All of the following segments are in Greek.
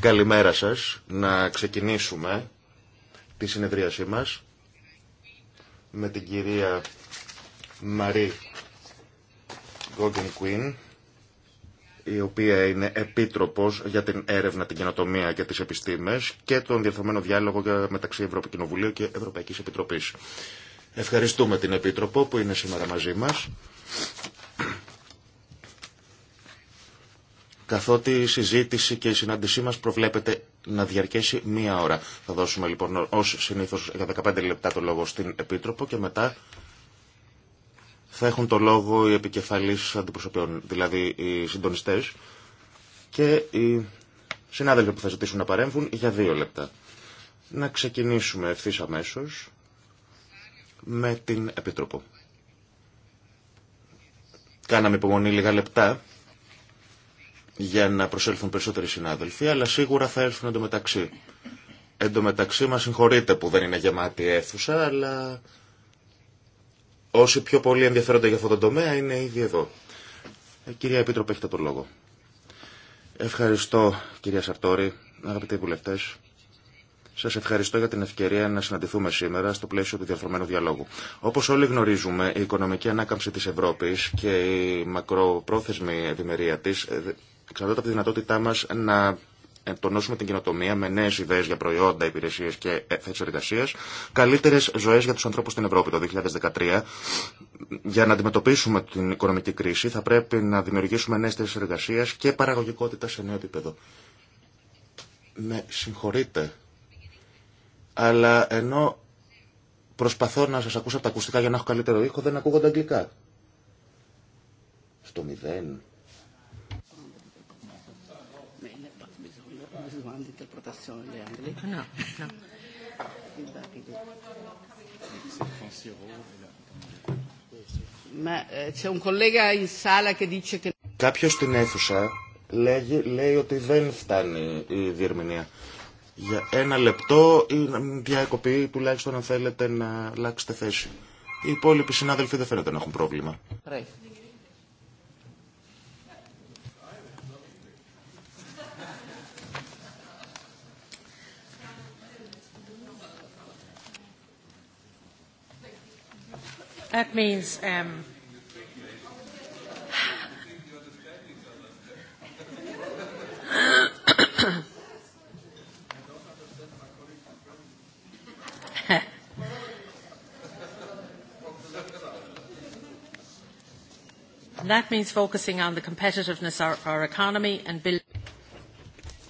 Καλημέρα σας. Να ξεκινήσουμε τη συνεδρίασή μας με την κυρία Μαρή Γκόγκεν Κουίν, η οποία είναι επίτροπος για την έρευνα, την καινοτομία και τις επιστήμες και τον διερθωμένο διάλογο μεταξύ Ευρωπαϊκού Κοινοβουλίου και Ευρωπαϊκής Επιτροπής. Ευχαριστούμε την Επίτροπο που είναι σήμερα μαζί μας καθότι η συζήτηση και η συνάντησή μας προβλέπεται να διαρκέσει μία ώρα. Θα δώσουμε λοιπόν ως συνήθως για 15 λεπτά το λόγο στην Επίτροπο και μετά θα έχουν το λόγο οι επικεφαλείς αντιπροσωπιών, δηλαδή οι συντονιστές και οι συνάδελφοι που θα ζητήσουν να παρέμβουν για δύο λεπτά. Να ξεκινήσουμε ευθύ αμέσω με την Επίτροπο. Κάναμε υπομονή λίγα λεπτά για να προσέλθουν περισσότεροι συνάδελφοι, αλλά σίγουρα θα έρθουν εντωμεταξύ. Εντωμεταξύ μας συγχωρείτε που δεν είναι γεμάτη η αίθουσα, αλλά όσοι πιο πολύ ενδιαφέρονται για αυτό το τομέα είναι ήδη εδώ. Ε, κυρία Επίτροπε, έχετε το λόγο. Ευχαριστώ, κυρία Σαρτόρη, αγαπητοί βουλευτέ. Σα ευχαριστώ για την ευκαιρία να συναντηθούμε σήμερα στο πλαίσιο του διαφορμένου διαλόγου. Όπω όλοι γνωρίζουμε, η οικονομική ανάκαμψη τη Ευρώπη και η μακροπρόθεσμη ευημερία τη ε, εξαρτάται από τη δυνατότητά μα να ε, τονώσουμε την κοινοτομία με νέε ιδέε για προϊόντα, υπηρεσίε και ε, θέσει εργασία, καλύτερε ζωέ για του ανθρώπου στην Ευρώπη το 2013. Για να αντιμετωπίσουμε την οικονομική κρίση, θα πρέπει να δημιουργήσουμε νέε θέσει εργασία και παραγωγικότητα σε νέο επίπεδο. Με συγχωρείτε, αλλά ενώ προσπαθώ να σα ακούσω από τα ακουστικά για να έχω καλύτερο ήχο, δεν ακούγονται αγγλικά. Στο μηδέν. Ah, eh, Κάποιο στην αίθουσα λέγει, λέει ότι δεν φτάνει η διερμηνία. Για ένα λεπτό ή διακοπή τουλάχιστον αν θέλετε να αλλάξετε θέση. Οι υπόλοιποι συνάδελφοι δεν φαίνεται να έχουν πρόβλημα. Πρέπει. That means um, That means focusing on the competitiveness of our economy and building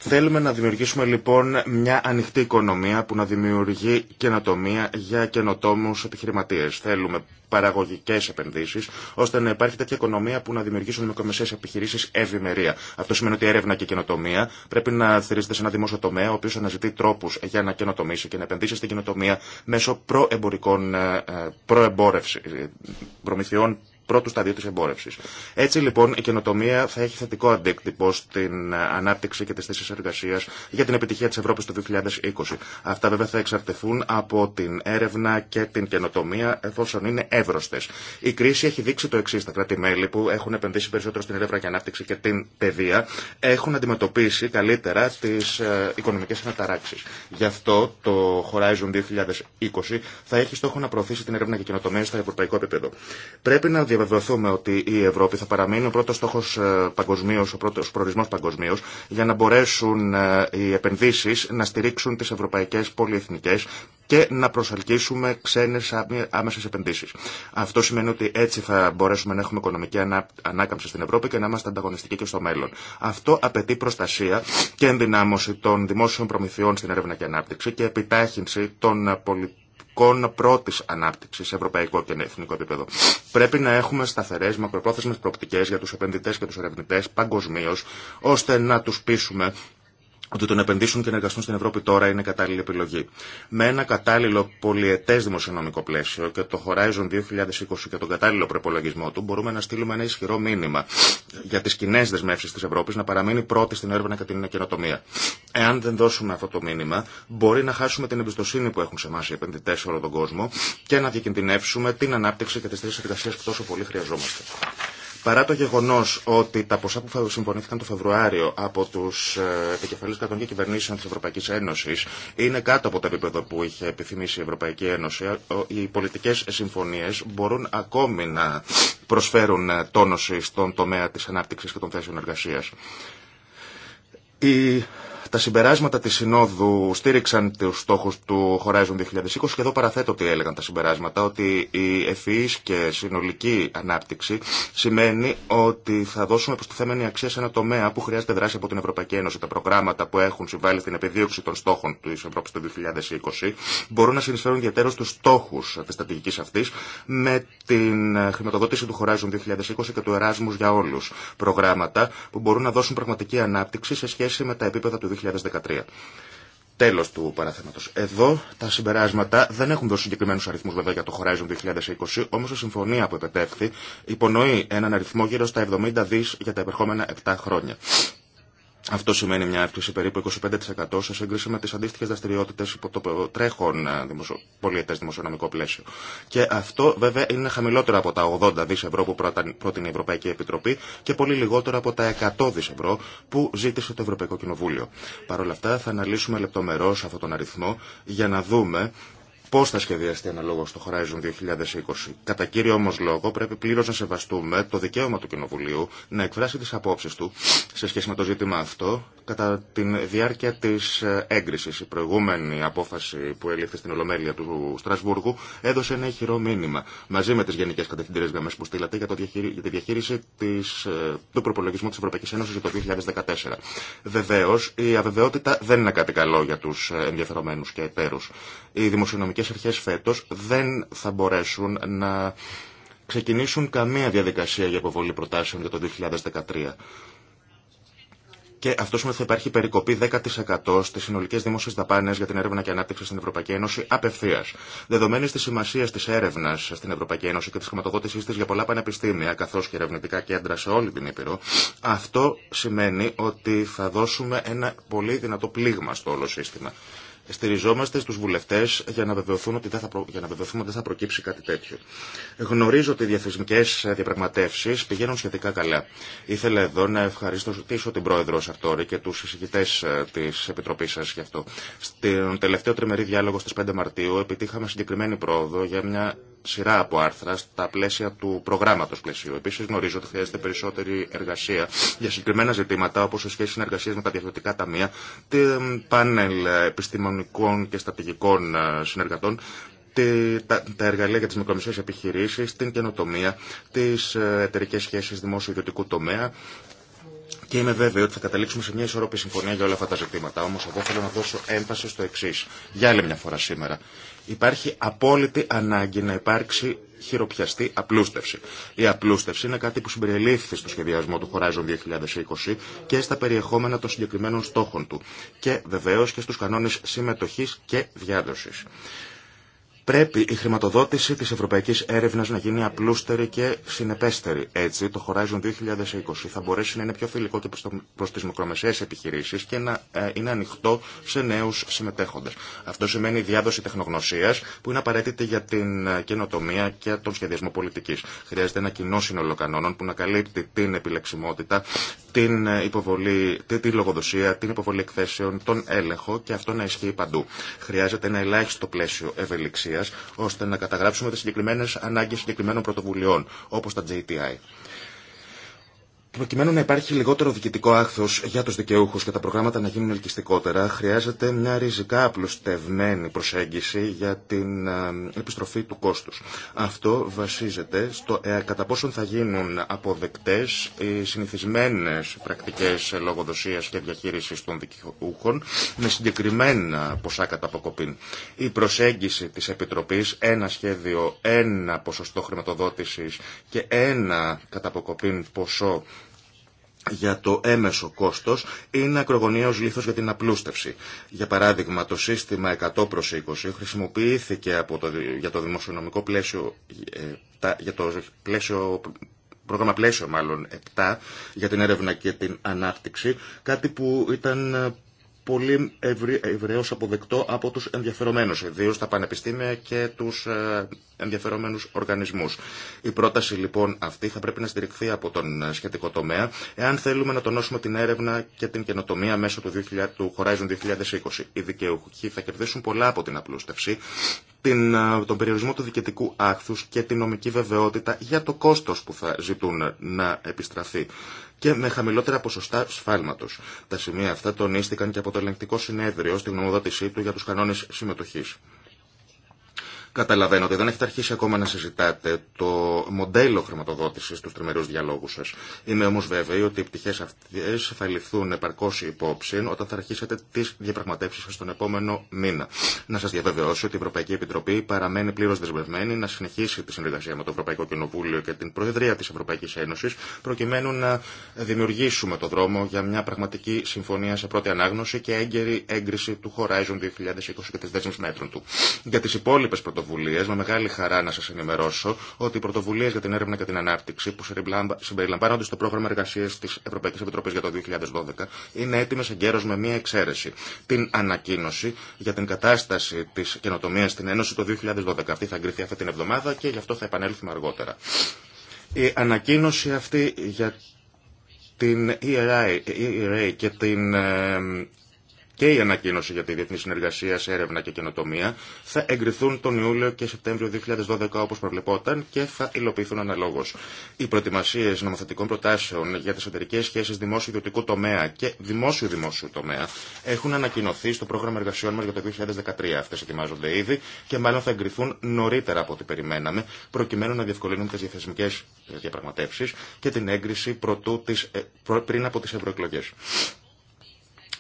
Θέλουμε να δημιουργήσουμε λοιπόν μια ανοιχτή οικονομία που να δημιουργεί καινοτομία για καινοτόμου επιχειρηματίε. Θέλουμε παραγωγικέ επενδύσει, ώστε να υπάρχει τέτοια οικονομία που να δημιουργήσουν μικρομεσαίε επιχειρήσει ευημερία. Αυτό σημαίνει ότι έρευνα και καινοτομία πρέπει να θερίζεται σε ένα δημόσιο τομέα, ο οποίο αναζητεί τρόπου για να καινοτομήσει και να επενδύσει στην καινοτομία μέσω προεμπορικών ε, ε, προεμπόρευση, ε, προμηθειών πρώτου σταδίου τη εμπόρευση. Έτσι λοιπόν η καινοτομία θα έχει θετικό αντίκτυπο στην ανάπτυξη και τι θέσει εργασία για την επιτυχία τη Ευρώπη το 2020. Αυτά βέβαια θα εξαρτηθούν από την έρευνα και την καινοτομία εφόσον είναι εύρωστε. Η κρίση έχει δείξει το εξή. Τα κράτη-μέλη που έχουν επενδύσει περισσότερο στην έρευνα και ανάπτυξη και την παιδεία έχουν αντιμετωπίσει καλύτερα τι ε, οικονομικέ αναταράξει. Γι' αυτό το Horizon 2020 θα έχει στόχο να προωθήσει την έρευνα και καινοτομία στο ευρωπαϊκό επίπεδο. Πρέπει να βεβαιωθούμε ότι η Ευρώπη θα παραμείνει ο πρώτος στόχος ε, παγκοσμίως, ο πρώτος προορισμός παγκοσμίως, για να μπορέσουν ε, οι επενδύσεις να στηρίξουν τις ευρωπαϊκές πολυεθνικές και να προσελκύσουμε ξένες άμεσες επενδύσεις. Αυτό σημαίνει ότι έτσι θα μπορέσουμε να έχουμε οικονομική ανάκαμψη στην Ευρώπη και να είμαστε ανταγωνιστικοί και στο μέλλον. Αυτό απαιτεί προστασία και ενδυνάμωση των δημόσιων προμηθειών στην έρευνα και ανάπτυξη και επιτάχυνση των πολιτικών εικόνα πρώτη ανάπτυξη σε ευρωπαϊκό και εθνικό επίπεδο. Πρέπει να έχουμε σταθερέ μακροπρόθεσμε προοπτικέ για του επενδυτέ και του ερευνητέ παγκοσμίω, ώστε να του πείσουμε ότι το να επενδύσουν και να εργαστούν στην Ευρώπη τώρα είναι κατάλληλη επιλογή. Με ένα κατάλληλο πολιετέ δημοσιονομικό πλαίσιο και το Horizon 2020 και τον κατάλληλο προπολογισμό του, μπορούμε να στείλουμε ένα ισχυρό μήνυμα για τι κοινέ δεσμεύσει τη Ευρώπη να παραμείνει πρώτη στην έρευνα και την καινοτομία. Εάν δεν δώσουμε αυτό το μήνυμα, μπορεί να χάσουμε την εμπιστοσύνη που έχουν σε εμά οι επενδυτέ σε όλο τον κόσμο και να διακινδυνεύσουμε την ανάπτυξη και τι θέσει εργασία που τόσο πολύ χρειαζόμαστε. Παρά το γεγονό ότι τα ποσά που συμφωνήθηκαν το Φεβρουάριο από του ε, επικεφαλεί κρατών και κυβερνήσεων τη Ευρωπαϊκή Ένωση είναι κάτω από το επίπεδο που είχε επιθυμήσει η Ευρωπαϊκή Ένωση, οι πολιτικέ συμφωνίε μπορούν ακόμη να προσφέρουν ε, τόνωση στον τομέα τη ανάπτυξη και των θέσεων εργασία. Τα συμπεράσματα της Συνόδου στήριξαν τους στόχους του Horizon 2020 και εδώ παραθέτω τι έλεγαν τα συμπεράσματα, ότι η ευφυής και συνολική ανάπτυξη σημαίνει ότι θα δώσουμε προστιθέμενη αξία σε ένα τομέα που χρειάζεται δράση από την Ευρωπαϊκή Ένωση. Τα προγράμματα που έχουν συμβάλει στην επιδίωξη των στόχων της Ευρώπης το 2020 μπορούν να συνεισφέρουν ιδιαίτερως στους στόχους της στρατηγικής αυτής με την χρηματοδότηση του Horizon 2020 και του Erasmus για όλους. Προγράμματα που μπορούν να δώσουν πραγματική ανάπτυξη σε σχέση με τα επίπεδα του 2013. Τέλος του παραθέματος. Εδώ τα συμπεράσματα δεν έχουν δώσει συγκεκριμένους αριθμούς βέβαια για το Horizon 2020, όμως η συμφωνία που επετέφθη υπονοεί έναν αριθμό γύρω στα 70 δις για τα επερχόμενα 7 χρόνια. Αυτό σημαίνει μια αύξηση περίπου 25% σε σύγκριση με τι αντίστοιχε δραστηριότητε υπό το τρέχον ε, δημοσιο... πολιετέ δημοσιονομικό πλαίσιο. Και αυτό βέβαια είναι χαμηλότερο από τα 80 δι ευρώ που πρότεινε η Ευρωπαϊκή Επιτροπή και πολύ λιγότερο από τα 100 δι ευρώ που ζήτησε το Ευρωπαϊκό Κοινοβούλιο. Παρ' όλα αυτά θα αναλύσουμε λεπτομερώ αυτόν τον αριθμό για να δούμε πώ θα σχεδιαστεί αναλόγω το Horizon 2020. Κατά κύριο όμω λόγο, πρέπει πλήρω να σεβαστούμε το δικαίωμα του Κοινοβουλίου να εκφράσει τι απόψει του σε σχέση με το ζήτημα αυτό κατά τη διάρκεια τη ε, έγκριση. Η προηγούμενη απόφαση που έλειφθη στην Ολομέλεια του Στρασβούργου έδωσε ένα ηχηρό μήνυμα μαζί με τι γενικέ κατευθυντήρε γραμμέ που στείλατε για, για τη διαχείριση της, ε, του προπολογισμού τη Ευρωπαϊκή Ένωση για το 2014. Βεβαίω, η αβεβαιότητα δεν είναι κάτι καλό για του ε, ενδιαφερομένου και εταίρου. δημοσιονομική Ιταλικές αρχές φέτος δεν θα μπορέσουν να ξεκινήσουν καμία διαδικασία για αποβολή προτάσεων για το 2013. Και αυτό σημαίνει ότι θα υπάρχει περικοπή 10% στι συνολικέ δημόσιε δαπάνε για την έρευνα και ανάπτυξη στην Ευρωπαϊκή Ένωση απευθεία. Δεδομένη τη σημασία τη έρευνα στην Ευρωπαϊκή Ένωση και τη χρηματοδότησή τη για πολλά πανεπιστήμια, καθώ και ερευνητικά κέντρα σε όλη την Ήπειρο, αυτό σημαίνει ότι θα δώσουμε ένα πολύ δυνατό πλήγμα στο όλο σύστημα. Στηριζόμαστε στους βουλευτές για να, βεβαιωθούν ότι δεν θα για να βεβαιωθούμε ότι δεν θα προκύψει κάτι τέτοιο. Γνωρίζω ότι οι διαθεσμικές διαπραγματεύσεις πηγαίνουν σχετικά καλά. Ήθελα εδώ να ευχαριστήσω την πρόεδρο Σαρτόρη και τους συζητητές ε, της Επιτροπής σας γι' αυτό. Στην τελευταίο τριμερή διάλογο στις 5 Μαρτίου επιτύχαμε συγκεκριμένη πρόοδο για μια σειρά από άρθρα στα πλαίσια του προγράμματο πλαισίου. Επίση, γνωρίζω ότι χρειάζεται περισσότερη εργασία για συγκεκριμένα ζητήματα, όπω σε σχέση συνεργασία με τα διαφορετικά ταμεία, πάνελ επιστημονικών και στρατηγικών ε, συνεργατών, τα, τα εργαλεία για τι μικρομεσαίε επιχειρήσει, την καινοτομία, τι ε, εταιρικέ σχέσει δημόσιο-ιδιωτικού τομέα, και είμαι βέβαιο ότι θα καταλήξουμε σε μια ισορροπή συμφωνία για όλα αυτά τα ζητήματα. Όμω εδώ θέλω να δώσω έμφαση στο εξή. Για άλλη μια φορά σήμερα. Υπάρχει απόλυτη ανάγκη να υπάρξει χειροπιαστή απλούστευση. Η απλούστευση είναι κάτι που συμπεριλήφθη στο σχεδιασμό του Horizon 2020 και στα περιεχόμενα των συγκεκριμένων στόχων του και βεβαίω και στου κανόνε συμμετοχή και διάδοση. Πρέπει η χρηματοδότηση της ευρωπαϊκής έρευνας να γίνει απλούστερη και συνεπέστερη. Έτσι, το Horizon 2020 θα μπορέσει να είναι πιο φιλικό και προς τις μικρομεσαίες επιχειρήσεις και να ε, είναι ανοιχτό σε νέους συμμετέχοντες. Αυτό σημαίνει διάδοση τεχνογνωσίας που είναι απαραίτητη για την ε, καινοτομία και τον σχεδιασμό πολιτικής. Χρειάζεται ένα κοινό σύνολο κανόνων που να καλύπτει την επιλεξιμότητα, την, ε, υποβολή, τη λογοδοσία, την υποβολή εκθέσεων, τον έλεγχο και αυτό να ισχύει παντού. Χρειάζεται ένα ελάχιστο πλαίσιο ευελιξία ώστε να καταγράψουμε τι συγκεκριμένε ανάγκε συγκεκριμένων πρωτοβουλειών, όπω τα JTI. Προκειμένου να υπάρχει λιγότερο διοικητικό άχθο για του δικαιούχου και τα προγράμματα να γίνουν ελκυστικότερα, χρειάζεται μια ριζικά απλουστευμένη προσέγγιση για την ε, επιστροφή του κόστου. Αυτό βασίζεται στο ε, κατά πόσον θα γίνουν αποδεκτέ οι συνηθισμένε πρακτικέ λογοδοσία και διαχείριση των δικαιούχων με συγκεκριμένα ποσά κατά Η προσέγγιση τη Επιτροπή, ένα σχέδιο, ένα ποσοστό χρηματοδότηση και ένα κατά ποσό για το έμεσο κόστος είναι ακρογωνιαίος λήθος για την απλούστευση. Για παράδειγμα, το σύστημα 100 προς 20 χρησιμοποιήθηκε από το, για το δημοσιονομικό πλαίσιο, ε, για το πλαίσιο πρόγραμμα πλαίσιο μάλλον 7 για την έρευνα και την ανάπτυξη, κάτι που ήταν ε, πολύ ευρεώς αποδεκτό από τους ενδιαφερομένους, ιδίω τα πανεπιστήμια και τους ε, ενδιαφερομένους οργανισμούς. Η πρόταση λοιπόν αυτή θα πρέπει να στηριχθεί από τον ε, σχετικό τομέα, εάν θέλουμε να τονώσουμε την έρευνα και την καινοτομία μέσω του Horizon 2020. Οι δικαιούχοι θα κερδίσουν πολλά από την απλούστευση την, τον περιορισμό του δικαιτικού άκθους και την νομική βεβαιότητα για το κόστος που θα ζητούν να επιστραφεί και με χαμηλότερα ποσοστά σφάλματος. Τα σημεία αυτά τονίστηκαν και από το ελεγκτικό συνέδριο στη γνωμοδότησή του για του κανόνε συμμετοχή. Καταλαβαίνω ότι δεν έχετε αρχίσει ακόμα να συζητάτε το μοντέλο χρηματοδότηση του τριμερού διαλόγου σα. Είμαι όμω βέβαιη ότι οι πτυχέ αυτέ θα ληφθούν επαρκώ υπόψη όταν θα αρχίσετε τι διαπραγματεύσει σα τον επόμενο μήνα. Να σα διαβεβαιώσω ότι η Ευρωπαϊκή Επιτροπή παραμένει πλήρω δεσμευμένη να συνεχίσει τη συνεργασία με το Ευρωπαϊκό Κοινοβούλιο και την Προεδρία τη Ευρωπαϊκή Ένωση προκειμένου να δημιουργήσουμε το δρόμο για μια πραγματική συμφωνία σε πρώτη ανάγνωση και έγκαιρη έγκριση του Horizon 2020 και τη δέσμη μέτρων του. Για τι υπόλοιπε πρωτοβουλίε, με μεγάλη χαρά να σα ενημερώσω ότι οι πρωτοβουλίε για την έρευνα και την ανάπτυξη που συμπεριλαμβάνονται στο πρόγραμμα εργασία τη Ευρωπαϊκή Επιτροπή για το 2012 είναι έτοιμε εγκαίρω με μία εξαίρεση. Την ανακοίνωση για την κατάσταση τη καινοτομία στην Ένωση το 2012. Αυτή θα εγκριθεί αυτή την εβδομάδα και γι' αυτό θα επανέλθουμε αργότερα. Η ανακοίνωση αυτή για την ERA e και την ε, και η ανακοίνωση για τη διεθνή συνεργασία σε έρευνα και καινοτομία θα εγκριθούν τον Ιούλιο και Σεπτέμβριο 2012 όπω προβλεπόταν και θα υλοποιηθούν αναλόγω. Οι προετοιμασίε νομοθετικών προτάσεων για τι εταιρικέ σχέσει, σχέσεις δημόσιο-ιδιωτικού τομέα και δημόσιο-δημόσιου τομέα έχουν ανακοινωθεί στο πρόγραμμα εργασιών μας για το 2013. αυτέ ετοιμάζονται ήδη και μάλλον θα εγκριθούν νωρίτερα από ό,τι περιμέναμε προκειμένου να διευκολύνουν τι διαθεσμικέ διαπραγματεύσει και την έγκριση ε, πριν από τι ευρωεκλογέ.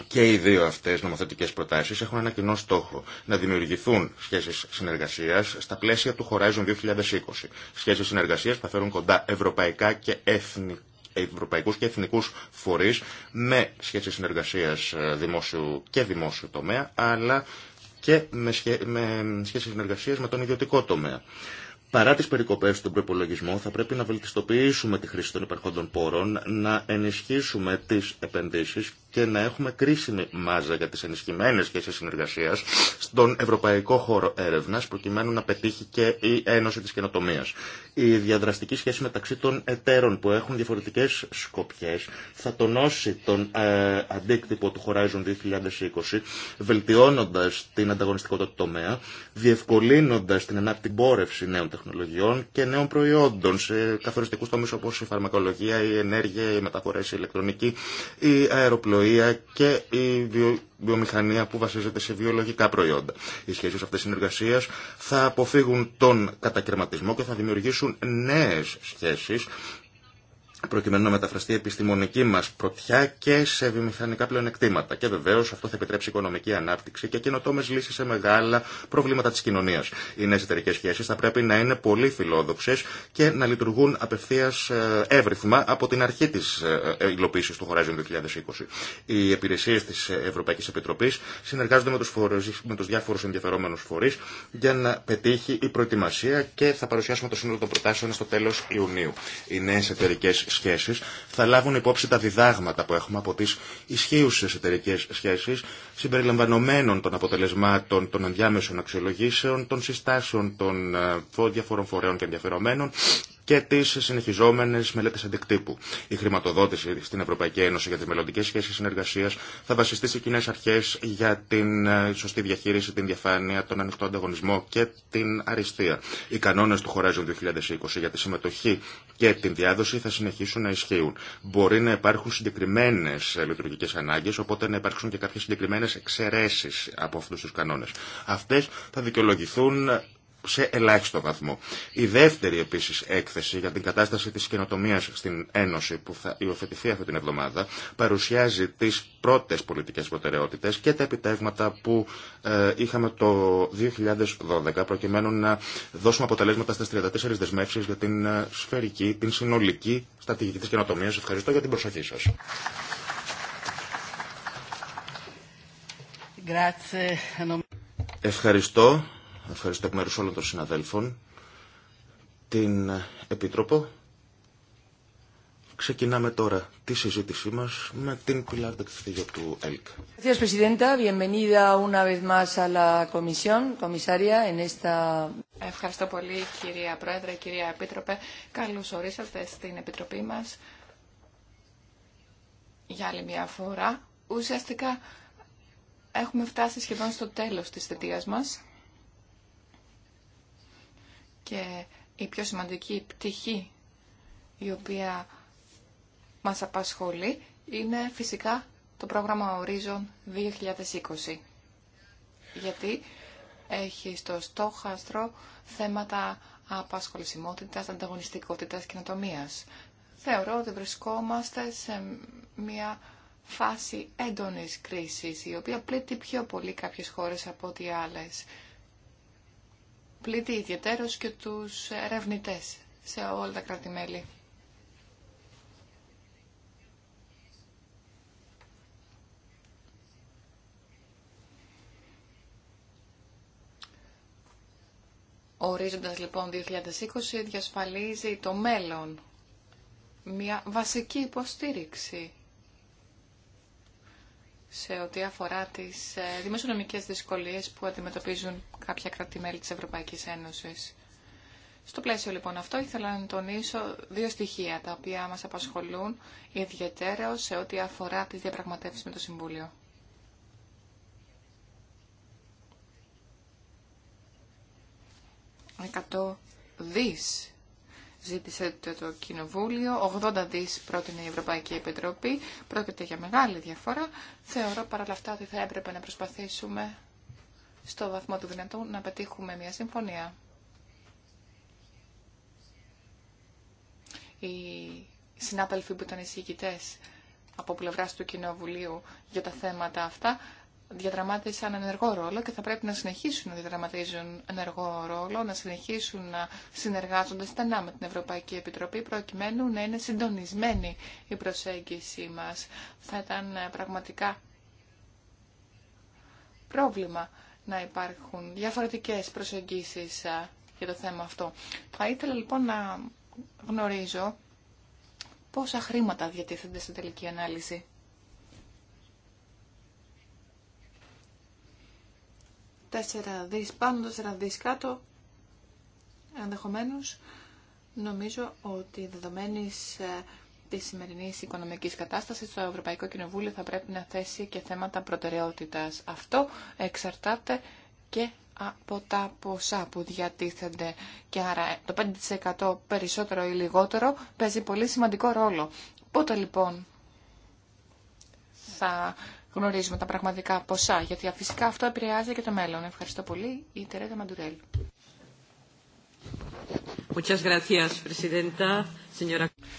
Και οι δύο αυτέ νομοθετικέ προτάσει έχουν ένα κοινό στόχο. Να δημιουργηθούν σχέσει συνεργασία στα πλαίσια του Horizon 2020. Σχέσει συνεργασία που θα φέρουν κοντά ευρωπαϊκά και εθνικά ευρωπαϊκούς εθνικούς φορείς με σχέσεις συνεργασίας ε, δημόσιου και δημόσιου τομέα αλλά και με, σχέ, με συνεργασίας με τον ιδιωτικό τομέα. Παρά τις περικοπές του προπολογισμό θα πρέπει να βελτιστοποιήσουμε τη χρήση των υπερχόντων πόρων, να ενισχύσουμε τις επενδύσεις και να έχουμε κρίσιμη μάζα για τις ενισχυμένες σχέσεις συνεργασίας στον ευρωπαϊκό χώρο έρευνας προκειμένου να πετύχει και η Ένωση της Καινοτομίας. Η διαδραστική σχέση μεταξύ των εταίρων που έχουν διαφορετικές σκοπιές θα τονώσει τον ε, αντίκτυπο του Horizon 2020 βελτιώνοντας την ανταγωνιστικότητα του τομέα, διευκολύνοντας την ανάπτυμπόρευση νέων τεχνολογιών και νέων προϊόντων σε καθοριστικούς τομείς όπως η φαρμακολογία, η ενέργεια, οι μεταφορές, η ηλεκτρονική, η αεροπ και η βιο... βιομηχανία που βασίζεται σε βιολογικά προϊόντα. Οι σχέσεις αυτές συνεργασίας θα αποφύγουν τον κατακαιρματισμό και θα δημιουργήσουν νέες σχέσεις προκειμένου να μεταφραστεί η επιστημονική μα πρωτιά και σε βιομηχανικά πλεονεκτήματα. Και βεβαίω αυτό θα επιτρέψει οικονομική ανάπτυξη και καινοτόμε λύσει σε μεγάλα προβλήματα τη κοινωνία. Οι νέε εταιρικέ σχέσει θα πρέπει να είναι πολύ φιλόδοξε και να λειτουργούν απευθεία ε, εύρυθμα από την αρχή τη ε, ε, υλοποίησης του Horizon 2020. Οι υπηρεσίε τη Ευρωπαϊκή Επιτροπή συνεργάζονται με του διάφορου ενδιαφερόμενου φορεί διάφορους για να πετύχει η προετοιμασία και θα παρουσιάσουμε το σύνολο των προτάσεων στο τέλο Ιουνίου. Οι νέε εταιρικέ σχέσεις θα λάβουν υπόψη τα διδάγματα που έχουμε από τις ισχύουσες εταιρικέ σχέσεις συμπεριλαμβανομένων των αποτελεσμάτων των ενδιάμεσων αξιολογήσεων, των συστάσεων των ε, διαφορών φορέων και ενδιαφερομένων και τι συνεχιζόμενε μελέτε αντικτύπου. Η χρηματοδότηση στην Ευρωπαϊκή Ένωση για τι μελλοντικέ σχέσει συνεργασία θα βασιστεί σε κοινέ αρχέ για την ε, σωστή διαχείριση, την διαφάνεια, τον ανοιχτό ανταγωνισμό και την αριστεία. Οι κανόνε του Horizon 2020 για τη συμμετοχή και την διάδοση θα συνεχίσουν να ισχύουν. Μπορεί να υπάρχουν συγκεκριμένε λειτουργικέ ανάγκε, οπότε να υπάρξουν και κάποιε συγκεκριμένε εξαιρέσει από αυτού του κανόνε. Αυτέ θα δικαιολογηθούν σε ελάχιστο βαθμό. Η δεύτερη επίσης έκθεση για την κατάσταση της καινοτομία στην Ένωση που θα υιοθετηθεί αυτή την εβδομάδα παρουσιάζει τις πρώτες πολιτικές προτεραιότητες και τα επιτεύγματα που ε, είχαμε το 2012 προκειμένου να δώσουμε αποτελέσματα στις 34 δεσμεύσεις για την ε, σφαιρική, την συνολική στρατηγική της καινοτομίας. Ευχαριστώ για την προσοχή σας. Ευχαριστώ ευχαριστώ εκ μέρους όλων των συναδέλφων, την Επίτροπο. Ξεκινάμε τώρα τη συζήτησή μας με την Πιλάρ Δεκθυγιο του ΕΛΚ. Gracias, Presidenta. Bienvenida una vez más a la Comisión, Comisaria, en esta... Ευχαριστώ πολύ, κυρία Πρόεδρε, κυρία Επίτροπε. Καλώς ορίσατε στην Επιτροπή μας για άλλη μια φορά. Ουσιαστικά έχουμε φτάσει σχεδόν στο τέλος της θετίας μας. Και η πιο σημαντική πτυχή η οποία μας απασχολεί είναι φυσικά το πρόγραμμα Horizon 2020. Γιατί έχει στο στόχαστρο θέματα απασχολησιμότητας, ανταγωνιστικότητας και νοτομίας. Θεωρώ ότι βρισκόμαστε σε μια φάση έντονης κρίσης, η οποία πλήττει πιο πολύ κάποιες χώρες από ό,τι άλλες πλήττει ιδιαίτερως και τους ερευνητές σε όλα τα κράτη-μέλη. Ορίζοντας λοιπόν 2020 διασφαλίζει το μέλλον, μια βασική υποστήριξη σε ό,τι αφορά τις ε, δημοσιονομικές δυσκολίες που αντιμετωπίζουν κάποια κράτη-μέλη της Ευρωπαϊκής Ένωσης. Στο πλαίσιο λοιπόν αυτό ήθελα να τονίσω δύο στοιχεία τα οποία μας απασχολούν ιδιαίτερα σε ό,τι αφορά τι διαπραγματεύσει με το Συμβούλιο. Εκατό δις ζήτησε το, Κοινοβούλιο, 80 δις πρότεινε η Ευρωπαϊκή Επιτροπή, πρόκειται για μεγάλη διαφορά. Θεωρώ παράλληλα αυτά ότι θα έπρεπε να προσπαθήσουμε στο βαθμό του δυνατού να πετύχουμε μια συμφωνία. Οι συνάδελφοι που ήταν εισηγητές από πλευράς του Κοινοβουλίου για τα θέματα αυτά διαδραμάτισαν ενεργό ρόλο και θα πρέπει να συνεχίσουν να διαδραματίζουν ενεργό ρόλο, να συνεχίσουν να συνεργάζονται στενά με την Ευρωπαϊκή Επιτροπή προκειμένου να είναι συντονισμένη η προσέγγιση μας. Θα ήταν ε, πραγματικά πρόβλημα να υπάρχουν διαφορετικές προσεγγίσεις ε, για το θέμα αυτό. Θα ήθελα λοιπόν να γνωρίζω πόσα χρήματα διατίθενται στην τελική ανάλυση. 4 δις πάνω, 4 δις κάτω, ενδεχομένω νομίζω ότι δεδομένης ε, τη σημερινή οικονομική κατάσταση, το Ευρωπαϊκό Κοινοβούλιο θα πρέπει να θέσει και θέματα προτεραιότητα. Αυτό εξαρτάται και από τα ποσά που διατίθενται. Και άρα το 5% περισσότερο ή λιγότερο παίζει πολύ σημαντικό ρόλο. Πότε λοιπόν θα γνωρίζουμε τα πραγματικά ποσά, γιατί φυσικά αυτό επηρεάζει και το μέλλον. Ευχαριστώ πολύ. Η Τερέτα Μαντουρέλ.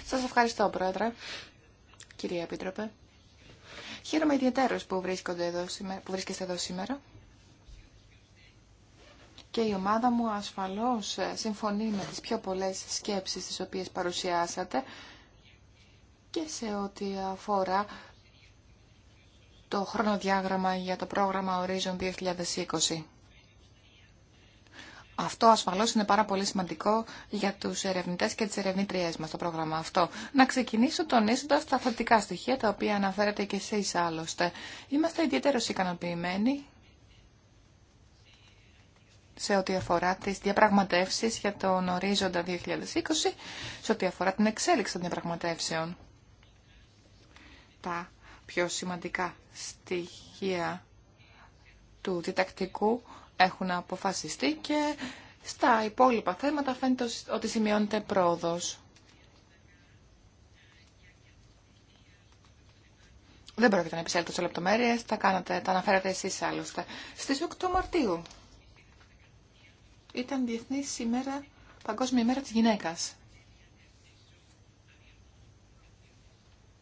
Σας ευχαριστώ, Πρόεδρε, κυρία Επίτροπε. Χαίρομαι ιδιαίτερο που, που βρίσκεστε εδώ σήμερα. Και η ομάδα μου ασφαλώς ε, συμφωνεί με τις πιο πολλές σκέψεις τις οποίες παρουσιάσατε και σε ό,τι αφορά το χρονοδιάγραμμα για το πρόγραμμα Horizon 2020. Αυτό ασφαλώς είναι πάρα πολύ σημαντικό για τους ερευνητές και τις ερευνήτριές μας το πρόγραμμα αυτό. Να ξεκινήσω τονίζοντας τα θετικά στοιχεία τα οποία αναφέρετε και εσείς άλλωστε. Είμαστε ιδιαίτερως ικανοποιημένοι σε ό,τι αφορά τις διαπραγματεύσεις για τον ορίζοντα 2020, σε ό,τι αφορά την εξέλιξη των διαπραγματεύσεων. Τα πιο σημαντικά στοιχεία του διτακτικού έχουν αποφασιστεί και στα υπόλοιπα θέματα φαίνεται ότι σημειώνεται πρόοδος. Δεν πρόκειται να επισέλθω σε λεπτομέρειε, τα, κάνατε, τα αναφέρατε εσεί άλλωστε. Στι 8 Μαρτίου ήταν Διεθνή ημέρα, Παγκόσμια ημέρα τη γυναίκα.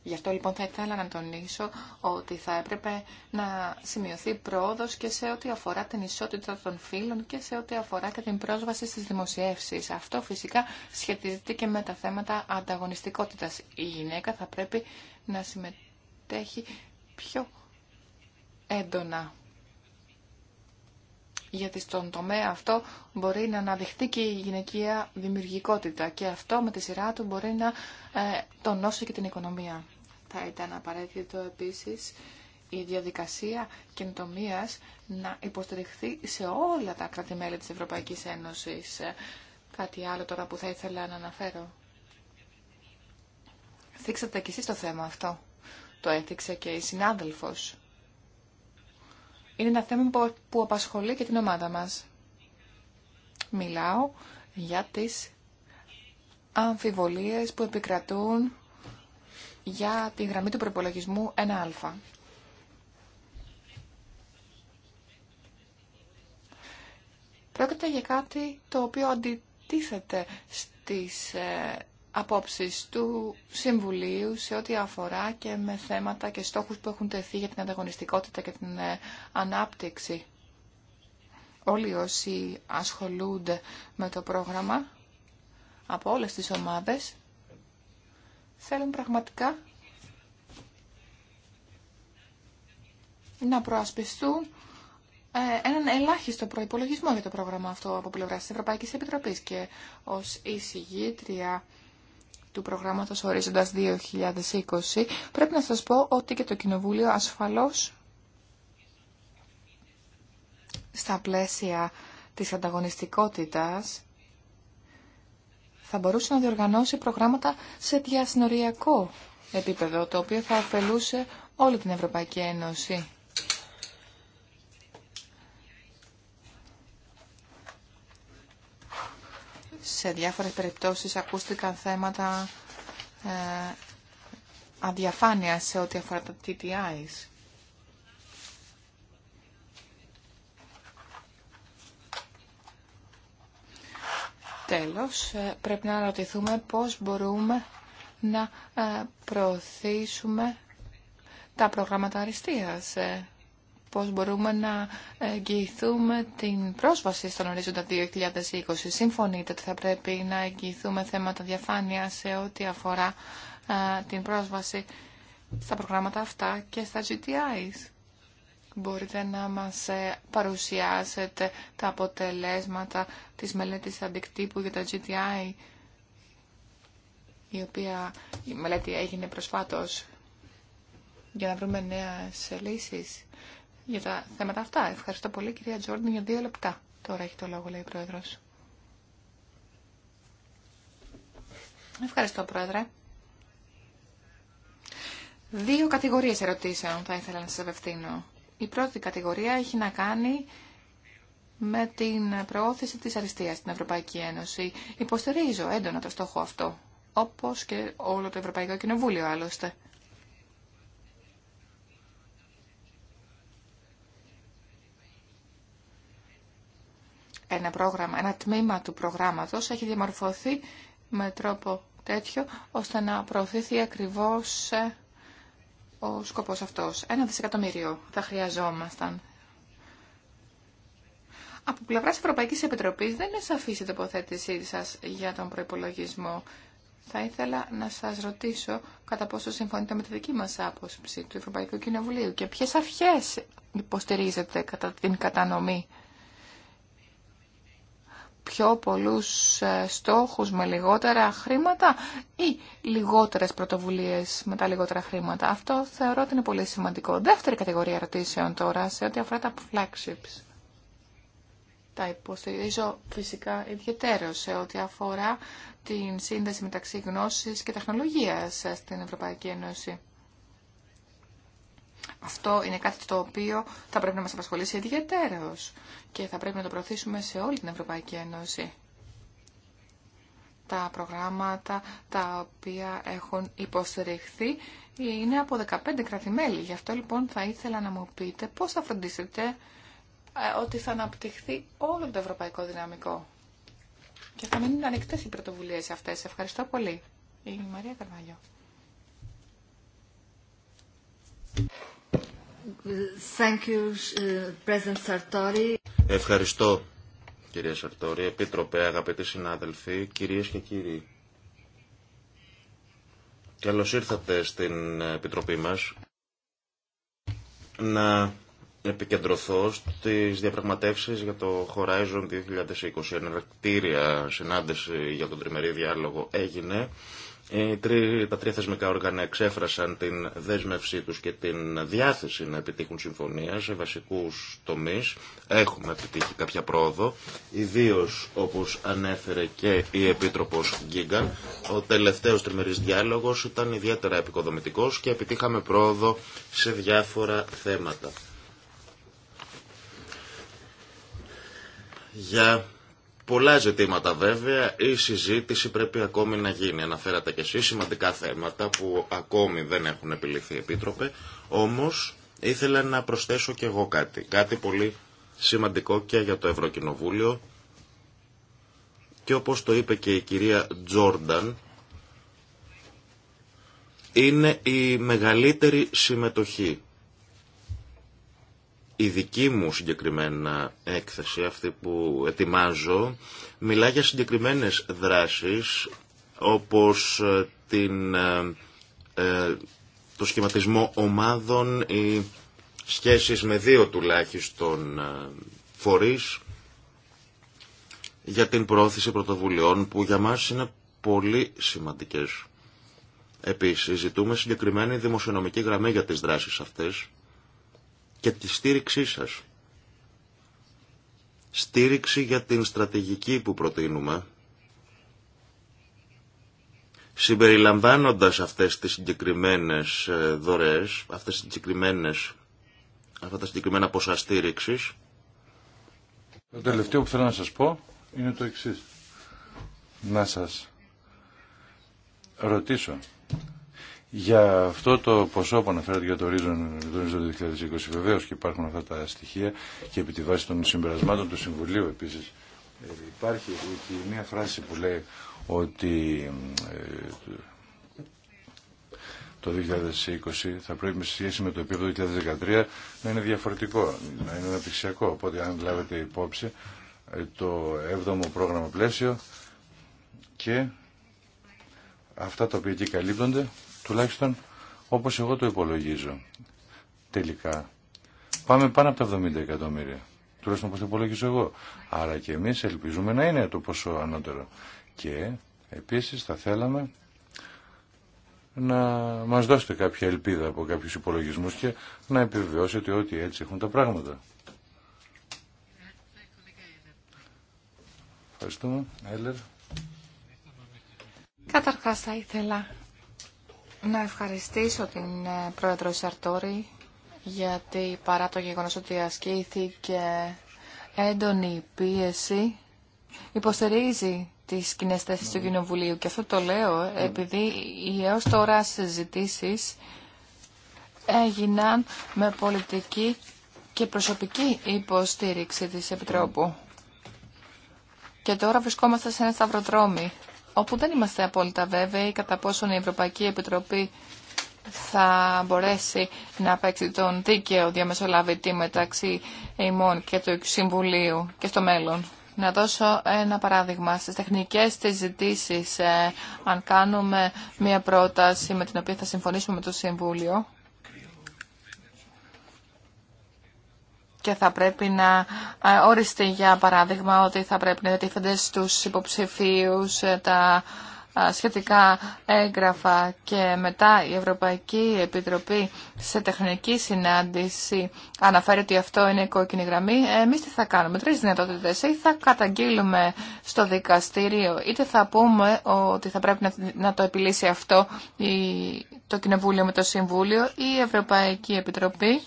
Γι' αυτό λοιπόν θα ήθελα να τονίσω ότι θα έπρεπε να σημειωθεί πρόοδος και σε ό,τι αφορά την ισότητα των φύλων και σε ό,τι αφορά και την πρόσβαση στις δημοσιεύσεις. Αυτό φυσικά σχετίζεται και με τα θέματα ανταγωνιστικότητας. Η γυναίκα θα πρέπει να συμμετέχει πιο έντονα. Γιατί στον τομέα αυτό μπορεί να αναδειχθεί και η γυναικεία δημιουργικότητα και αυτό με τη σειρά του μπορεί να ε, τονώσει και την οικονομία. Θα ήταν απαραίτητο επίσης η διαδικασία καινοτομία να υποστηριχθεί σε όλα τα κράτη-μέλη της Ευρωπαϊκής Ένωσης. Κάτι άλλο τώρα που θα ήθελα να αναφέρω. Θίξατε κι εσείς το θέμα αυτό. Το έθιξε και η συνάδελφος. Είναι ένα θέμα που απασχολεί και την ομάδα μας. Μιλάω για τις αμφιβολίες που επικρατούν για τη γραμμή του προπολογισμού 1α. Πρόκειται για κάτι το οποίο αντιτίθεται στις ε, απόψεις του Συμβουλίου σε ό,τι αφορά και με θέματα και στόχους που έχουν τεθεί για την ανταγωνιστικότητα και την ε, ανάπτυξη. Όλοι όσοι ασχολούνται με το πρόγραμμα από όλες τις ομάδες θέλουν πραγματικά να προασπιστούν ε, έναν ελάχιστο προϋπολογισμό για το πρόγραμμα αυτό από πλευρά της Ευρωπαϊκής Επιτροπής και ως εισηγήτρια του προγράμματος Ορίζοντας 2020 πρέπει να σας πω ότι και το Κοινοβούλιο ασφαλώς στα πλαίσια της ανταγωνιστικότητας θα μπορούσε να διοργανώσει προγράμματα σε διασυνοριακό επίπεδο, το οποίο θα ωφελούσε όλη την Ευρωπαϊκή Ένωση. Σε διάφορες περιπτώσεις ακούστηκαν θέματα ε, αδιαφάνεια σε ό,τι αφορά τα TTIs. Τέλος, ε, πρέπει να ρωτηθούμε πώς μπορούμε να ε, προωθήσουμε τα προγράμματα αριστείας. Ε. Πώς μπορούμε να εγγυηθούμε την πρόσβαση στον ορίζοντα 2020. Συμφωνείτε ότι θα πρέπει να εγγυηθούμε θέματα διαφάνεια σε ό,τι αφορά την πρόσβαση στα προγράμματα αυτά και στα GTIs μπορείτε να μας ε, παρουσιάσετε τα αποτελέσματα της μελέτης αντικτύπου για τα GTI, η οποία η μελέτη έγινε προσφάτως για να βρούμε νέες λύσεις για τα θέματα αυτά. Ευχαριστώ πολύ κυρία Τζόρντιν για δύο λεπτά. Τώρα έχει το λόγο λέει ο Πρόεδρος. Ευχαριστώ Πρόεδρε. Δύο κατηγορίες ερωτήσεων θα ήθελα να σας απευθύνω. Η πρώτη κατηγορία έχει να κάνει με την προώθηση της αριστείας στην Ευρωπαϊκή Ένωση. Υποστηρίζω έντονα το στόχο αυτό, όπως και όλο το Ευρωπαϊκό Κοινοβούλιο άλλωστε. Ένα, πρόγραμμα, ένα τμήμα του προγράμματος έχει διαμορφωθεί με τρόπο τέτοιο, ώστε να προωθηθεί ακριβώς ε, ο σκοπός αυτός. Ένα δισεκατομμύριο θα χρειαζόμασταν. Από πλευράς Ευρωπαϊκής Επιτροπής δεν είναι σαφή η τοποθέτησή σας για τον προϋπολογισμό. Θα ήθελα να σας ρωτήσω κατά πόσο συμφωνείτε με τη δική μας άποψη του Ευρωπαϊκού Κοινοβουλίου και ποιες αρχές υποστηρίζετε κατά την κατανομή πιο πολλούς ε, στόχους με λιγότερα χρήματα ή λιγότερες πρωτοβουλίες με τα λιγότερα χρήματα. Αυτό θεωρώ ότι είναι πολύ σημαντικό. Δεύτερη κατηγορία ερωτήσεων τώρα σε ό,τι αφορά τα flagships. Τα υποστηρίζω φυσικά ιδιαίτερο σε ό,τι αφορά την σύνδεση μεταξύ γνώσης και τεχνολογίας στην Ευρωπαϊκή Ένωση. Αυτό είναι κάτι το οποίο θα πρέπει να μας απασχολήσει ιδιαίτερως και θα πρέπει να το προωθήσουμε σε όλη την Ευρωπαϊκή Ένωση. Τα προγράμματα τα οποία έχουν υποστηριχθεί είναι από 15 κράτη-μέλη. Γι' αυτό λοιπόν θα ήθελα να μου πείτε πώς θα φροντίσετε ε, ότι θα αναπτυχθεί όλο το ευρωπαϊκό δυναμικό. Και θα μείνουν ανοιχτέ οι πρωτοβουλίε αυτέ. Ευχαριστώ πολύ. Η Μαρία Καρβαλιό. Ευχαριστώ, κυρία Σαρτόρη, επίτροπε, αγαπητοί συνάδελφοι, κυρίες και κύριοι. Καλώς ήρθατε στην Επιτροπή μας να επικεντρωθώ στις διαπραγματεύσεις για το Horizon 2020. Εναρκτήρια συνάντηση για τον τριμερή διάλογο έγινε ε, τα τρία θεσμικά όργανα εξέφρασαν την δέσμευσή τους και την διάθεση να επιτύχουν συμφωνία σε βασικούς τομείς. Έχουμε επιτύχει κάποια πρόοδο, ιδίως όπως ανέφερε και η Επίτροπος Γκίγκαν. Ο τελευταίος τριμερής διάλογος ήταν ιδιαίτερα επικοδομητικός και επιτύχαμε πρόοδο σε διάφορα θέματα. Πολλά ζητήματα βέβαια, η συζήτηση πρέπει ακόμη να γίνει. Αναφέρατε και εσεί σημαντικά θέματα που ακόμη δεν έχουν επιληθεί επίτροπε, όμως ήθελα να προσθέσω και εγώ κάτι. Κάτι πολύ σημαντικό και για το Ευρωκοινοβούλιο και όπως το είπε και η κυρία Τζόρνταν, είναι η μεγαλύτερη συμμετοχή η δική μου συγκεκριμένα έκθεση, αυτή που ετοιμάζω, μιλά για συγκεκριμένες δράσεις όπως ε, την, ε, ε, το σχηματισμό ομάδων, ή σχέσεις με δύο τουλάχιστον φορείς για την πρόθεση πρωτοβουλειών που για μας είναι πολύ σημαντικές. Επίσης, ζητούμε συγκεκριμένη δημοσιονομική γραμμή για τις δράσεις αυτές και τη στήριξή σας. Στήριξη για την στρατηγική που προτείνουμε, συμπεριλαμβάνοντας αυτές τις συγκεκριμένες ε, δωρεές, αυτές τις συγκεκριμένες, αυτά τα συγκεκριμένα ποσά στήριξης. Το τελευταίο που θέλω να σας πω είναι το εξής. Να σας ρωτήσω για αυτό το ποσό που αναφέρατε για το ορίζον 2020 βεβαίως και υπάρχουν αυτά τα στοιχεία και επί τη βάση των συμπερασμάτων του Συμβουλίου επίσης ε, υπάρχει και μια φράση που λέει ότι ε, το 2020 θα πρέπει με σχέση με το επίπεδο 2013 να είναι διαφορετικό, να είναι αναπτυξιακό. Οπότε αν λάβετε υπόψη ε, το 7ο πρόγραμμα πλαίσιο και αυτά τα οποία εκεί καλύπτονται τουλάχιστον όπως εγώ το υπολογίζω τελικά. Πάμε πάνω από τα 70 εκατομμύρια, τουλάχιστον όπως το υπολογίζω εγώ. Άρα και εμείς ελπίζουμε να είναι το ποσό ανώτερο. Και επίσης θα θέλαμε να μας δώσετε κάποια ελπίδα από κάποιους υπολογισμούς και να επιβεβαιώσετε ότι έτσι έχουν τα πράγματα. Ευχαριστούμε. Έλερ. Καταρχάς θα ήθελα να ευχαριστήσω την ε, πρόεδρο Σαρτόρη γιατί παρά το γεγονός ότι ασκήθηκε έντονη πίεση υποστηρίζει τις κοινέ θέσει του Κοινοβουλίου και αυτό το λέω επειδή οι έως τώρα συζητήσει έγιναν με πολιτική και προσωπική υποστήριξη της Επιτρόπου. Και τώρα βρισκόμαστε σε ένα σταυροδρόμι όπου δεν είμαστε απόλυτα βέβαιοι κατά πόσον η Ευρωπαϊκή Επιτροπή θα μπορέσει να παίξει τον δίκαιο διαμεσολαβητή μεταξύ ημών και του Συμβουλίου και στο μέλλον. Να δώσω ένα παράδειγμα. Στις τεχνικές ε, αν κάνουμε μία πρόταση με την οποία θα συμφωνήσουμε με το Συμβούλιο, και θα πρέπει να ε, οριστεί για παράδειγμα ότι θα πρέπει να διατίθενται στους υποψηφίους ε, τα ε, σχετικά έγγραφα και μετά η Ευρωπαϊκή Επιτροπή σε τεχνική συνάντηση αναφέρει ότι αυτό είναι η κόκκινη γραμμή, εμείς τι θα κάνουμε, τρεις δυνατότητες, ή θα καταγγείλουμε στο δικαστήριο, είτε θα πούμε ότι θα πρέπει να το επιλύσει αυτό το Κοινοβούλιο με το Συμβούλιο ή η Ευρωπαϊκή Επιτροπή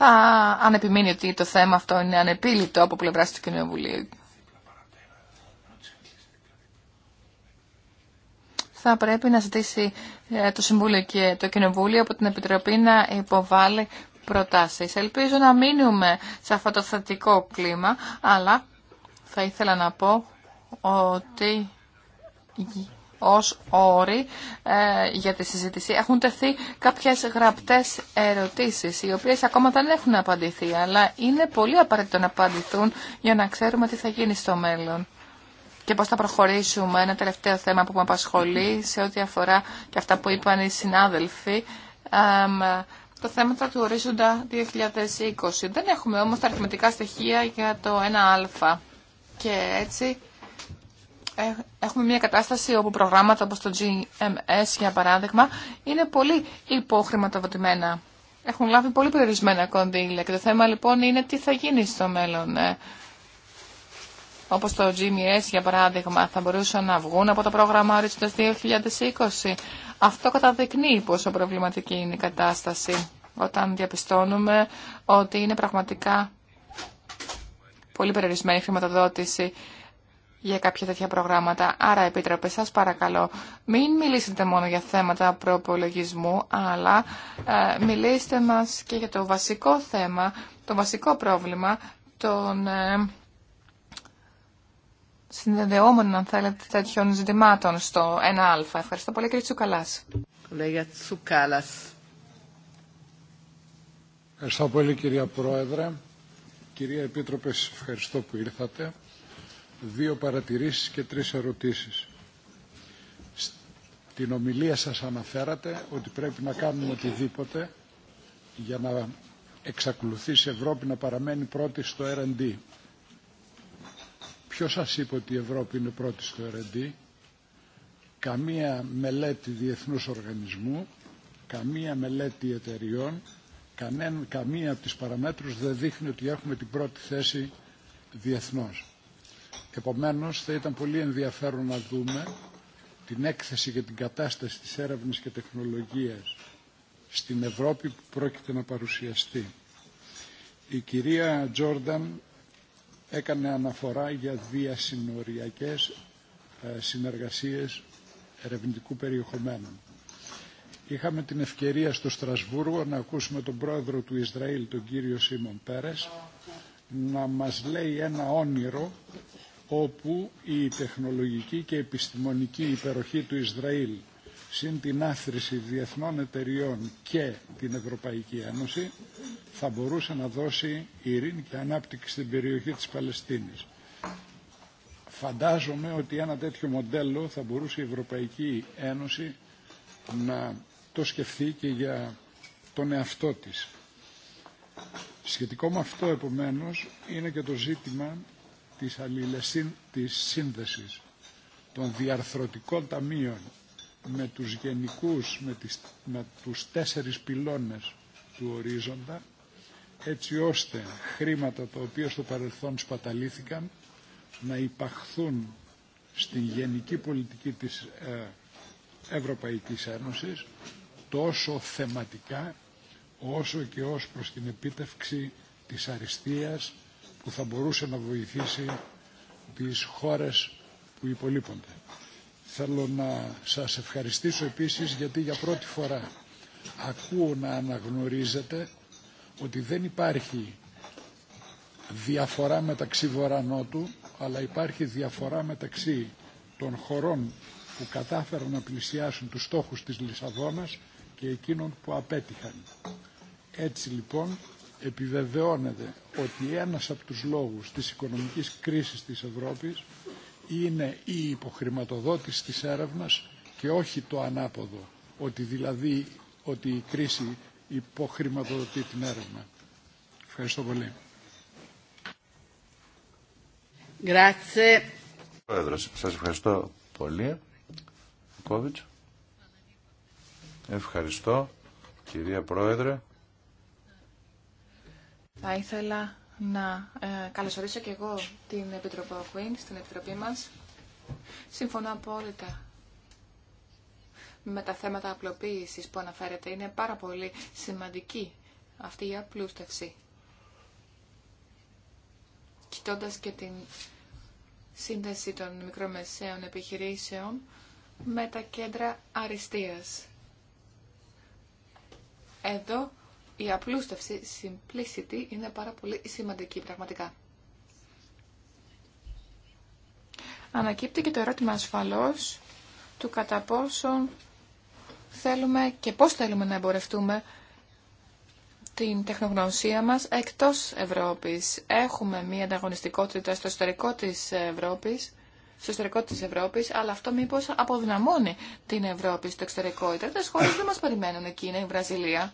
θα, ανεπιμείνει ότι το θέμα αυτό είναι ανεπίλητο από πλευρά του Κοινοβουλίου. Θα πρέπει να ζητήσει ε, το Συμβούλιο και το Κοινοβούλιο από την Επιτροπή να υποβάλει προτάσεις. Ελπίζω να μείνουμε σε αυτό το θετικό κλίμα, αλλά θα ήθελα να πω ότι ως όροι ε, για τη συζήτηση. Έχουν τεθεί κάποιες γραπτές ερωτήσεις, οι οποίες ακόμα δεν έχουν απαντηθεί, αλλά είναι πολύ απαραίτητο να απαντηθούν για να ξέρουμε τι θα γίνει στο μέλλον. Και πώς θα προχωρήσουμε. Ένα τελευταίο θέμα που με απασχολεί σε ό,τι αφορά και αυτά που είπαν οι συνάδελφοι. Ε, το θέμα του ορίζοντα 2020. Δεν έχουμε όμως τα αριθμητικά στοιχεία για το 1α. Και έτσι έχουμε μια κατάσταση όπου προγράμματα όπως το GMS για παράδειγμα είναι πολύ υποχρηματοδοτημένα. Έχουν λάβει πολύ περιορισμένα κονδύλια και το θέμα λοιπόν είναι τι θα γίνει στο μέλλον. Ε. Όπως το GMS για παράδειγμα θα μπορούσαν να βγουν από το πρόγραμμα του 2020. Αυτό καταδεικνύει πόσο προβληματική είναι η κατάσταση όταν διαπιστώνουμε ότι είναι πραγματικά πολύ περιορισμένη η χρηματοδότηση για κάποια τέτοια προγράμματα. Άρα, Επίτροπε, σας παρακαλώ, μην μιλήσετε μόνο για θέματα προπολογισμού, αλλά ε, μιλήστε μας και για το βασικό θέμα, το βασικό πρόβλημα των ε, συνδεδεόμενων, αν θέλετε, τέτοιων ζητημάτων στο 1α. Ευχαριστώ πολύ, κύριε Τσουκαλάς. Ευχαριστώ πολύ, κυρία Πρόεδρε. Κυρία Επίτροπε, ευχαριστώ που ήρθατε δύο παρατηρήσεις και τρεις ερωτήσεις. Στην ομιλία σας αναφέρατε ότι πρέπει να κάνουμε οτιδήποτε για να εξακολουθήσει η Ευρώπη να παραμένει πρώτη στο R&D. Ποιος σας είπε ότι η Ευρώπη είναι πρώτη στο R&D. Καμία μελέτη διεθνούς οργανισμού, καμία μελέτη εταιριών, καμία από τις παραμέτρους δεν δείχνει ότι έχουμε την πρώτη θέση διεθνώς. Επομένως, θα ήταν πολύ ενδιαφέρον να δούμε την έκθεση για την κατάσταση της έρευνας και τεχνολογίας στην Ευρώπη που πρόκειται να παρουσιαστεί. Η κυρία Τζόρνταν έκανε αναφορά για διασυνοριακές ε, συνεργασίες ερευνητικού περιεχομένου. Είχαμε την ευκαιρία στο Στρασβούργο να ακούσουμε τον πρόεδρο του Ισραήλ, τον κύριο Σίμον Πέρες, να μας λέει ένα όνειρο όπου η τεχνολογική και επιστημονική υπεροχή του Ισραήλ συν την άθρηση διεθνών εταιριών και την Ευρωπαϊκή Ένωση θα μπορούσε να δώσει ειρήνη και ανάπτυξη στην περιοχή της Παλαιστίνης. Φαντάζομαι ότι ένα τέτοιο μοντέλο θα μπορούσε η Ευρωπαϊκή Ένωση να το σκεφτεί και για τον εαυτό της. Σχετικό με αυτό, επομένως, είναι και το ζήτημα της, αλληλεσύν, της σύνδεσης των διαρθρωτικών ταμείων με τους γενικούς, με, τις, με τους τέσσερις πυλώνες του ορίζοντα, έτσι ώστε χρήματα τα οποία στο παρελθόν σπαταλήθηκαν να υπαχθούν στην γενική πολιτική της ε, Ευρωπαϊκής Ένωσης τόσο θεματικά όσο και ως προς την επίτευξη της αριστείας που θα μπορούσε να βοηθήσει τις χώρες που υπολείπονται. Θέλω να σας ευχαριστήσω επίσης γιατί για πρώτη φορά ακούω να αναγνωρίζετε ότι δεν υπάρχει διαφορά Βορρανότου αλλά υπάρχει διαφορά μεταξύ των χωρών που κατάφεραν να πλησιάσουν τους στόχους της Λισαβόνας και εκείνων που απέτυχαν. Έτσι λοιπόν επιβεβαιώνεται ότι ένας από τους λόγους της οικονομικής κρίσης της Ευρώπης είναι η υποχρηματοδότηση της έρευνας και όχι το ανάποδο, ότι δηλαδή ότι η κρίση υποχρηματοδοτεί την έρευνα. Ευχαριστώ πολύ. σας ευχαριστώ πολύ. Ευχαριστώ, κυρία Πρόεδρε. Θα ήθελα να ε, καλωσορίσω και εγώ την Επιτροπή Queen στην Επιτροπή μας. Συμφωνώ απόλυτα με τα θέματα απλοποίησης που αναφέρεται. Είναι πάρα πολύ σημαντική αυτή η απλούστευση. Κοιτώντας και την σύνδεση των μικρομεσαίων επιχειρήσεων με τα κέντρα αριστείας. Εδώ η απλούστευση, simplicity, είναι πάρα πολύ σημαντική πραγματικά. Ανακύπτει και το ερώτημα ασφαλώς του κατά πόσον θέλουμε και πώς θέλουμε να εμπορευτούμε την τεχνογνωσία μας εκτός Ευρώπης. Έχουμε μία ανταγωνιστικότητα στο εσωτερικό της Ευρώπης, στο εσωτερικό της Ευρώπης, αλλά αυτό μήπως αποδυναμώνει την Ευρώπη στο εξωτερικό. Οι τρίτες χώρες δεν μας περιμένουν εκεί, είναι η Βραζιλία.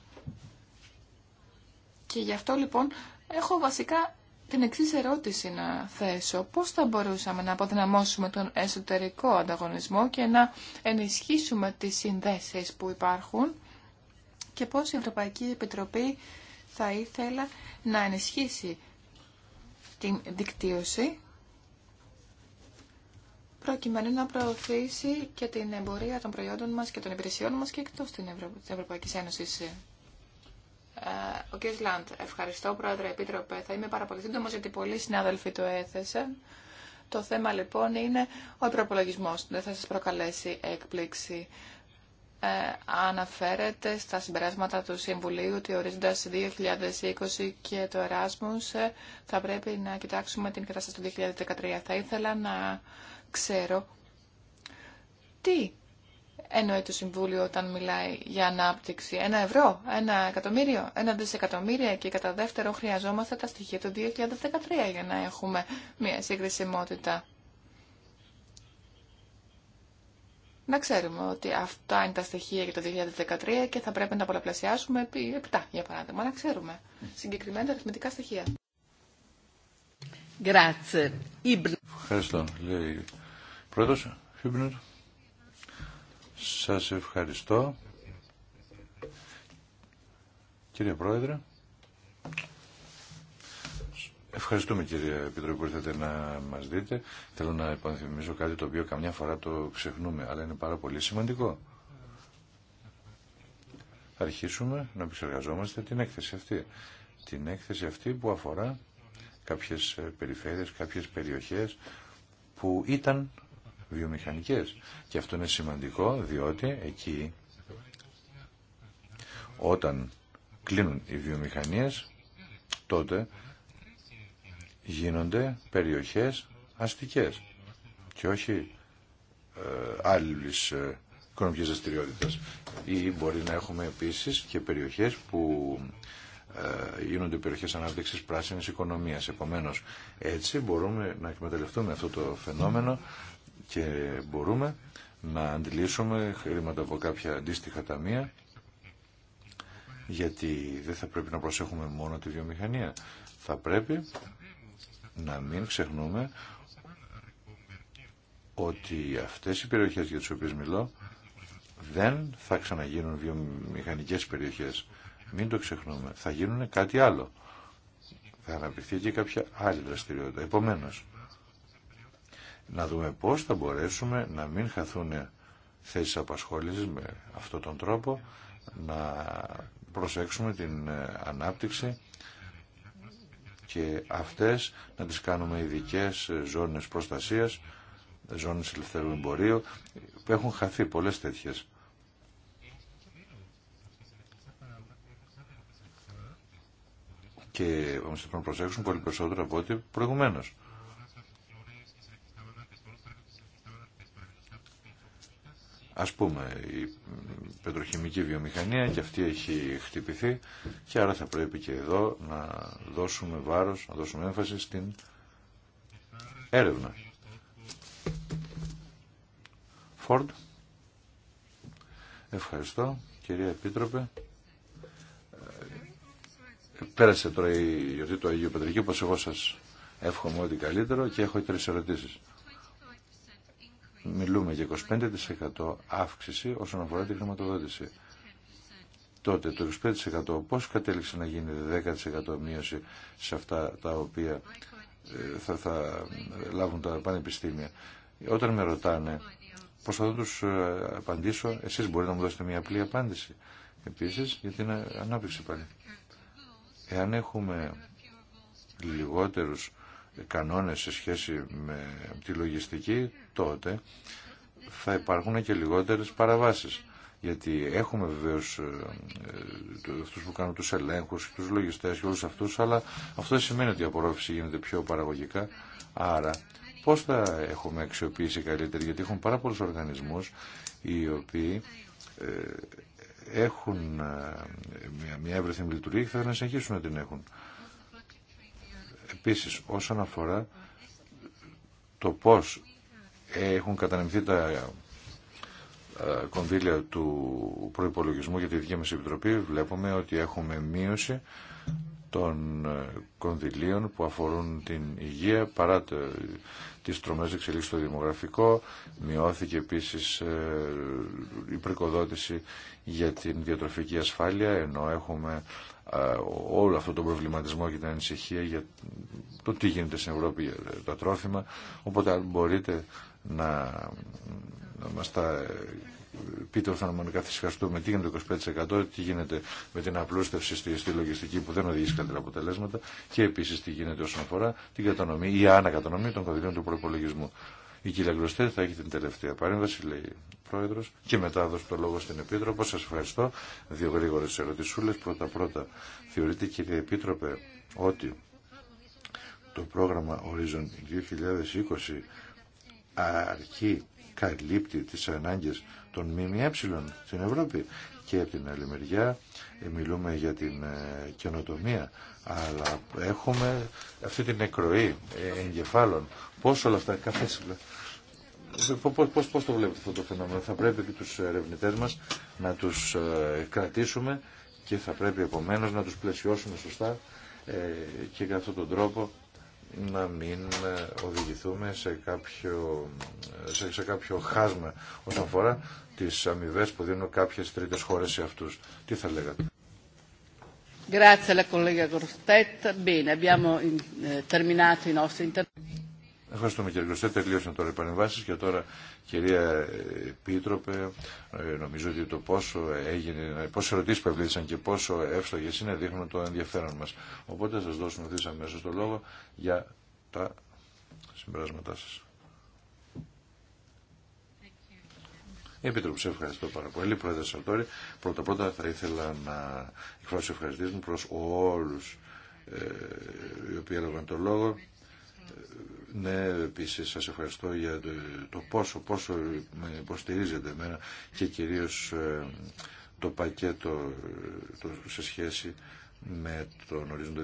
Και γι' αυτό λοιπόν έχω βασικά την εξή ερώτηση να θέσω. Πώς θα μπορούσαμε να αποδυναμώσουμε τον εσωτερικό ανταγωνισμό και να ενισχύσουμε τις συνδέσεις που υπάρχουν και πώς η Ευρωπαϊκή Επιτροπή θα ήθελα να ενισχύσει την δικτύωση προκειμένου να προωθήσει και την εμπορία των προϊόντων μας και των υπηρεσιών μας και εκτός της Ευρωπαϊκής Ένωσης ο κ. Λαντ, ευχαριστώ Πρόεδρε Επίτροπε. Θα είμαι πάρα πολύ σύντομο γιατί πολλοί συνάδελφοι το έθεσαν. Το θέμα λοιπόν είναι ο προπολογισμό. Δεν θα σα προκαλέσει έκπληξη. Ε, αναφέρεται στα συμπεράσματα του Συμβουλίου ότι ορίζοντα 2020 και το Εράσμου ε, θα πρέπει να κοιτάξουμε την κατάσταση του 2013. Θα ήθελα να ξέρω τι εννοεί το Συμβούλιο όταν μιλάει για ανάπτυξη. Ένα ευρώ, ένα εκατομμύριο, ένα δισεκατομμύριο και κατά δεύτερο χρειαζόμαστε τα στοιχεία του 2013 για να έχουμε μια συγκρισιμότητα. Να ξέρουμε ότι αυτά είναι τα στοιχεία για το 2013 και θα πρέπει να πολλαπλασιάσουμε επί 7, για παράδειγμα. Να ξέρουμε συγκεκριμένα αριθμητικά στοιχεία. Ευχαριστώ. Λέει σας ευχαριστώ. Κύριε Πρόεδρε, ευχαριστούμε κύριε Επιτροπή που ήρθατε να μας δείτε. Θέλω να υπονθυμίσω κάτι το οποίο καμιά φορά το ξεχνούμε, αλλά είναι πάρα πολύ σημαντικό. αρχίσουμε να επεξεργαζόμαστε την έκθεση αυτή. Την έκθεση αυτή που αφορά κάποιες περιφέρειες, κάποιες περιοχές που ήταν βιομηχανικές. Και αυτό είναι σημαντικό διότι εκεί όταν κλείνουν οι βιομηχανίες τότε γίνονται περιοχές αστικές και όχι ε, άλλης ε, οικονομικής δραστηριότητα. Ή μπορεί να έχουμε επίσης και περιοχές που ε, γίνονται περιοχές ανάπτυξης πράσινης οικονομίας. Επομένως, έτσι μπορούμε να εκμεταλλευτούμε αυτό το φαινόμενο και μπορούμε να αντιλήσουμε χρήματα από κάποια αντίστοιχα ταμεία γιατί δεν θα πρέπει να προσέχουμε μόνο τη βιομηχανία. Θα πρέπει να μην ξεχνούμε ότι αυτές οι περιοχές για τις οποίες μιλώ δεν θα ξαναγίνουν βιομηχανικές περιοχές. Μην το ξεχνούμε. Θα γίνουν κάτι άλλο. Θα αναπτυχθεί και κάποια άλλη δραστηριότητα. Επομένως, να δούμε πώς θα μπορέσουμε να μην χαθούν θέσεις απασχόλησης με αυτόν τον τρόπο, να προσέξουμε την ε, ανάπτυξη και αυτές να τις κάνουμε ειδικέ ε, ζώνες προστασίας, ζώνες ελευθερού εμπορίου, που έχουν χαθεί πολλές τέτοιες. Και όμως θα πρέπει να προσέξουμε πολύ περισσότερο από ό,τι προηγουμένως. Ας πούμε η πετροχημική βιομηχανία και αυτή έχει χτυπηθεί και άρα θα πρέπει και εδώ να δώσουμε βάρος, να δώσουμε έμφαση στην έρευνα. Φόρντ. Ευχαριστώ κυρία Επίτροπε. Πέρασε τώρα η γιορτή του Αγίου Πατρικού, όπως εγώ σας εύχομαι ό,τι καλύτερο και έχω τρεις ερωτήσεις μιλούμε για 25% αύξηση όσον αφορά τη χρηματοδότηση. Τότε το 25% πώς κατέληξε να γίνει 10% μείωση σε αυτά τα οποία ε, θα, θα λάβουν τα πανεπιστήμια. Όταν με ρωτάνε πώς θα τους ε, απαντήσω, εσείς μπορείτε να μου δώσετε μια απλή απάντηση. Επίσης γιατί την ανάπτυξη πάλι. Εάν έχουμε λιγότερους κανόνες σε σχέση με τη λογιστική, τότε θα υπάρχουν και λιγότερες παραβάσεις. Γιατί έχουμε βεβαίω ε, ε, αυτού που κάνουν τους ελέγχους, τους λογιστές και όλους αυτούς, αλλά αυτό δεν σημαίνει ότι η απορρόφηση γίνεται πιο παραγωγικά. Άρα, πώς θα έχουμε αξιοποιήσει καλύτερη, γιατί έχουν πάρα πολλούς οργανισμούς οι οποίοι ε, έχουν μια, μια εύρεθμη λειτουργία και θα να συνεχίσουν να την έχουν. Επίσης, όσον αφορά το πώς έχουν κατανεμηθεί τα ε, κονδύλια του προϋπολογισμού για τη δική μας επιτροπή, βλέπουμε ότι έχουμε μείωση των ε, κονδυλίων που αφορούν την υγεία παρά το, τις τρομές εξελίξεις στο δημογραφικό. Μειώθηκε επίσης ε, η προκοδότηση για την διατροφική ασφάλεια ενώ έχουμε ε, όλο αυτό τον προβληματισμό και την ανησυχία για το τι γίνεται στην Ευρώπη για τα τρόφιμα. Οπότε μπορείτε να, να μας τα πείτε οθονομονικά θυσιαστούμε, τι γίνεται το 25%, τι γίνεται με την απλούστευση στη, στη λογιστική που δεν οδηγεί σε καλύτερα αποτελέσματα και επίσης τι γίνεται όσον αφορά την κατανομή ή ανακατανομή των κονδυλίων του προπολογισμού. Η ανακατανομη των κωδικων του προπολογισμου η κυρια γκροστε θα έχει την τελευταία παρέμβαση, λέει ο Πρόεδρο, και μετά δώσω το λόγο στην Επίτροπο. Σα ευχαριστώ. Δύο γρήγορε ερωτησούλε. Πρώτα-πρώτα, θεωρείτε, κύριε Επίτροπε, ότι το πρόγραμμα Horizon 2020 αρκεί καλύπτει τις ανάγκες των ΜΜΕ στην Ευρώπη. Και από την άλλη μεριά ε, μιλούμε για την ε, καινοτομία, αλλά έχουμε αυτή την εκροή ε, εγκεφάλων. Πώς όλα αυτά, κάθε Πώς, πώς, πώς το βλέπετε αυτό το φαινόμενο. Θα πρέπει και τους ερευνητές μας να τους κρατήσουμε και θα πρέπει επομένως να τους πλαισιώσουμε σωστά και για αυτόν τον τρόπο να μην ε, οδηγηθούμε σε κάποιο, σε, σε κάποιο χάσμα όσον αφορά τις αμοιβέ που δίνουν κάποιες τρίτες χώρες σε αυτούς. Τι θα λέγατε. Grazie alla collega Grostet. Bene, abbiamo ε, terminato i nostri interventi. Ευχαριστούμε κύριε Κωστέ. Τελείωσαν τώρα οι παρεμβάσει και τώρα κυρία Επίτροπε, ε, νομίζω ότι το πόσο έγινε, πόσε ερωτήσει που ευλήθησαν και πόσο εύστοχε είναι δείχνουν το ενδιαφέρον μα. Οπότε σα δώσουμε ευθύ αμέσω το λόγο για τα συμπεράσματά σα. Επίτροπε, σε ευχαριστώ πάρα πολύ. Πρόεδρε Σαρτόρη, πρώτα-πρώτα θα ήθελα να εκφράσω ευχαριστήσει μου προ όλου ε, οι οποίοι έλαβαν το λόγο ναι, επίση σα ευχαριστώ για το, πόσο, πόσο με υποστηρίζετε εμένα και κυρίω ε, το πακέτο ε, το, σε σχέση με τον ορίζοντα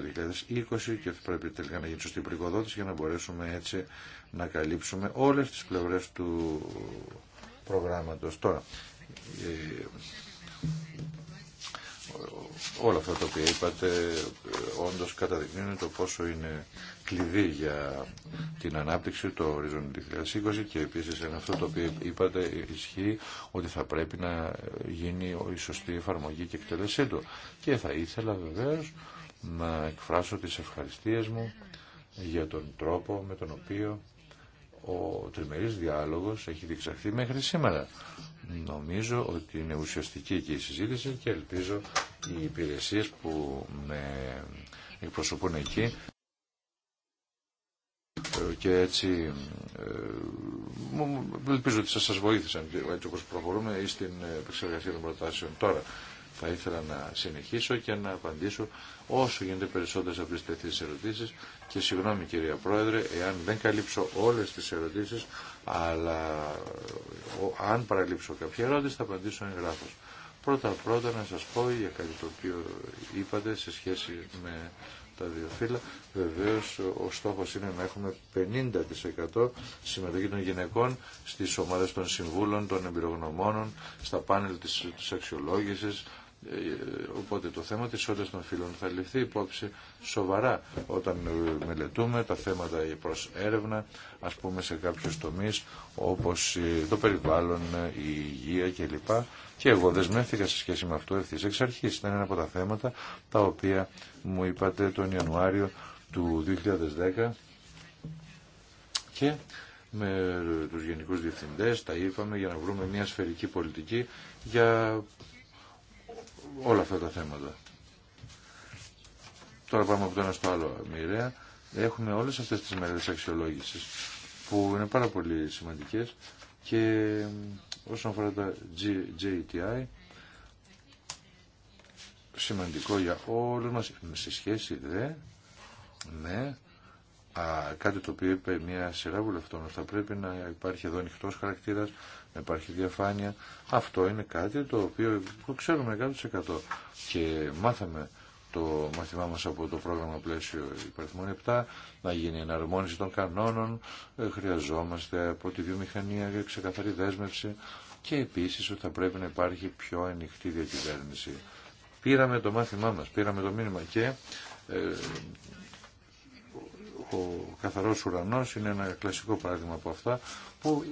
2020 και πρέπει τελικά να γίνει σωστή πρικοδότηση για να μπορέσουμε έτσι να καλύψουμε όλες τις πλευρές του προγράμματος. Τώρα, ε, όλα αυτά τα οποία είπατε ε, όντως καταδεικνύουν το πόσο είναι κλειδί για την ανάπτυξη του Horizon 2020 και επίσης ένα αυτό το οποίο είπατε ισχύει ότι θα πρέπει να γίνει η σωστή εφαρμογή και εκτέλεσή του. Και θα ήθελα βεβαίως να εκφράσω τις ευχαριστίες μου για τον τρόπο με τον οποίο ο τριμερής διάλογος έχει διεξαχθεί μέχρι σήμερα. Νομίζω ότι είναι ουσιαστική εκεί η συζήτηση και ελπίζω οι υπηρεσίες που με εκπροσωπούν εκεί ε, και έτσι ε, ελπίζω ότι σας βοήθησαν έτσι όπως προχωρούμε ή στην επεξεργασία των προτάσεων τώρα θα ήθελα να συνεχίσω και να απαντήσω όσο γίνεται περισσότερες από τις ερωτήσεις και συγγνώμη κυρία Πρόεδρε εάν δεν καλύψω όλες τις ερωτήσεις αλλά αν παραλείψω κάποια ερώτηση θα απαντήσω εγγράφος. Πρώτα πρώτα να σας πω για κάτι το οποίο είπατε σε σχέση με τα δύο φύλλα. Βεβαίως ο στόχος είναι να έχουμε 50% συμμετοχή των γυναικών στις ομάδες των συμβούλων, των εμπειρογνωμόνων, στα πάνελ της, της αξιολόγησης, ε, οπότε το θέμα της όλες των φίλων θα ληφθεί υπόψη σοβαρά όταν μελετούμε τα θέματα προς έρευνα, ας πούμε σε κάποιους τομείς όπως το περιβάλλον, η υγεία κλπ. Και εγώ δεσμεύτηκα σε σχέση με αυτό ευθύ εξ αρχής Ήταν ένα από τα θέματα τα οποία μου είπατε τον Ιανουάριο του 2010 και με τους γενικούς διευθυντές τα είπαμε για να βρούμε μια σφαιρική πολιτική για όλα αυτά τα θέματα. Τώρα πάμε από το ένα στο άλλο μοιραία. Έχουμε όλες αυτές τις μέρες αξιολόγησης που είναι πάρα πολύ σημαντικές και όσον αφορά τα JTI σημαντικό για όλους μας σε σχέση δε με κάτι το οποίο είπε μια σειρά βουλευτών θα πρέπει να υπάρχει εδώ ανοιχτό χαρακτήρας να υπάρχει διαφάνεια. Αυτό είναι κάτι το οποίο το ξέρουμε 100% και μάθαμε το μαθημά μας από το πρόγραμμα πλαίσιο υπαριθμών 7, να γίνει εναρμόνιση των κανόνων, ε, χρειαζόμαστε από τη βιομηχανία ξεκαθαρή δέσμευση και επίσης ότι θα πρέπει να υπάρχει πιο ανοιχτή διακυβέρνηση. Πήραμε το μάθημά μας, πήραμε το μήνυμα και ε, ο καθαρός ουρανός είναι ένα κλασικό παράδειγμα από αυτά που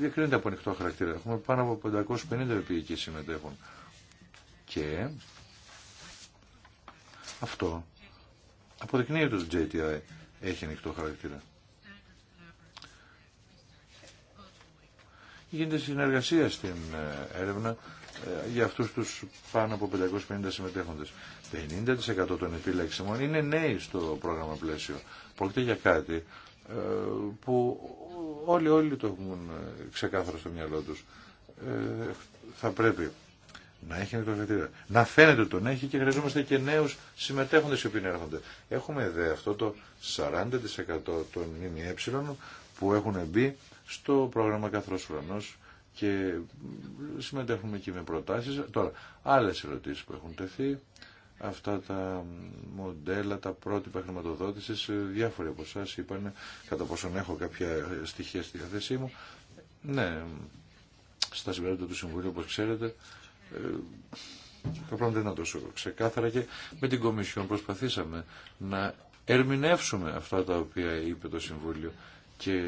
διακρίνεται από ανοιχτό χαρακτήρα. Έχουμε πάνω από 550 οποίοι εκεί συμμετέχουν. Και αυτό αποδεικνύει ότι το JTI έχει ανοιχτό χαρακτήρα. Γίνεται συνεργασία στην ε, έρευνα ε, για αυτούς τους πάνω από 550 συμμετέχοντες. 50% των επιλέξιμων είναι νέοι στο πρόγραμμα πλαίσιο. Πρόκειται για κάτι ε, που όλοι όλοι το έχουν ε, ξεκάθαρο στο μυαλό τους. θα πρέπει να έχει το Να φαίνεται τον έχει και χρειαζόμαστε και νέους συμμετέχοντες οι οποίοι έρχονται. Έχουμε δε αυτό το 40% των ΜΜΕ που έχουν μπει στο πρόγραμμα Καθρό ουρανός και συμμετέχουμε και με προτάσεις. Τώρα, άλλες ερωτήσεις που έχουν τεθεί, αυτά τα μοντέλα, τα πρότυπα χρηματοδότησης, διάφοροι από εσά είπαν κατά πόσον έχω κάποια στοιχεία στη διάθεσή μου. Ναι, στα συμπεράσματα του Συμβουλίου, όπως ξέρετε, ε, τα πράγματα δεν είναι τόσο ξεκάθαρα και με την Κομισιόν προσπαθήσαμε να ερμηνεύσουμε αυτά τα οποία είπε το Συμβούλιο και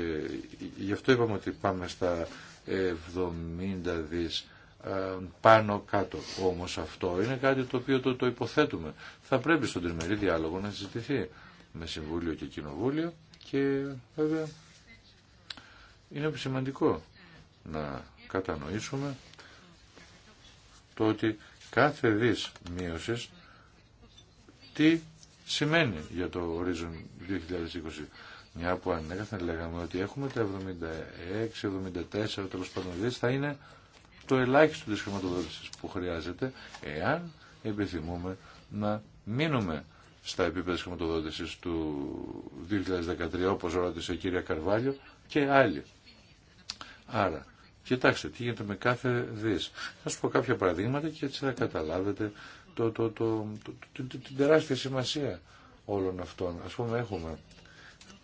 γι' αυτό είπαμε ότι πάμε στα 70 δις ε, πάνω κάτω. Όμως αυτό είναι κάτι το οποίο το, υποθέτουμε. Θα πρέπει στον τριμερή διάλογο να συζητηθεί με Συμβούλιο και Κοινοβούλιο και βέβαια είναι σημαντικό να κατανοήσουμε το ότι κάθε δις μείωσης τι σημαίνει για το ορίζον 2020. Μια που ανέκαθεν λέγαμε ότι έχουμε τα 76-74 τέλο πάντων δηλαδή θα είναι το ελάχιστο της χρηματοδότησης που χρειάζεται εάν επιθυμούμε να μείνουμε στα επίπεδα της χρηματοδότησης του 2013 όπως ρώτησε η κυρία Καρβάλιο και άλλοι. Άρα, κοιτάξτε τι γίνεται με κάθε δις. Θα σου πω κάποια παραδείγματα και έτσι θα καταλάβετε το, το, το, την τεράστια σημασία όλων αυτών. Ας πούμε έχουμε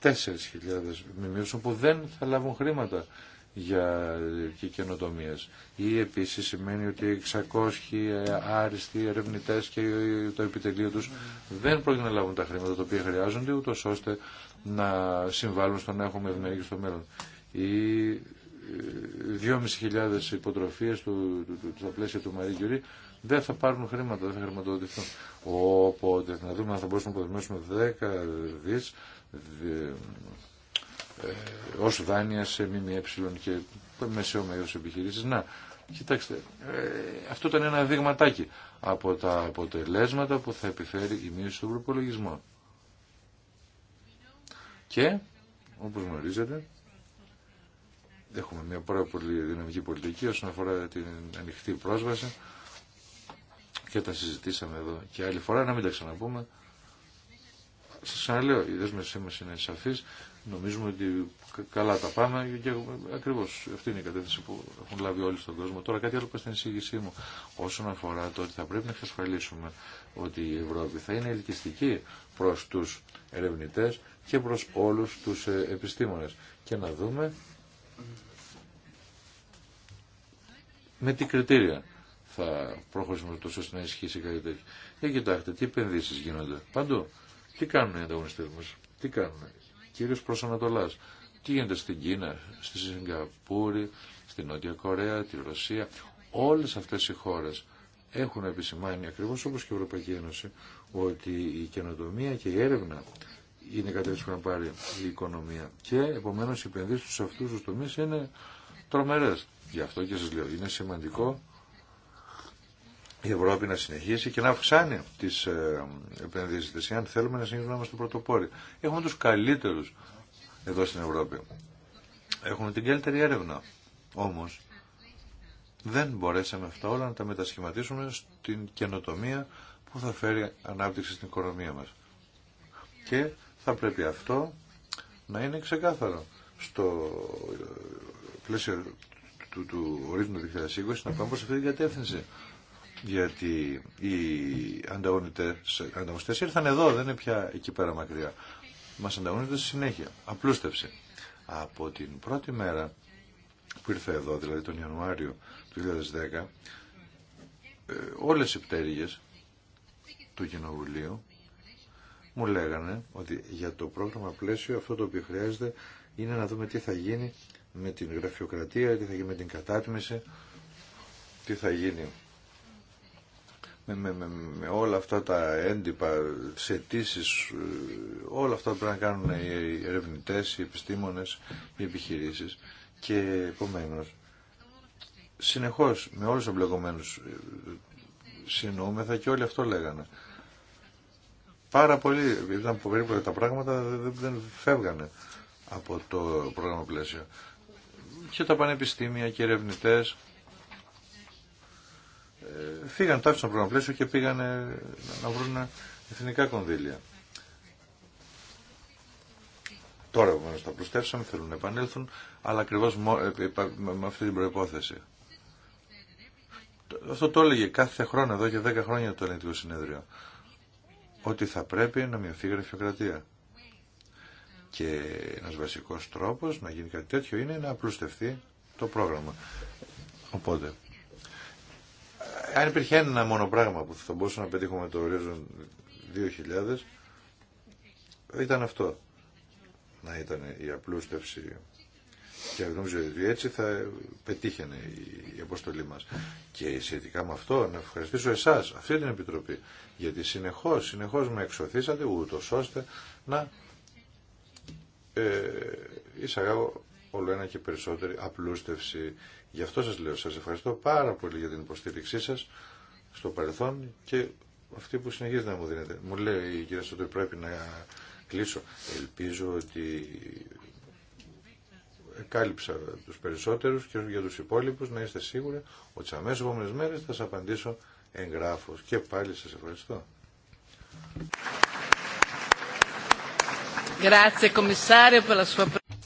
4.000 μνημείου που δεν θα λάβουν χρήματα για και καινοτομίε. Ή επίση σημαίνει ότι 600 άριστοι ερευνητέ και το επιτελείο του δεν πρόκειται να λάβουν τα χρήματα τα οποία χρειάζονται, ούτω ώστε να συμβάλλουν στο να έχουμε ευημερία στο μέλλον. Ή 2.500 ε, υποτροφίε στα πλαίσια του Μαρή Κιουρί δεν θα πάρουν χρήματα, δεν θα χρηματοδοτηθούν. Οπότε να δούμε αν θα μπορούσαμε να αποδημιώσουμε 10 δι ε, ω δάνεια σε ΜΜΕ και μεσαίο μέγεθος επιχειρήσει. Να, κοιτάξτε, ε, αυτό ήταν ένα δείγματάκι από τα αποτελέσματα που θα επιφέρει η μείωση του προπολογισμό. Και, όπω γνωρίζετε, έχουμε μια πάρα πολύ δυναμική πολιτική όσον αφορά την ανοιχτή πρόσβαση και τα συζητήσαμε εδώ και άλλη φορά, να μην τα ξαναπούμε. Σα ξαναλέω, οι δέσμευσή μα είναι σαφεί. Νομίζουμε ότι καλά τα πάμε και ακριβώ αυτή είναι η κατεύθυνση που έχουν λάβει όλοι στον κόσμο. Τώρα κάτι άλλο που στην εισήγησή μου όσον αφορά το ότι θα πρέπει να εξασφαλίσουμε ότι η Ευρώπη θα είναι ελκυστική προ του ερευνητέ και προ όλου του ε, επιστήμονε και να δούμε με τι κριτήρια θα προχωρήσουμε τόσο ώστε να ισχύσει κάτι τέτοιο. Για ε, κοιτάξτε, τι επενδύσει γίνονται παντού. Τι κάνουν οι ανταγωνιστέ μα, τι κάνουν, κυρίω προ Ανατολά. Τι γίνεται στην Κίνα, στη Σιγκαπούρη, στη Νότια Κορέα, τη Ρωσία. όλε αυτέ οι χώρε έχουν επισημάνει ακριβώ όπω και η Ευρωπαϊκή Ένωση ότι η καινοτομία και η έρευνα είναι κάτι που να πάρει η οικονομία. Και επομένω οι επενδύσει σε αυτού του τομεί είναι τρομερέ. Γι' αυτό και σα λέω είναι σημαντικό η Ευρώπη να συνεχίσει και να αυξάνει τις ε, επενδύσεις τη, αν θέλουμε να συνεχίσουμε να είμαστε πρωτοπόροι. Έχουμε τους καλύτερους εδώ στην Ευρώπη. Έχουμε την καλύτερη έρευνα. Όμω, δεν μπορέσαμε αυτά όλα να τα μετασχηματίσουμε στην καινοτομία που θα φέρει ανάπτυξη στην οικονομία μας. Και θα πρέπει αυτό να είναι ξεκάθαρο στο ε, πλαίσιο του, του, του 2020 να πάμε προς αυτή την κατεύθυνση γιατί οι ανταγωνιστές ήρθαν εδώ, δεν είναι πια εκεί πέρα μακριά. Μας ανταγωνίζονται στη συνέχεια. Απλούστευση. Από την πρώτη μέρα που ήρθε εδώ, δηλαδή τον Ιανουάριο του 2010, ε, όλες οι πτέρυγες του Κοινοβουλίου μου λέγανε ότι για το πρόγραμμα πλαίσιο αυτό το οποίο χρειάζεται είναι να δούμε τι θα γίνει με την γραφειοκρατία, τι θα γίνει με την κατάτμιση, τι θα γίνει με, όλα αυτά τα έντυπα, σε αιτήσει, ε, όλα αυτά πρέπει να κάνουν οι ερευνητέ, οι επιστήμονες, οι επιχειρήσεις και επομένω. συνεχώς με όλους τους εμπλεκομένους ε, συνοούμεθα και όλοι αυτό λέγανε. Πάρα πολύ, ήταν περίπου τα πράγματα, δεν φεύγανε από το πρόγραμμα πλαίσιο. Και τα πανεπιστήμια και ερευνητέ φύγαν, το άφησαν πρόγραμμα πλαίσιο και πήγαν να βρουν εθνικά κονδύλια. Τώρα επομένω τα προστέψαμε, θέλουν να επανέλθουν, αλλά ακριβώ με αυτή την προπόθεση. Αυτό το έλεγε κάθε χρόνο, εδώ και 10 χρόνια το Ελληνικό Συνέδριο, ότι θα πρέπει να μειωθεί η γραφειοκρατία. Και ένα βασικό τρόπο να γίνει κάτι τέτοιο είναι να απλουστευτεί το πρόγραμμα. Οπότε αν υπήρχε ένα μόνο πράγμα που θα μπορούσαμε να πετύχουμε το Horizon 2000 ήταν αυτό. Να ήταν η απλούστευση και νομίζω ότι έτσι θα πετύχαινε η αποστολή μας. Και σχετικά με αυτό να ευχαριστήσω εσάς, αυτή την Επιτροπή, γιατί συνεχώς, συνεχώς με εξωθήσατε ούτω ώστε να ε, εισαγάγω όλο ένα και περισσότερη απλούστευση Γι' αυτό σας λέω, σας ευχαριστώ πάρα πολύ για την υποστήριξή σας στο παρελθόν και αυτή που συνεχίζει να μου δίνετε. Μου λέει η κυρία Στοτή πρέπει να κλείσω. Ελπίζω ότι κάλυψα τους περισσότερους και για τους υπόλοιπους να είστε σίγουροι ότι σε αμέσως επόμενες μέρες θα σας απαντήσω εγγράφως. Και πάλι σας ευχαριστώ.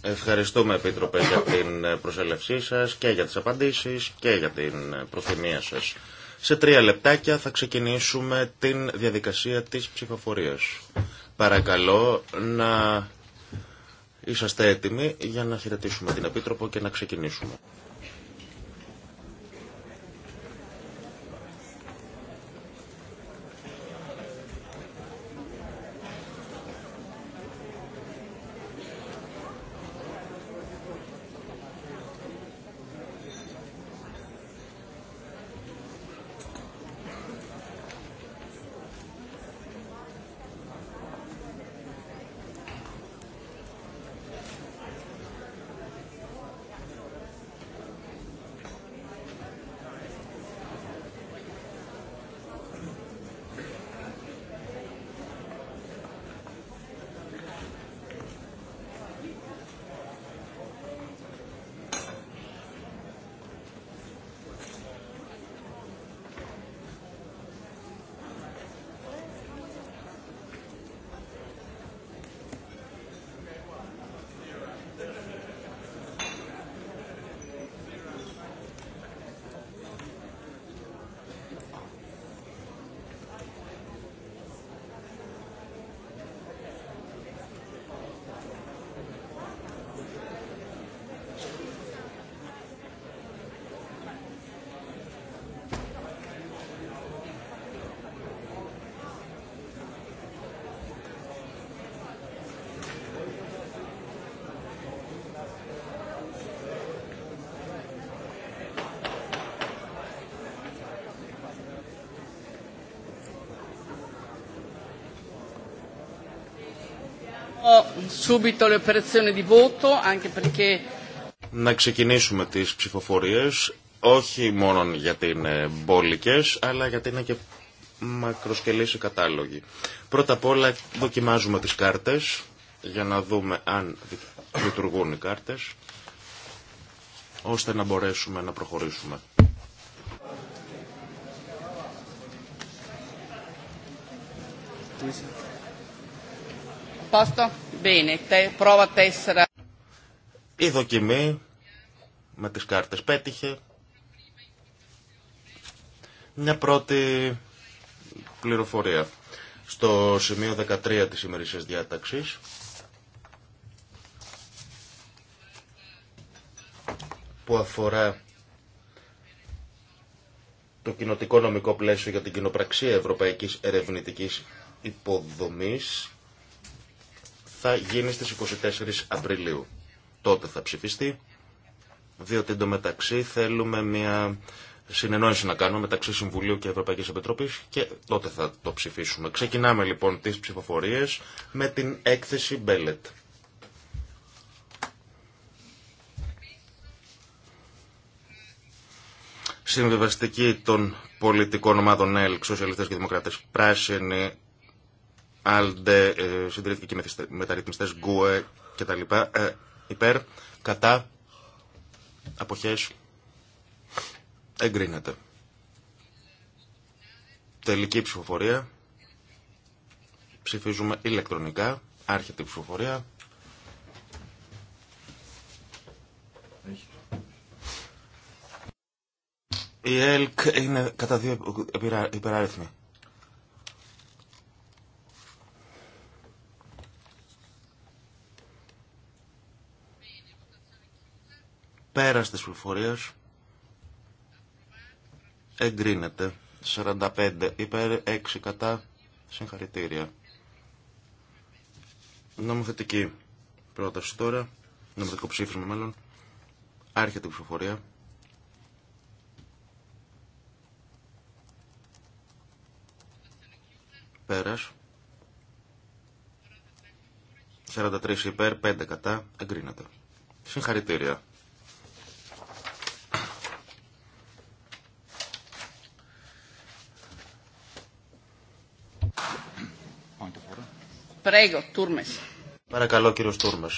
Ευχαριστούμε, Επίτροπε, για την προσέλευσή σας και για τις απαντήσεις και για την προθυμία σας. Σε τρία λεπτάκια θα ξεκινήσουμε την διαδικασία της ψηφοφορίας. Παρακαλώ να είσαστε έτοιμοι για να χαιρετήσουμε την Επίτροπο και να ξεκινήσουμε. Να ξεκινήσουμε τις ψηφοφορίες, όχι μόνο γιατί είναι μπόλικες, αλλά γιατί είναι και μακροσκελής οι κατάλογοι. Πρώτα απ' όλα δοκιμάζουμε τις κάρτες, για να δούμε αν λειτουργούν οι κάρτες, ώστε να μπορέσουμε να προχωρήσουμε. Πάστα. Η δοκιμή με τις κάρτες πέτυχε. Μια πρώτη πληροφορία. Στο σημείο 13 της ημερήσιας διάταξης που αφορά το κοινοτικό νομικό πλαίσιο για την κοινοπραξία ευρωπαϊκής ερευνητικής υποδομής γίνει στις 24 Απριλίου. Τότε θα ψηφιστεί, διότι εντωμεταξύ θέλουμε μια συνεννόηση να κάνουμε μεταξύ Συμβουλίου και Ευρωπαϊκής Επιτροπής και τότε θα το ψηφίσουμε. Ξεκινάμε λοιπόν τις ψηφοφορίες με την έκθεση Μπέλετ. Συμβιβαστική των πολιτικών ομάδων ΕΛΚ, Σοσιαλιστές και Δημοκράτες, Πράσινη, Άλντε, ε, συντηρήθηκε και μεταρρυθμιστές Γκουε τα λοιπά ε, υπέρ, κατά, αποχές, εγκρίνεται. Τελική ψηφοφορία. Ψηφίζουμε ηλεκτρονικά. Άρχεται η ψηφοφορία. Η ΕΛΚ είναι κατά δύο υπεράριθμοι. Πέρας της πληροφορίας εγκρίνεται 45 υπέρ 6 κατά συγχαρητήρια. Νομοθετική πρόταση τώρα, νομοθετικό ψήφισμα μάλλον, άρχεται η ψηφοφορία. Πέρας. 43 υπέρ, 5 κατά, εγκρίνεται. Συγχαρητήρια. Παρακαλώ κύριο Τούρμε.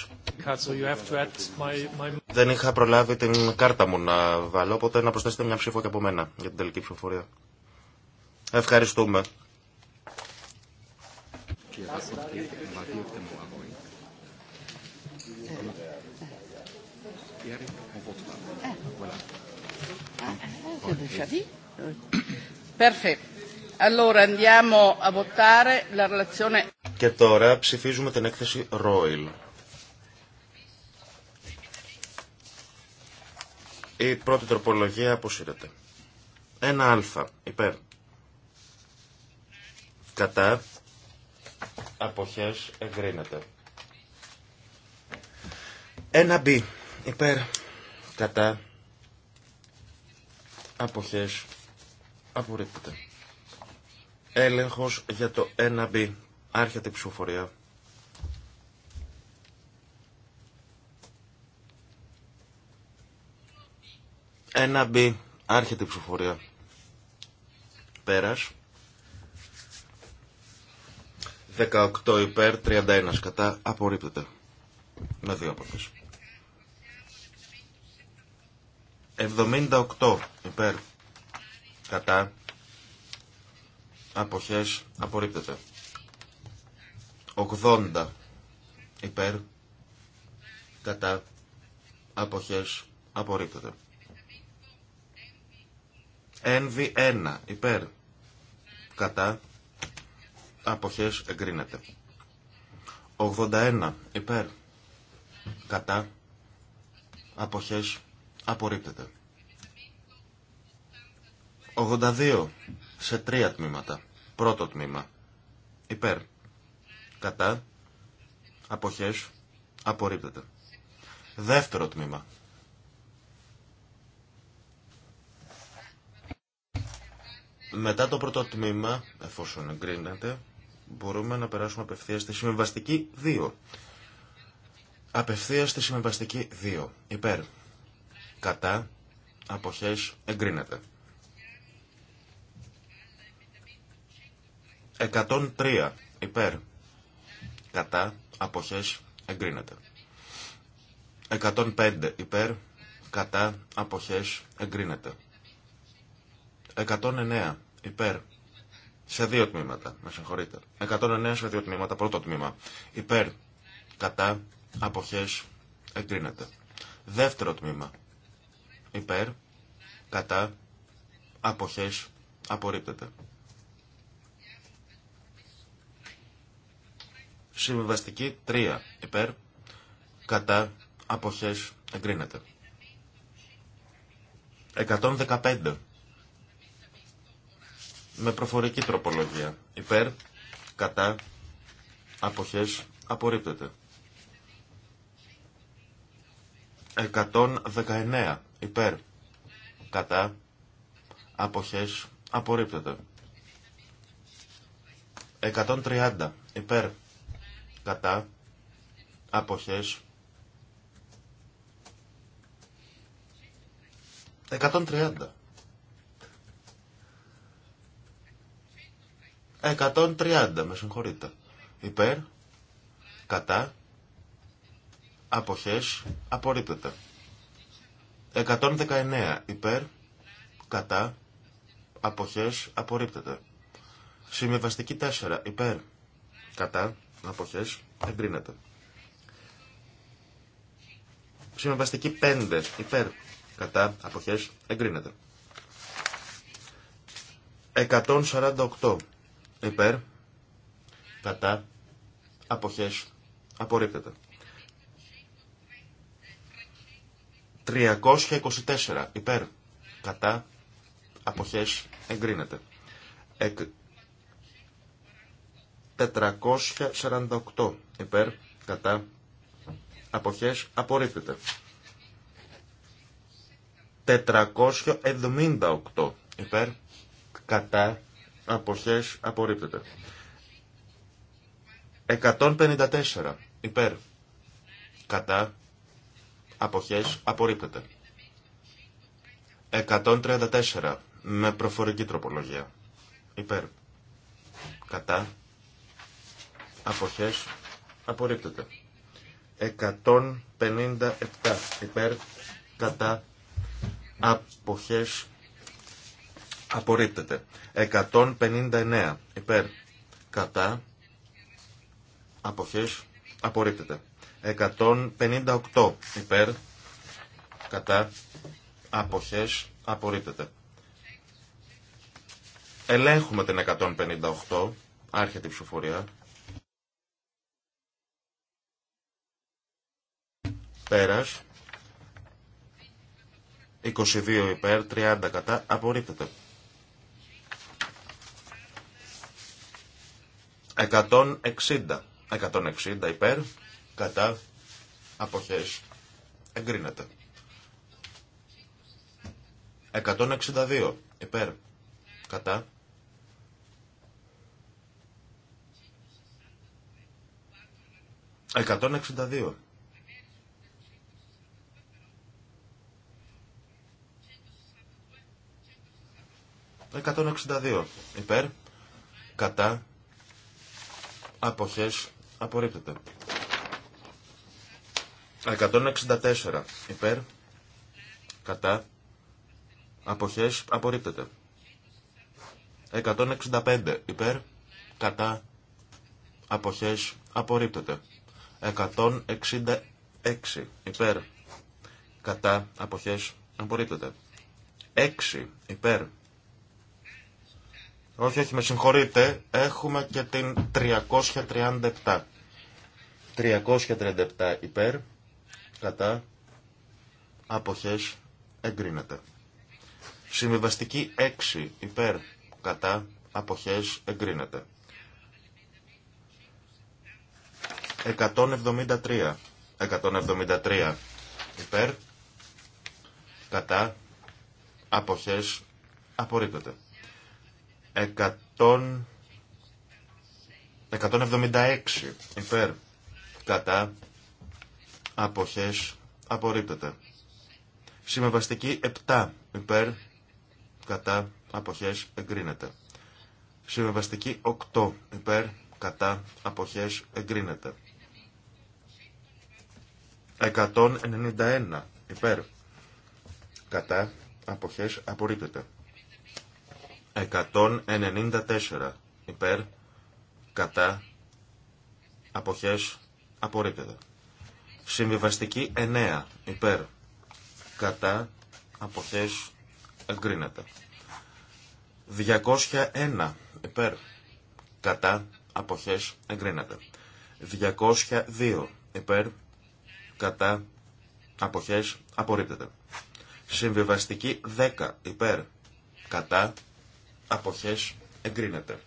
Δεν είχα προλάβει την κάρτα μου να βάλω, οπότε να προσθέσετε μια ψήφο και από μένα για την τελική ψηφοφορία. Ευχαριστούμε. Perfetto. Allora andiamo a votare la relazione. Και τώρα ψηφίζουμε την έκθεση Royal. Η πρώτη τροπολογία αποσύρεται. Ένα α, υπέρ. Κατά. Αποχές εγκρίνεται. Ένα μπι, υπέρ. Κατά. Αποχές απορρίπτεται. Έλεγχος για το 1B. Άρχεται η ψηφοφορία. Ένα μπι. Άρχεται η ψηφοφορία. Πέρας. 18 υπέρ, 31 κατά. Απορρίπτεται. Με δύο αποχές. 78 υπέρ, κατά. Αποχές. Απορρίπτεται. 80 υπέρ κατά αποχές απορρίπτεται. NV1 υπέρ κατά αποχές εγκρίνεται. 81 υπέρ κατά αποχές απορρίπτεται. 82 σε τρία τμήματα. Πρώτο τμήμα υπέρ Κατά. Αποχές. Απορρίπτεται. Δεύτερο τμήμα. Μετά το πρώτο τμήμα, εφόσον εγκρίνεται, μπορούμε να περάσουμε απευθείας στη συμβαστική 2. Απευθείας στη συμβαστική 2. Υπέρ. Κατά. Αποχές. Εγκρίνεται. 103. Υπέρ κατά, αποχές, εγκρίνεται. 105 υπέρ, κατά, αποχές, εγκρίνεται. 109 υπέρ, σε δύο τμήματα, με συγχωρείτε. 109 σε δύο τμήματα, πρώτο τμήμα. Υπέρ, κατά, αποχές, εγκρίνεται. Δεύτερο τμήμα. Υπέρ, κατά, αποχές, απορρίπτεται. Συμβιβαστική 3 υπέρ κατά αποχές εγκρίνεται. 115 με προφορική τροπολογία υπέρ κατά αποχές απορρίπτεται. 119 υπέρ κατά αποχές απορρίπτεται. 130 υπέρ κατά αποχές 130 130 με συγχωρείτε υπέρ κατά αποχές απορρίπτεται 119 υπέρ κατά αποχές απορρίπτεται συμβιβαστική 4 υπέρ κατά αποχές εγκρίνεται. Συμβαστική 5 υπέρ κατά αποχέ. εγκρίνεται. 148 υπέρ κατά απόχέ. απορρίπτεται. 324 υπέρ κατά αποχές εγκρίνεται. 448 υπέρ κατά αποχές απορρίπτεται. 478 υπέρ κατά αποχές απορρίπτεται. 154 υπέρ κατά αποχές απορρίπτεται. 134 με προφορική τροπολογία υπέρ κατά αποχές απορρίπτεται. 157 υπέρ κατά αποχές απορρίπτεται. 159 υπέρ κατά αποχές απορρίπτεται. 158 υπέρ κατά αποχές απορρίπτεται. Ελέγχουμε την 158, άρχεται η ψηφοφορία. Πέρας. 22 υπέρ, 30 κατά. Απορρίπτεται. 160. 160 υπέρ, κατά, αποχές, εγκρίνεται. 162 υπέρ, κατά. Εκατόν εξήντα δύο. 162 υπέρ, κατά, αποχές, απορρίπτεται. 164 υπέρ, κατά, αποχές, απορρίπτεται. 165 υπέρ, κατά, αποχές, απορρίπτεται. 166 υπέρ, κατά, αποχές, απορρίπτεται. 6 υπέρ, όχι, όχι, με συγχωρείτε. Έχουμε και την 337. 337 υπέρ, κατά, αποχές, εγκρίνεται. Συμβιβαστική 6 υπέρ, κατά, αποχές, εγκρίνεται. 173. 173 υπέρ, κατά, αποχές, απορρίπτεται. 176 υπέρ κατά αποχές απορρίπτεται. Συμβαστική 7 υπέρ κατά αποχές εγκρίνεται. Συμβαστική 8 υπέρ κατά αποχές εγκρίνεται. 191 υπέρ κατά αποχές απορρίπτεται. 194 υπέρ, κατά, αποχές, απορρίπτεται. Συμβιβαστική 9 υπέρ, κατά, αποχές, εγκρίνεται. 201 υπέρ, κατά, αποχές, εγκρίνεται. 202 υπέρ, κατά, αποχές, απορρίπτεται. Συμβιβαστική 10 υπέρ, κατά, αποχές εγκρίνεται.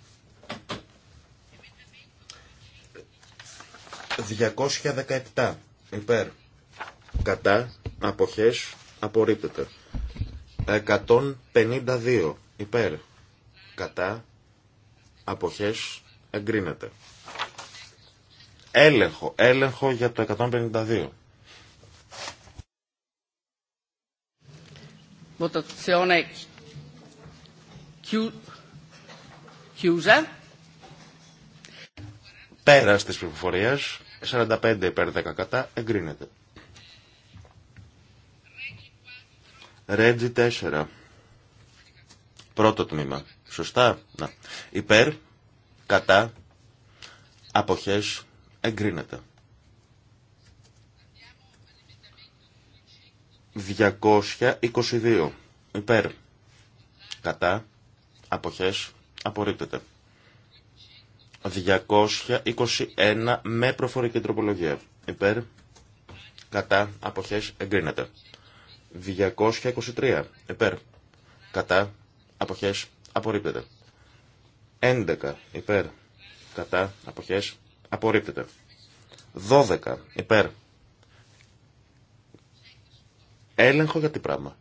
217 υπέρ κατά αποχές απορρίπτεται. 152 υπέρ κατά αποχές εγκρίνεται. Έλεγχο, έλεγχο για το 152. Votazione Χιούζα. Πέρα τη πληροφορία. 45 υπέρ 10 κατά. Εγκρίνεται. Ρέτζι 4. Πρώτο τμήμα. Σωστά. Να. Υπέρ. Κατά. Αποχές. Εγκρίνεται. 222. Υπέρ. Κατά αποχές απορρίπτεται. 221 με προφορική τροπολογία. Υπέρ, κατά, αποχές, εγκρίνεται. 223 υπέρ, κατά, αποχές, απορρίπτεται. 11 υπέρ, κατά, αποχές, απορρίπτεται. 12 υπέρ. Έλεγχο για τι πράγμα.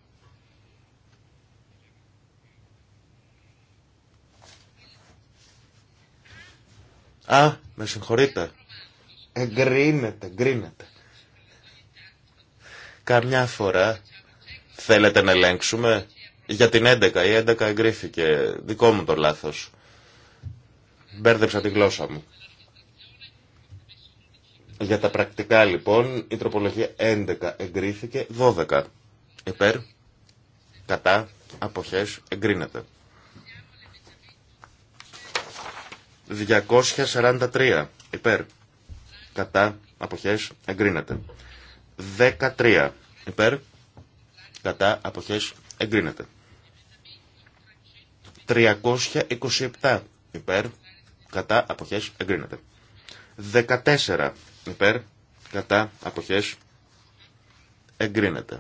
Α, με συγχωρείτε. Εγκρίνεται, εγκρίνεται. Καμιά φορά θέλετε να ελέγξουμε για την 11. Η 11 εγκρίθηκε. Δικό μου το λάθος. Μπέρδεψα τη γλώσσα μου. Για τα πρακτικά λοιπόν η τροπολογία 11 εγκρίθηκε, 12 υπέρ, κατά, αποχές εγκρίνεται. 243 υπέρ κατά αποχές εγκρίνεται. 13 υπέρ κατά αποχές εγκρίνεται. 327 υπέρ κατά αποχές εγκρίνεται. 14 υπέρ κατά αποχές εγκρίνεται.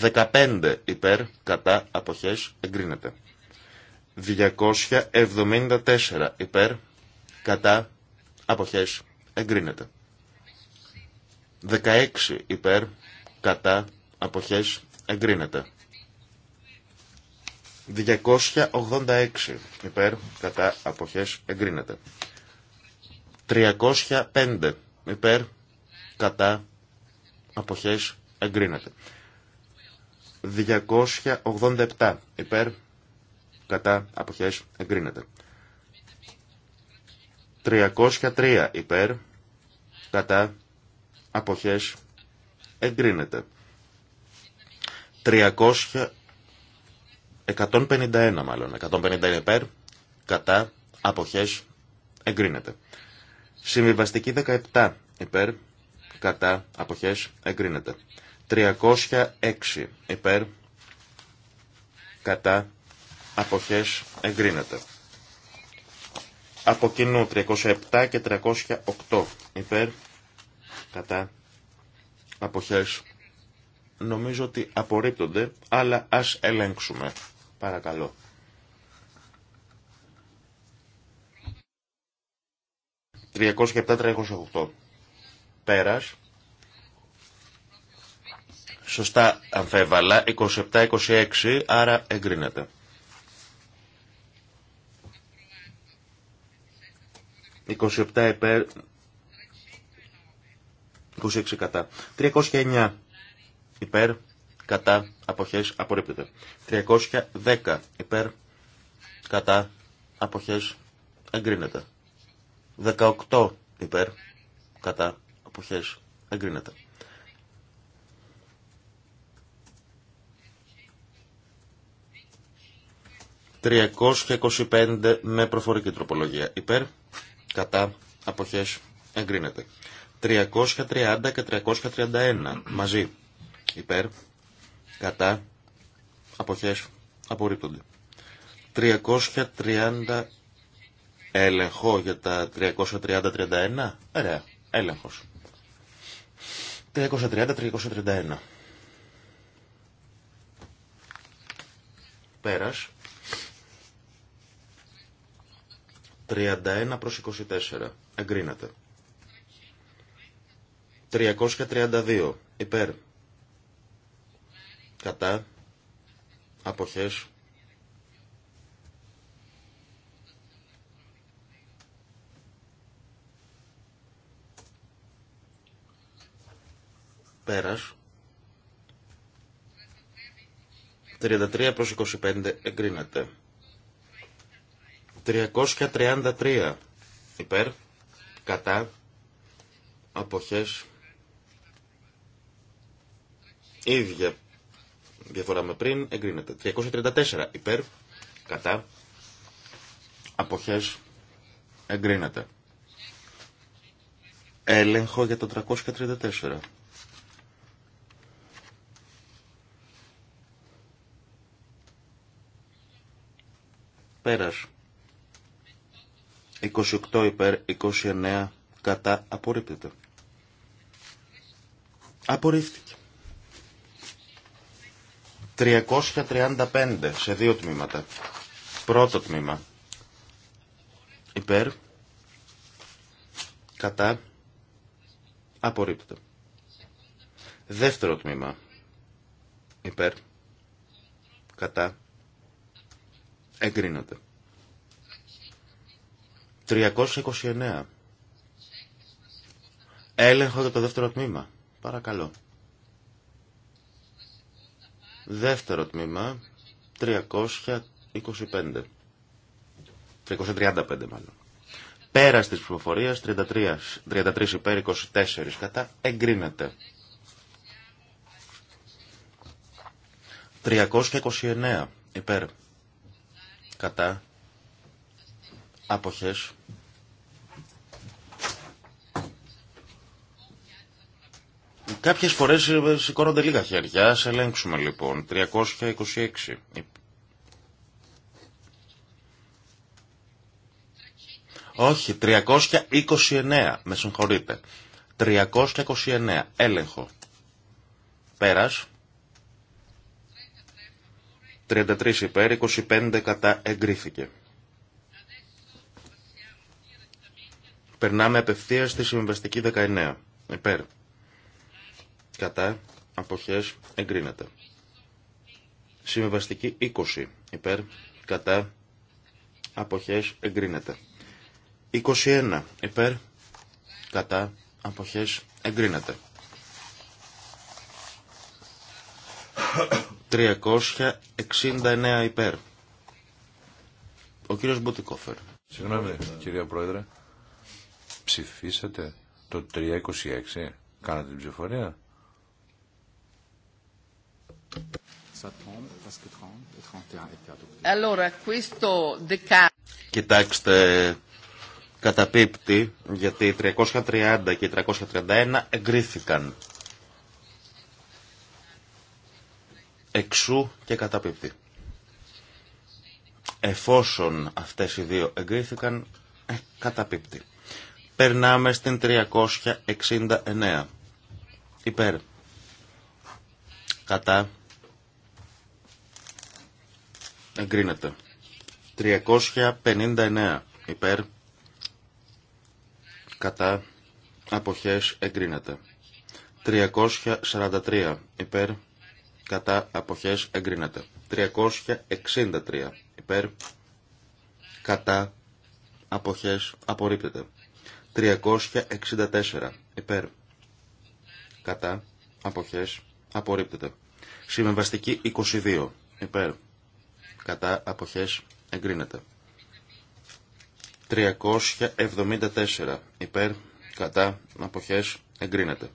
15 υπέρ κατά αποχές εγκρίνεται. 274 υπέρ, κατά, αποχές, εγκρίνεται. 16 υπέρ, κατά, αποχές, εγκρίνεται. 286 υπέρ, κατά, αποχές, εγκρίνεται. 305 υπέρ, κατά, αποχές, εγκρίνεται. 287 υπέρ, κατά αποχές εγκρίνεται. 303 υπέρ κατά αποχές εγκρίνεται. 300 151 μάλλον. 151 υπέρ, κατά, αποχές, εγκρίνεται. Συμβιβαστική 17 υπέρ, κατά, αποχές, εγκρίνεται. 306 υπέρ, κατά, αποχές εγκρίνεται. Από κοινού 307 και 308 υπέρ κατά αποχές νομίζω ότι απορρίπτονται αλλά ας ελέγξουμε παρακαλώ. «307-308» πέρας σωστά αμφέβαλα, 27-26, άρα εγκρίνεται. 27 υπέρ, 26 κατά. 309 υπέρ, κατά, αποχές, απορρίπτεται. 310 υπέρ, κατά, αποχές, εγκρίνεται. 18 υπέρ, κατά, αποχές, εγκρίνεται. «325 με προφορική τροπολογία. Υπέρ, κατά αποχές εγκρίνεται. 330 και 331 μαζί υπέρ κατά αποχές απορρίπτονται. 330 έλεγχο για τα 330-31. Ωραία, έλεγχος. 330-331. Πέρας. 31 προς 24. Εγκρίνεται. 332. Υπέρ. Κατά. Αποχές. Πέρας. 33 προς 25 εγκρίνεται. 333 υπέρ, κατά, αποχές, ίδια διαφορά με πριν, εγκρίνεται. 334 υπέρ, κατά, αποχές, εγκρίνεται. Έλεγχο για το 334. Πέρας. 28 υπέρ 29 κατά απορρίπτεται. Απορρίφθηκε. 335 σε δύο τμήματα. Πρώτο τμήμα. Υπέρ. Κατά. Απορρίπτεται. Δεύτερο τμήμα. Υπέρ. Κατά. Εγκρίνεται. 329. Έλεγχο το δεύτερο τμήμα. Παρακαλώ. Δεύτερο τμήμα. 325. 335 μάλλον. Πέρα τη ψηφοφορίας, 33, 33 υπέρ 24 κατά εγκρίνεται. 329 υπέρ κατά Αποχές. Κάποιες φορές ε, σηκώνονται λίγα χέρια. Ας ελέγξουμε λοιπόν. 326. Όχι, 329. Με συγχωρείτε. 329. Έλεγχο. Πέρας. 33 υπέρ, 25 κατά εγκρίθηκε. Περνάμε απευθεία στη συμβαστική 19. Υπέρ. Κατά. Αποχές. Εγκρίνεται. Συμβαστική 20. Υπέρ. Κατά. Αποχές. Εγκρίνεται. 21. Υπέρ. Κατά. Αποχές. Εγκρίνεται. 369 υπέρ. Ο κύριος Μπουτικόφερ. Συγγνώμη, κυρία Πρόεδρε. Ψηφίσατε το 326. Κάνατε την ψηφορία. Κοιτάξτε, καταπίπτει γιατί 330 και 331 εγκρίθηκαν. Εξού και καταπίπτει. Εφόσον αυτές οι δύο εγκρίθηκαν, ε, καταπίπτει. Περνάμε στην 369. Υπέρ. Κατά. Εγκρίνεται. 359. Υπέρ. Κατά. Αποχές. Εγκρίνεται. 343. Υπέρ. Κατά. Αποχές. Εγκρίνεται. 363. Υπέρ. Κατά. Αποχές. Απορρίπτεται. 364 υπέρ κατά αποχές απορρίπτεται. Συμβαστική 22 υπέρ κατά αποχές εγκρίνεται. 374 υπέρ κατά αποχές εγκρίνεται.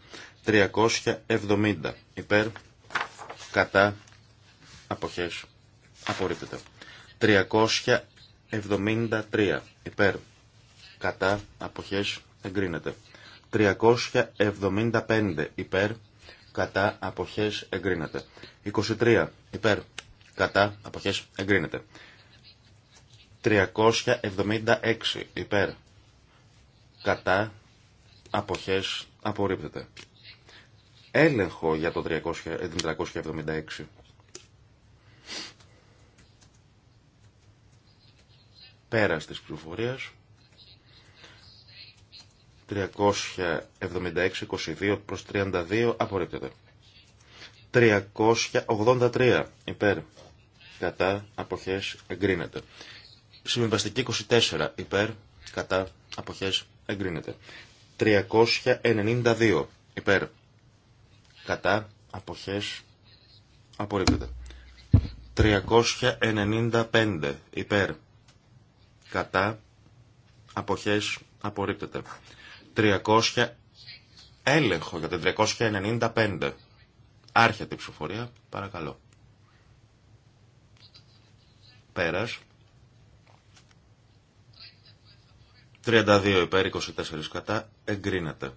370 υπέρ κατά αποχές απορρίπτεται. 373 υπέρ κατά αποχές εγκρίνεται. 375 υπέρ κατά αποχές εγκρίνεται. 23 υπέρ κατά αποχές εγκρίνεται. 376 υπέρ κατά αποχές απορρίπτεται. Έλεγχο για το 376. Πέρας της ψηφοφορίας 376-22 προς 32 απορρίπτεται. 383 υπέρ κατά αποχές εγκρίνεται. Συμβιβαστική 24 υπέρ κατά αποχές εγκρίνεται. 392 υπέρ κατά αποχές απορρίπτεται. 395 υπέρ κατά αποχές απορρίπτεται. 300 έλεγχο για την 395. Άρχεται η ψηφοφορία, παρακαλώ. Πέρας. 32 υπέρ, 24 κατά, εγκρίνεται.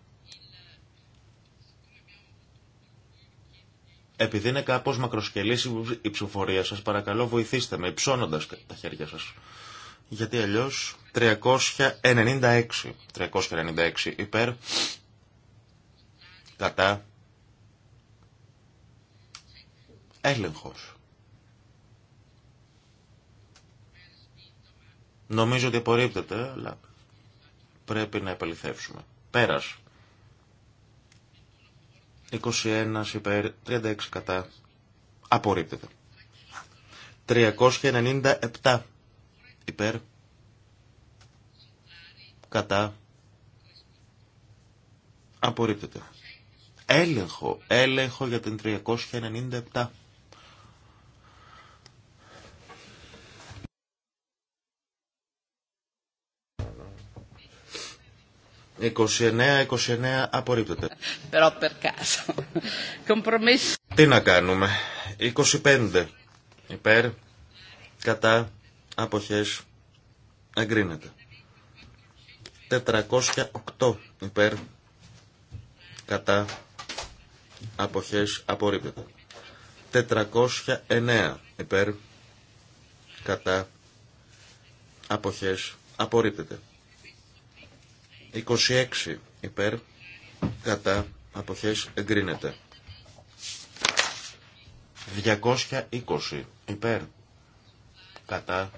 Επειδή είναι κάπως μακροσκελής η ψηφοφορία σας, παρακαλώ βοηθήστε με, υψώνοντας τα χέρια σας γιατί αλλιώς 396, 396 υπέρ, κατά, έλεγχος. Νομίζω ότι απορρίπτεται, αλλά πρέπει να επαληθεύσουμε. Πέρας. 21 υπέρ, 36 κατά, απορρίπτεται. 397 υπέρ κατά απορρίπτεται. Έλεγχο, έλεγχο για την 397. «29, 29 απορρίπτεται». Τι να κάνουμε. 25 υπέρ, κατά, αποχές εγκρίνεται. 408 υπέρ κατά αποχές απορρίπτεται. 409 υπέρ κατά αποχές απορρίπτεται. 26 υπέρ κατά αποχές εγκρίνεται. 220 υπέρ κατά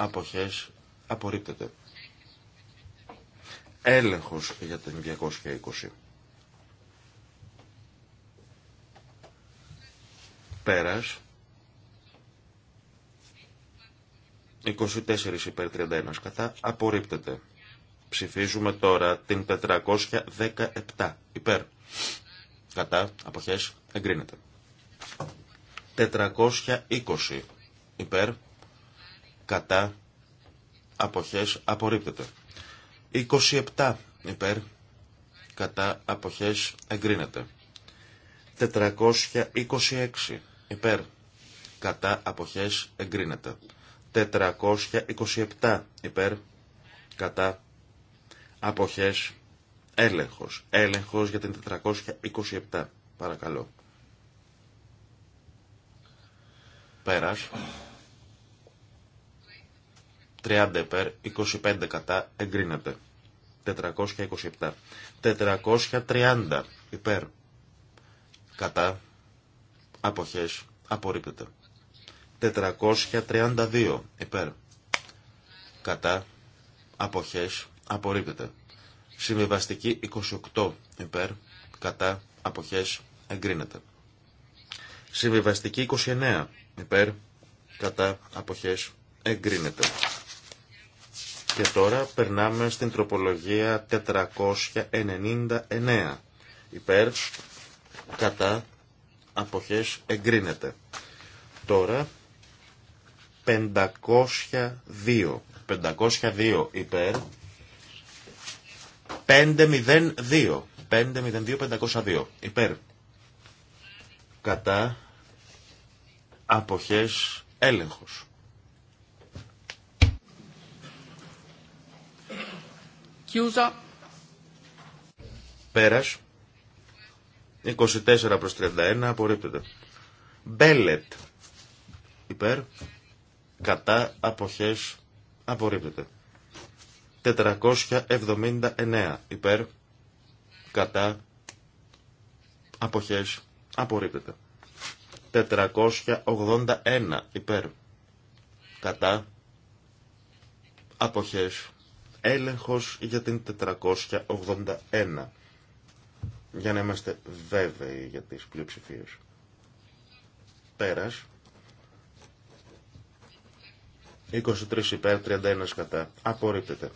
αποχές απορρίπτεται. Έλεγχος για την 220. Πέρας. 24 υπέρ 31 κατά απορρίπτεται. Ψηφίζουμε τώρα την 417 υπέρ. Κατά αποχές εγκρίνεται. 420 υπέρ κατά αποχές απορρίπτεται. 27 υπέρ κατά αποχές εγκρίνεται. 426 υπέρ κατά αποχές εγκρίνεται. 427 υπέρ κατά αποχές έλεγχος. Έλεγχος για την 427 παρακαλώ. Πέρας. 30 υπέρ, 25 κατά, εγκρίνεται. 427. 430 υπέρ, κατά, αποχές, απορρίπτεται. 432 υπέρ, κατά, αποχές, απορρίπτεται. Συμβιβαστική 28 υπέρ, κατά, αποχές, εγκρίνεται. Συμβιβαστική 29 υπέρ, κατά, αποχές, εγκρίνεται. Και τώρα περνάμε στην τροπολογία 499. Υπέρ, κατά, αποχές, εγκρίνεται. Τώρα, 502. 502 υπέρ, 502. 502-502. Υπέρ. Κατά. Αποχές. Έλεγχος. Κιούζα. Πέρας. 24 προς 31 απορρίπτεται. Μπέλετ. Υπέρ. Κατά αποχές απορρίπτεται. 479 υπέρ. Κατά αποχές απορρίπτεται. 481 υπέρ. Κατά αποχές έλεγχος για την 481 για να είμαστε βέβαιοι για τις πλειοψηφίες. Πέρας. 23 υπέρ, 31 κατά. Απορρίπτεται.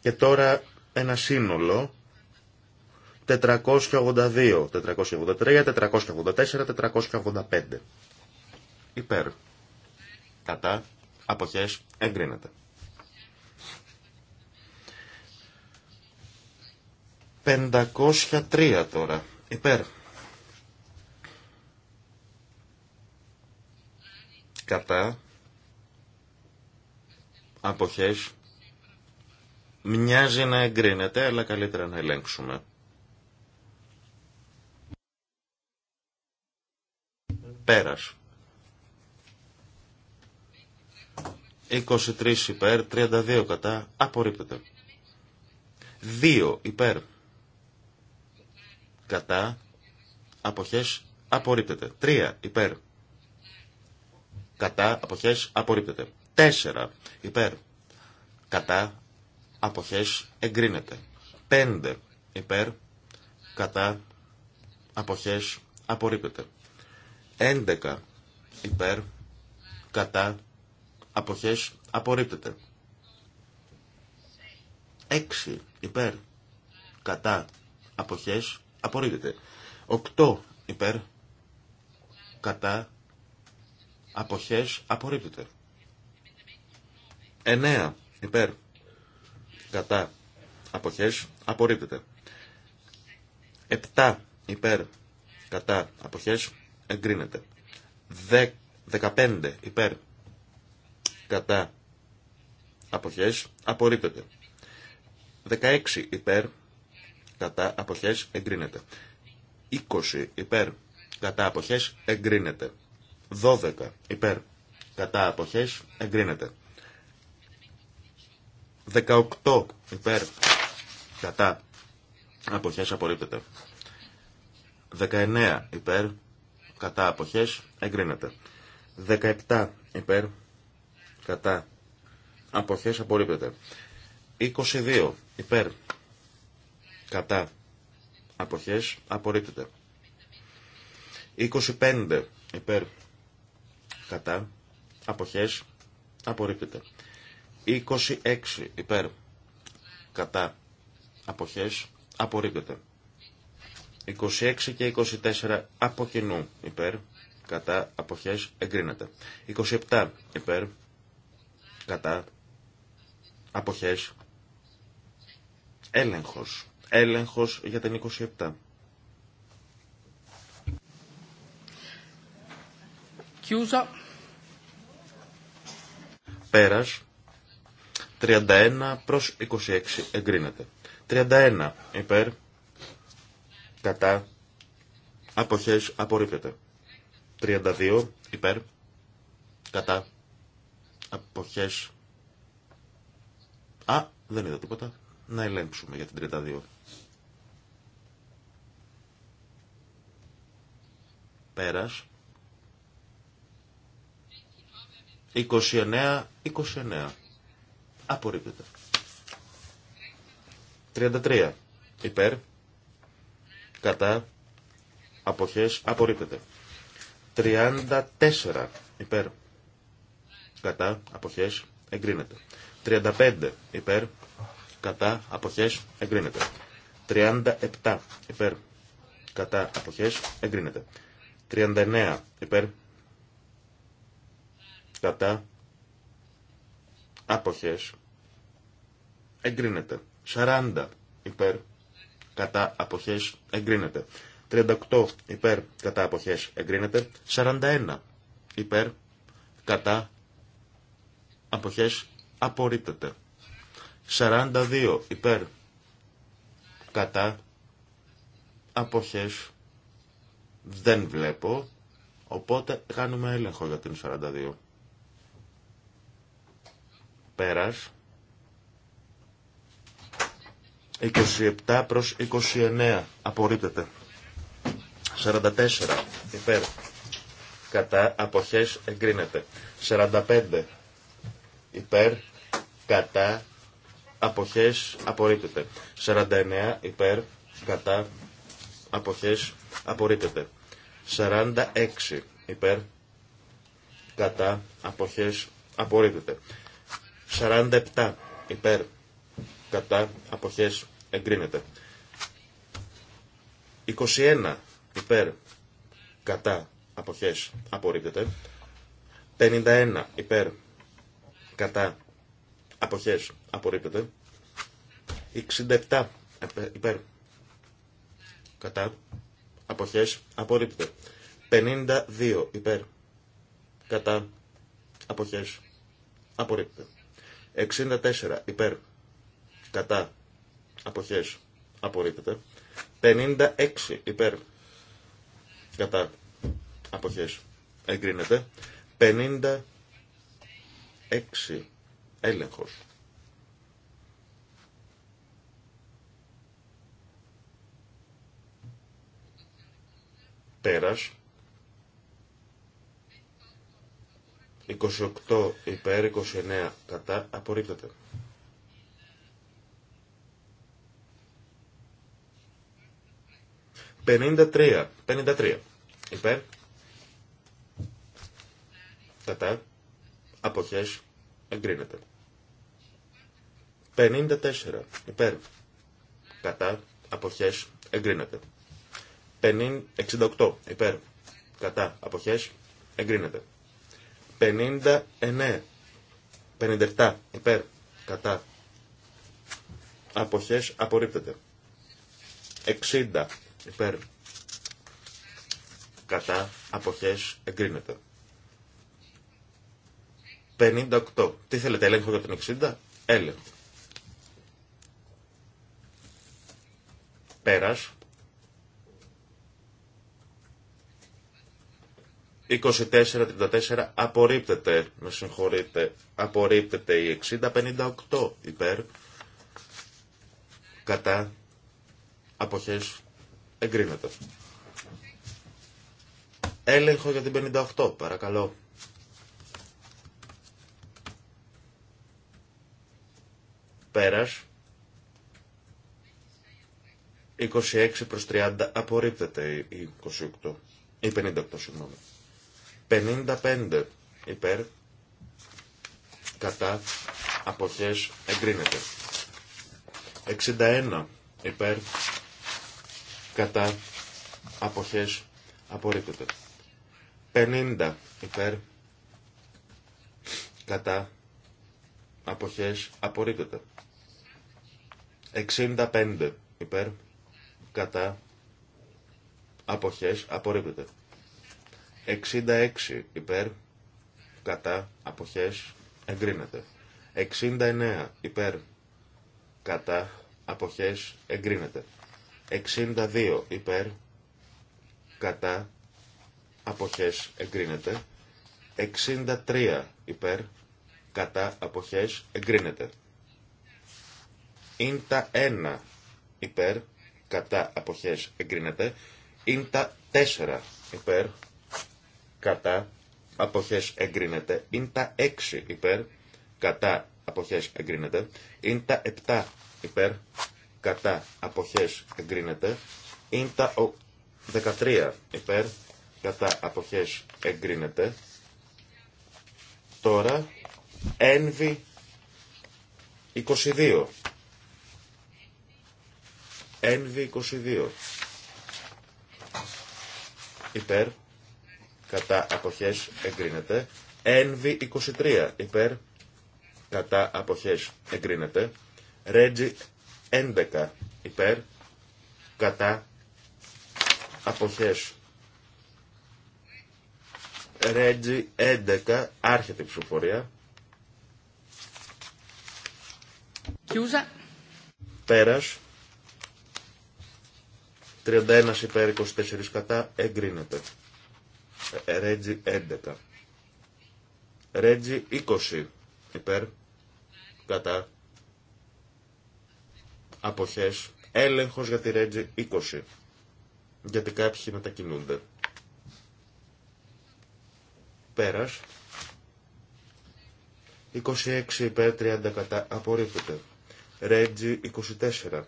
Και τώρα ένα σύνολο. 482, 483, 484, 485. Υπέρ. Κατά. Αποχές. Εγκρίνεται. 503 τώρα. Υπέρ. Κατά. Αποχές. Μοιάζει να εγκρίνεται, αλλά καλύτερα να ελέγξουμε. Πέρας. 23 υπέρ, 32 κατά, απορρίπτεται. 2 υπέρ κατά, αποχές, απορρίπτεται. 3 υπέρ, κατά, αποχές, απορρίπτεται. 4 υπέρ, κατά, αποχές, εγκρίνεται. 5 υπέρ, κατά, αποχές, απορρίπτεται. 11 υπέρ, κατά, αποχές, απορρίπτεται. 6 υπέρ, κατά, αποχές, Απορρίπτεται. 8 υπέρ. Κατά. Αποχές. Απορρίπτεται. 9 υπέρ. Κατά. Αποχές. Απορρίπτεται. 7 υπέρ. Κατά. Αποχές. Εγκρίνεται. 15 υπέρ. Κατά. Αποχές. Απορρίπτεται. 16 υπέρ κατά αποχές εγκρίνεται. 20 υπέρ κατά αποχές εγκρίνεται. 12 υπέρ κατά αποχές εγκρίνεται. 18 υπέρ κατά αποχές απορρίπτεται. 19 υπέρ κατά αποχές εγκρίνεται. 17 υπέρ κατά αποχές απορρίπτεται. 22 υπέρ κατά αποχές απορρίπτεται. 25 υπέρ κατά αποχές απορρίπτεται. 26 υπέρ κατά αποχές απορρίπτεται. 26 και 24 από κοινού υπέρ κατά αποχές εγκρίνεται. 27 υπέρ κατά αποχές έλεγχος έλεγχος για την 27. Κιούζα. Πέρας. 31 προς 26 εγκρίνεται. 31 υπέρ. Κατά. Αποχές απορρίπτεται. 32 υπέρ. Κατά. Αποχές. Α, δεν είδα τίποτα. Να ελέγξουμε για την 32. Πέρας. 29, 29. Απορρίπτεται. 33. Υπέρ. Κατά. Αποχές. Απορρίπτεται. 34. Υπέρ. Κατά. Αποχές. Εγκρίνεται. 35. Υπέρ. Κατά. Αποχές. Εγκρίνεται. 37. Υπέρ. Κατά. Αποχές. Εγκρίνεται. 39 υπέρ κατά άποχες εγκρίνεται 40 υπέρ κατά αποχές εγκρίνεται 38 υπέρ κατά αποχές εγκρίνεται 41 υπέρ κατά αποχές απορρίπτεται 42 υπέρ κατά αποχές δεν βλέπω. Οπότε κάνουμε έλεγχο για την 42. Πέρας. 27 προς 29. Απορρίπτεται. 44. Υπέρ. Κατά αποχές εγκρίνεται. 45. Υπέρ. Κατά αποχές απορρίπτεται. 49. Υπέρ. Κατά αποχές απορρίπτεται. 46 υπέρ κατά αποχές απορρίπτεται. 47 υπέρ κατά αποχές εγκρίνεται. 21 υπέρ κατά αποχές απορρίπτεται. 51 υπέρ κατά αποχές απορρίπτεται. 67 υπέρ κατά Αποχές. Απορρίπτεται. 52 υπέρ. Κατά. Αποχές. Απορρίπτεται. 64 υπέρ. Κατά. Αποχές. Απορρίπτεται. 56 υπέρ. Κατά. Αποχές. Εγκρίνεται. 56 έλεγχος. Πέρας. 28 υπέρ, 29 κατά, απορρίπτεται. 53, 53 υπέρ, κατά, αποχές, εγκρίνεται. 54 υπέρ, κατά, αποχές, εγκρίνεται. 68 υπέρ κατά αποχές εγκρίνεται. 59 57 υπέρ κατά αποχές απορρίπτεται. 60 υπέρ κατά αποχές εγκρίνεται. 58. Τι θέλετε, έλεγχο για τον 60? Έλεγχο. Πέρας. 24-34 απορρίπτεται, με συγχωρείτε, απορρίπτεται η 60-58 υπέρ, κατά, αποχές, εγκρίνεται. Έλεγχο για την 58, παρακαλώ. Πέρας. 26 προς 30 απορρίπτεται η 28, η 58 συγγνώμη. 55 υπέρ κατά αποχές εγκρίνεται. 61 υπέρ κατά αποχές απορρίπτεται. 50 υπέρ κατά αποχές απορρίπτεται. 65 υπέρ κατά αποχές απορρίπτεται. 66 υπέρ, κατά, αποχές, εγκρίνεται. 69 υπέρ, κατά, αποχές, εγκρίνεται. 62 υπέρ, κατά, αποχές, εγκρίνεται. 63 υπέρ, κατά, αποχές, εγκρίνεται. τα 1 υπέρ, κατά, αποχές, εγκρίνεται. τα 4 υπέρ, κατά αποχές εγκρίνεται. Είναι τα 6 υπέρ κατά αποχές εγκρίνεται. Είναι τα 7 υπέρ κατά αποχές εγκρίνεται. Είναι τα 13 υπέρ κατά αποχές εγκρίνεται. Τώρα ένβη 22. Ένβη 22. Υπέρ, κατά αποχές εγκρίνεται. Ένβι 23 υπέρ κατά αποχές εγκρίνεται. Ρέτζι 11 υπέρ κατά αποχές. Ρέτζι 11 άρχεται η ψηφοφορία. Κιούζα. Πέρας. 31 υπέρ 24 κατά εγκρίνεται. Ρέτζι 11. Ρέτζι 20 υπέρ κατά αποχές. Έλεγχος για τη Ρέτζι 20. Γιατί κάποιοι μετακινούνται. Πέρας. 26 υπέρ 30 κατά απορρίπτεται. Ρέτζι 24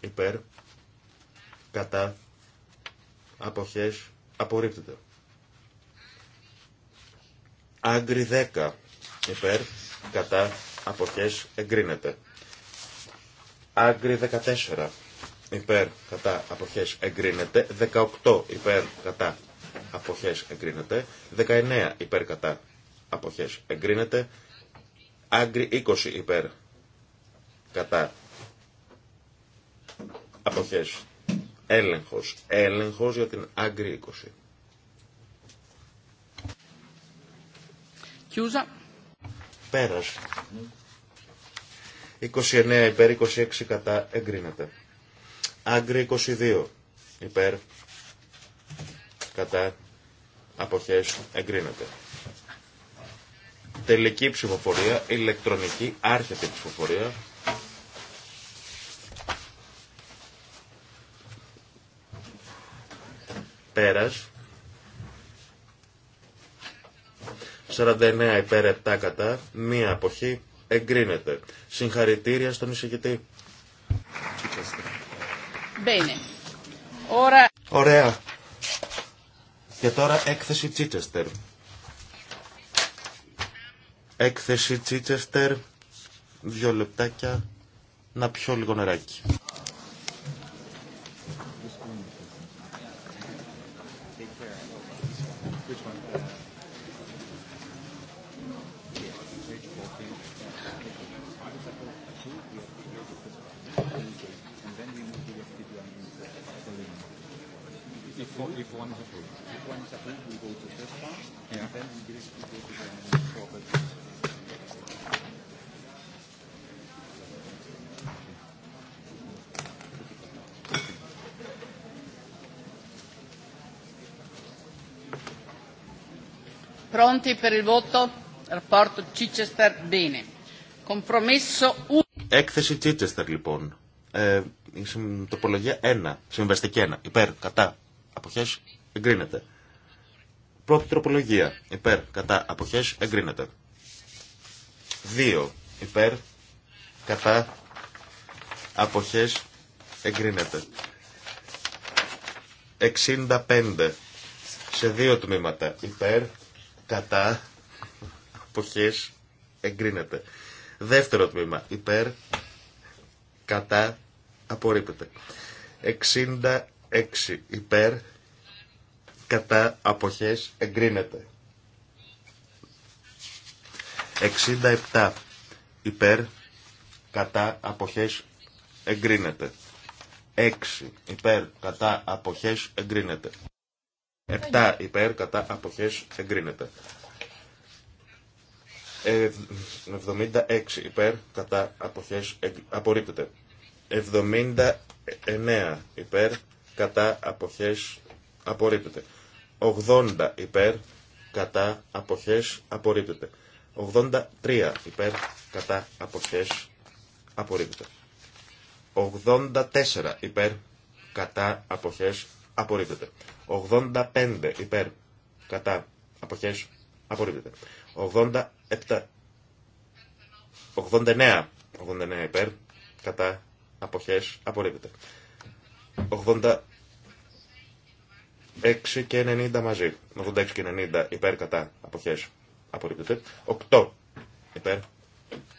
υπέρ κατά αποχές Απορρίπτεται. Άγκρι 10 υπέρ κατά αποχές εγκρίνεται. Άγκρι 14 υπέρ κατά αποχές εγκρίνεται. 18 υπέρ κατά αποχές εγκρίνεται. 19 υπέρ κατά αποχές εγκρίνεται. Άγκρι 20 υπέρ κατά αποχές Έλεγχος. Έλεγχος για την Άγκρη 20. Κιούζα. Πέρας. 29 υπέρ, 26 κατά, εγκρίνεται. Άγκρη 22 υπέρ, κατά, αποχές, εγκρίνεται. Τελική ψηφοφορία, ηλεκτρονική, άρχεται ψηφοφορία. 49 υπέρ 7 κατά, μία αποχή, εγκρίνεται. Συγχαρητήρια στον εισηγητή. Ωραία. Ωραία. Και τώρα έκθεση Τσίτσεστερ. Έκθεση Τσίτσεστερ. Δύο λεπτάκια. Να πιω λίγο νεράκι. Pronti per il voto? Rapporto Chichester, bene. Compromesso 1. Έκθεση Chichester, λοιπόν. Ε, η συμπτωπολογία 1, συμβαστική 1, υπέρ, κατά, Αποχέ, εγκρίνεται. Πρώτη τροπολογία, υπέρ, κατά, Αποχέ, εγκρίνεται. 2, υπέρ, κατά, Αποχέ, εγκρίνεται. 65, σε δύο τμήματα, υπέρ, κατά αποχές εγκρίνεται. Δεύτερο τμήμα υπέρ κατά απορρίπτεται. 66 υπέρ κατά αποχές εγκρίνεται. 67 υπέρ κατά αποχές εγκρίνεται. 6 υπέρ κατά αποχές εγκρίνεται. 7 υπέρ κατά αποχές εγκρίνεται. 76 ε, υπέρ κατά αποχές απορρίπτεται. 79 υπέρ κατά αποχές απορρίπτεται. 80 υπέρ κατά αποχές απορρίπτεται. 83 υπέρ κατά αποχές απορρίπτεται. 84 υπέρ κατά αποχές απορρίπτεται. 85 υπέρ κατά αποχές απορρίπτεται. 87 89 89 υπέρ κατά αποχές απορρίπτεται. 86 και 90 μαζί. 86 και 90 υπέρ κατά αποχές απορρίπτεται. 8 υπέρ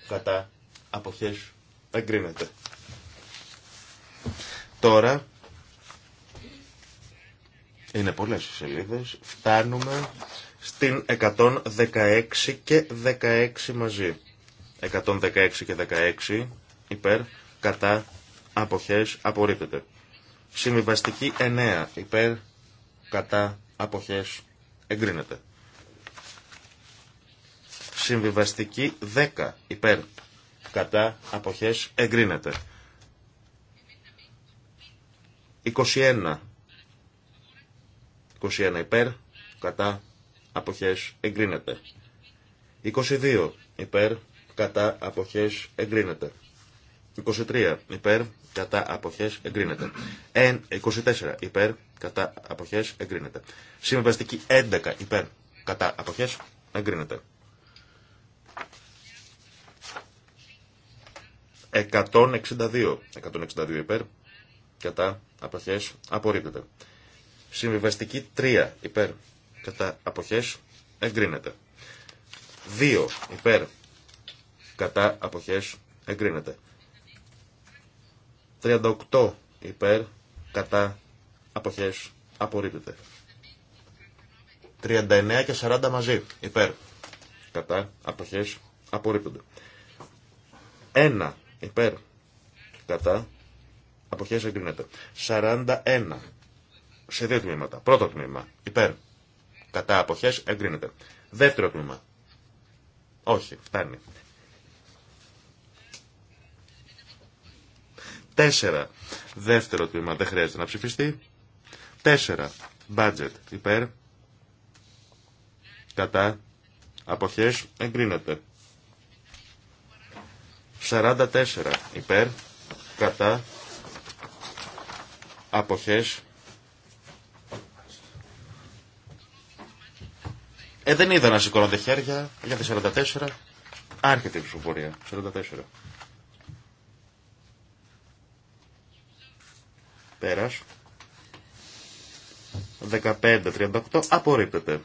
κατά αποχές εγκρίνεται. Τώρα είναι πολλέ οι σελίδε. Φτάνουμε στην 116 και 16 μαζί. 116 και 16 υπέρ, κατά, αποχές, απορρίπτεται. Συμβιβαστική 9 υπέρ, κατά, αποχές, εγκρίνεται. Συμβιβαστική 10 υπέρ, κατά, αποχές, εγκρίνεται. 21 21 υπέρ, κατά, αποχές, εγκρίνεται. 22 υπέρ, κατά, αποχές, εγκρίνεται. 23 υπέρ, κατά, αποχές, εγκρίνεται. 24 υπέρ, κατά, αποχές, εγκρίνεται. Συμβαστική 11 υπέρ, κατά, αποχές, εγκρίνεται. 162. 162 υπέρ, κατά, αποχές, απορρίπτεται. Συμβιβαστική 3 υπέρ κατά αποχές εγκρίνεται. 2 υπέρ κατά αποχές εγκρίνεται. 38 υπέρ κατά αποχές απορρίπτεται. 39 και 40 μαζί υπέρ κατά αποχές απορρίπτονται. 1 υπέρ κατά αποχές εγκρίνεται. 41 σε δύο τμήματα. Πρώτο τμήμα, υπέρ. Κατά αποχές εγκρίνεται. Δεύτερο τμήμα. Όχι, φτάνει. Τέσσερα. Δεύτερο τμήμα δεν χρειάζεται να ψηφιστεί. Τέσσερα. Budget υπέρ. Κατά. Αποχές εγκρίνεται. Σαράντα τέσσερα υπέρ. Κατά. Αποχές Ε, δεν είδα να σηκώνονται χέρια για τη 44. Άρχεται η ψηφοφορία. 44. Πέρας. 15-38 απορρίπτεται.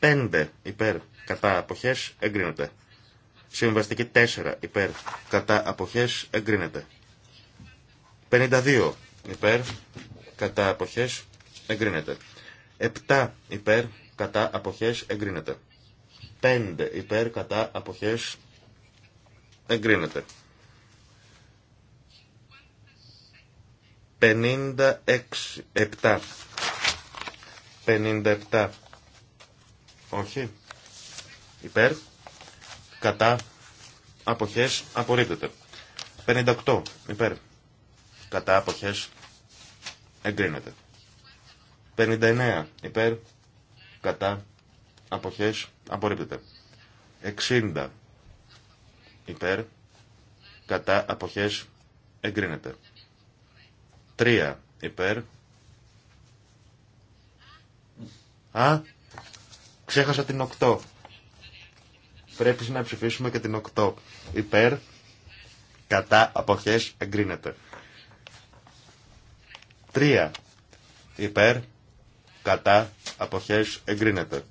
5 υπέρ κατά αποχές εγκρίνεται. Συμβαστική 4 υπέρ κατά αποχές εγκρίνεται. 52 υπέρ κατά αποχές εγκρίνεται. 7 υπέρ κατά αποχές εγκρίνεται. 5 υπέρ κατά αποχές εγκρίνεται. 56, 7, 57, όχι, υπέρ, κατά, αποχές, απορρίπτεται. 58, υπέρ, κατά, αποχές, εγκρίνεται. 59, υπέρ, κατά αποχές απορρίπτεται. 60 υπέρ κατά αποχές εγκρίνεται. 3 υπέρ Α, ξέχασα την 8. Πρέπει να ψηφίσουμε και την 8. Υπέρ, κατά, αποχές, εγκρίνεται. 3. Υπέρ, κατά, αποχές, εγκρίνεται.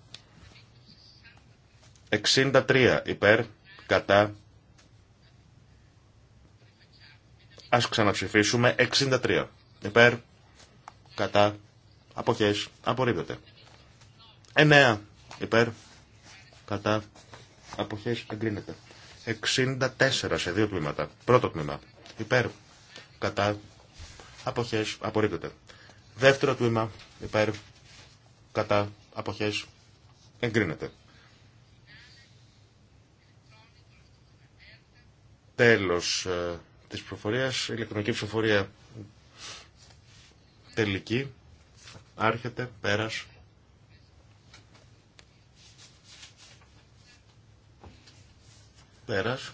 63 υπέρ, κατά, ας ξαναψηφίσουμε, 63 υπέρ, κατά, αποχές, απορρίπτεται. 9 υπέρ, κατά, αποχές, εγκρίνεται. 64 σε δύο τμήματα. Πρώτο τμήμα. Υπέρ. Κατά. Αποχές. Απορρίπτεται. Δεύτερο τμήμα. Υπέρ κατά αποχές εγκρίνεται. Τέλος ε, της προφορίας, ηλεκτρονική ψηφοφορία τελική, άρχεται, πέρας. Πέρας.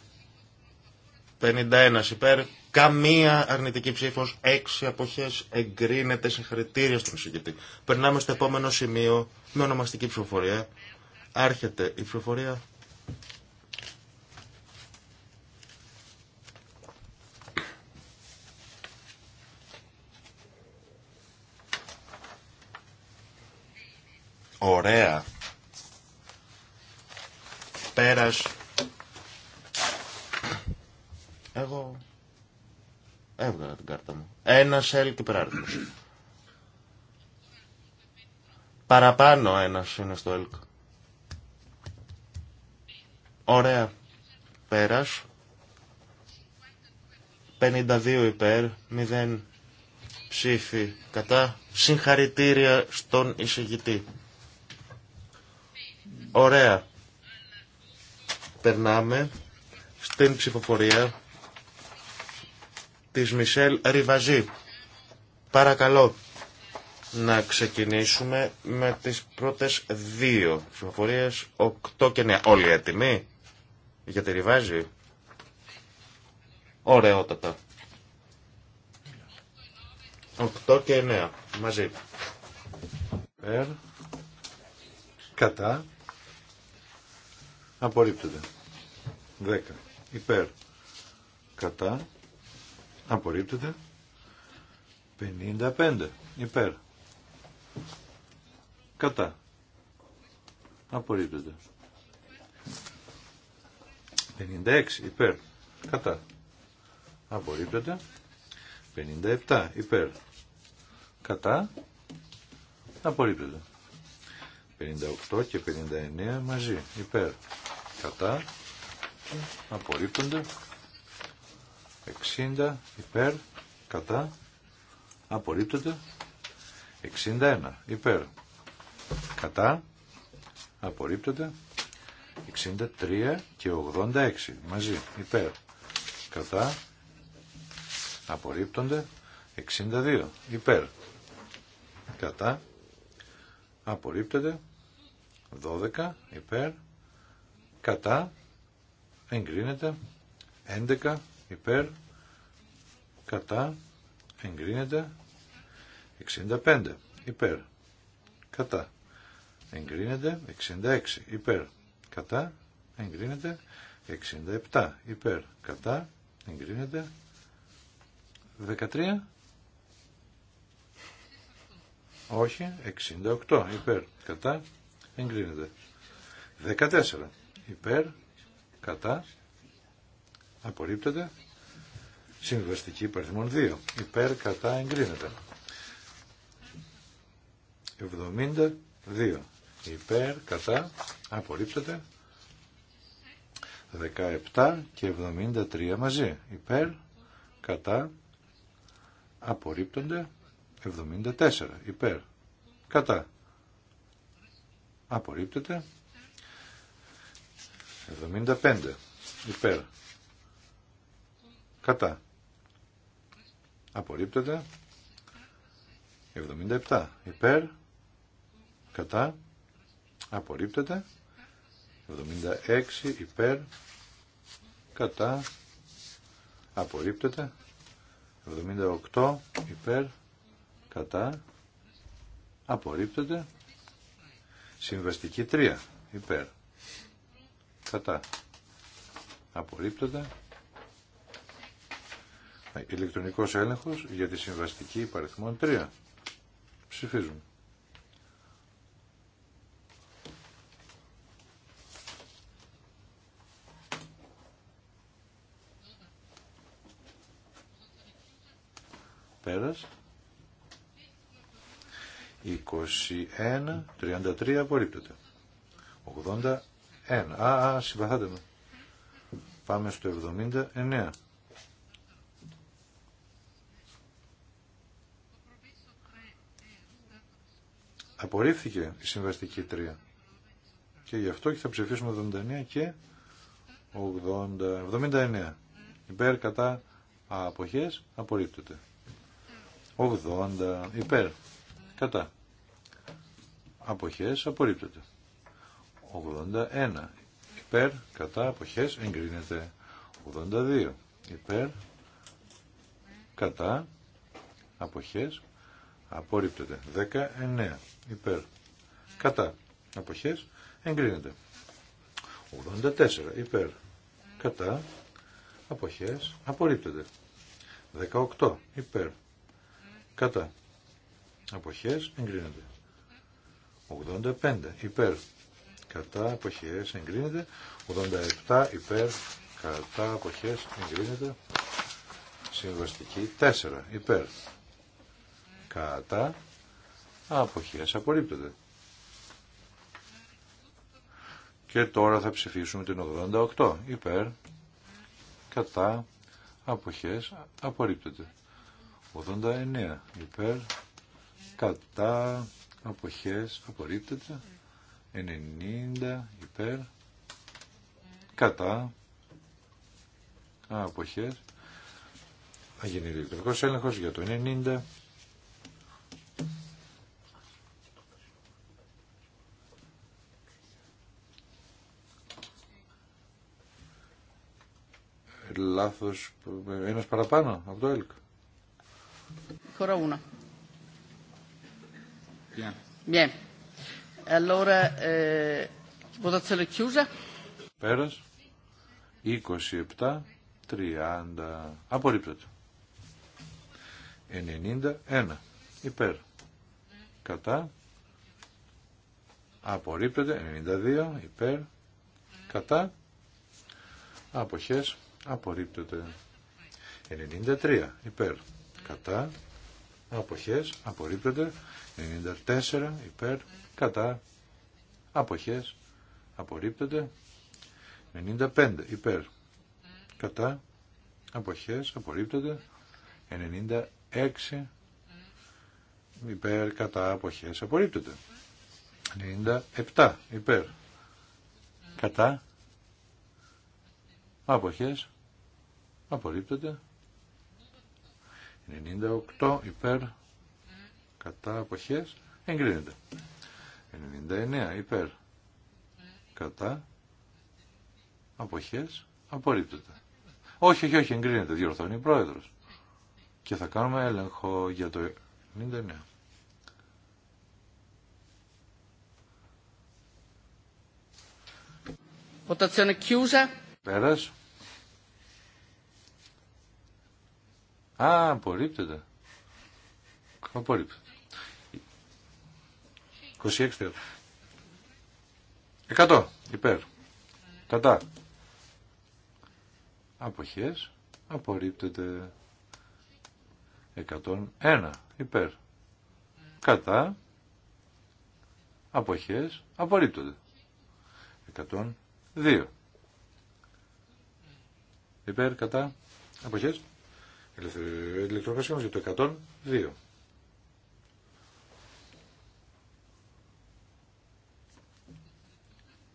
51 υπέρ, Καμία αρνητική ψήφο, έξι αποχέ εγκρίνεται. Συγχαρητήρια στον εισηγητή. Περνάμε στο επόμενο σημείο με ονομαστική ψηφοφορία. Άρχεται η ψηφοφορία. Ωραία. Πέρας. Εγώ Έβγαλα την κάρτα μου. Ένα σελ και Παραπάνω ένα είναι στο ΕΛΚ. Ωραία. Πέρας. 52 υπέρ, 0 ψήφι κατά. Συγχαρητήρια στον εισηγητή. Ωραία. Περνάμε στην ψηφοφορία της Μισελ Ριβαζή. Παρακαλώ να ξεκινήσουμε με τις πρώτες δύο ψηφοφορίες, 8 και 9. Όλοι έτοιμοι για τη Ριβάζη. Ωραιότατα. 8 και 9 μαζί. Περ. Κατά. Απορρίπτεται. 10. Υπέρ. Κατά. Απορρίπτεται. 55. Υπέρ. Κατά. Απορρίπτεται. 56. Υπέρ. Κατά. Απορρίπτεται. 57. Υπέρ. Κατά. Απορρίπτεται. 58 και 59 μαζί. Υπέρ. Κατά. Απορρίπτονται. 60 υπέρ κατά απορρίπτεται 61 υπέρ κατά απορρίπτεται 63 και 86 μαζί υπέρ κατά απορρίπτονται 62 υπέρ κατά απορρίπτεται 12 υπέρ κατά εγκρίνεται 11 υπέρ κατά εγκρίνεται 65 υπέρ κατά εγκρίνεται 66 υπέρ κατά εγκρίνεται 67 υπέρ κατά εγκρίνεται 13 όχι 68 υπέρ κατά εγκρίνεται 14 υπέρ κατά απορρίπτεται. Συμβαστική υπαριθμών 2. Υπέρ κατά εγκρίνεται. 72. Υπέρ κατά απορρίπτεται. 17 και 73 μαζί. Υπέρ κατά απορρίπτονται. 74. Υπέρ κατά απορρίπτεται. 75. Υπέρ Κατά. Απορρίπτεται. 77. Υπέρ. Κατά. Απορρίπτεται. 76. Υπέρ. Κατά. Απορρίπτεται. 78. Υπέρ. Κατά. Απορρίπτεται. Συμβαστική 3. Υπέρ. Κατά. Απορρίπτεται ηλεκτρονικός έλεγχος για τη συμβαστική υπαριθμών 3. Ψηφίζουμε. Πέρας. 21, 33 απορρίπτεται. 81. Α, α, συμπαθάτε με. Πάμε στο 79. απορρίφθηκε η συμβαστική τριά Και γι' αυτό και θα ψηφίσουμε 79 και 80, 79. Υπέρ κατά αποχές απορρίπτεται. 80 υπέρ κατά αποχές απορρίπτεται. 81 υπέρ κατά αποχές εγκρίνεται. 82 υπέρ κατά αποχές απορρίπτεται. 19 υπέρ. Κατά. αποχέ, εγκρίνεται. 84 υπέρ. Κατά. απόχέ, απορρίπτεται. 18 υπέρ. Κατά. Αποχέ εγκρίνεται. 85 υπέρ. Κατά. Αποχές εγκρίνεται. 87 υπέρ. Κατά. Αποχές εγκρίνεται. Συμβαστική 4 υπέρ. Κατά Αποχές απορρίπτεται. Και τώρα θα ψηφίσουμε την 88. Υπέρ, κατά, αποχές, απορρίπτεται. 89. Υπέρ, κατά, αποχές, απορρίπτεται. 90. Υπέρ, κατά, αποχές. Θα γίνει ηλεκτρικός έλεγχος για το 90. λάθος ένας παραπάνω από το ΕΛΚ. Χώρα ούνα. Allora, eh, Πέρας. 27, 30. Απορρίπτεται. 91. Υπέρ. Κατά. Απορρίπτεται. 92. Υπέρ. Κατά. Αποχές απορρίπτεται. 93 υπέρ κατά αποχές απορρίπτεται. 94 υπέρ κατά αποχές απορρίπτεται. 95 υπέρ κατά αποχές απορρίπτεται. 96 υπέρ κατά αποχές απορρίπτεται. 97 υπέρ κατά αποχές Απορρίπτεται. 98 υπέρ κατά αποχές εγκρίνεται. 99 υπέρ κατά αποχές απορρίπτεται. Όχι, όχι, όχι, εγκρίνεται, διορθώνει ο πρόεδρος. Και θα κάνουμε έλεγχο για το 99. Votazione chiusa. Πέρας. Α, απορρίπτεται. Απορρίπτεται. 26 100 υπέρ. Κατά. Αποχές. Απορρίπτεται. 101 υπέρ. Κατά. Αποχές. Απορρίπτεται. 102. Υπέρ, κατά. Αποχές μας για το 102.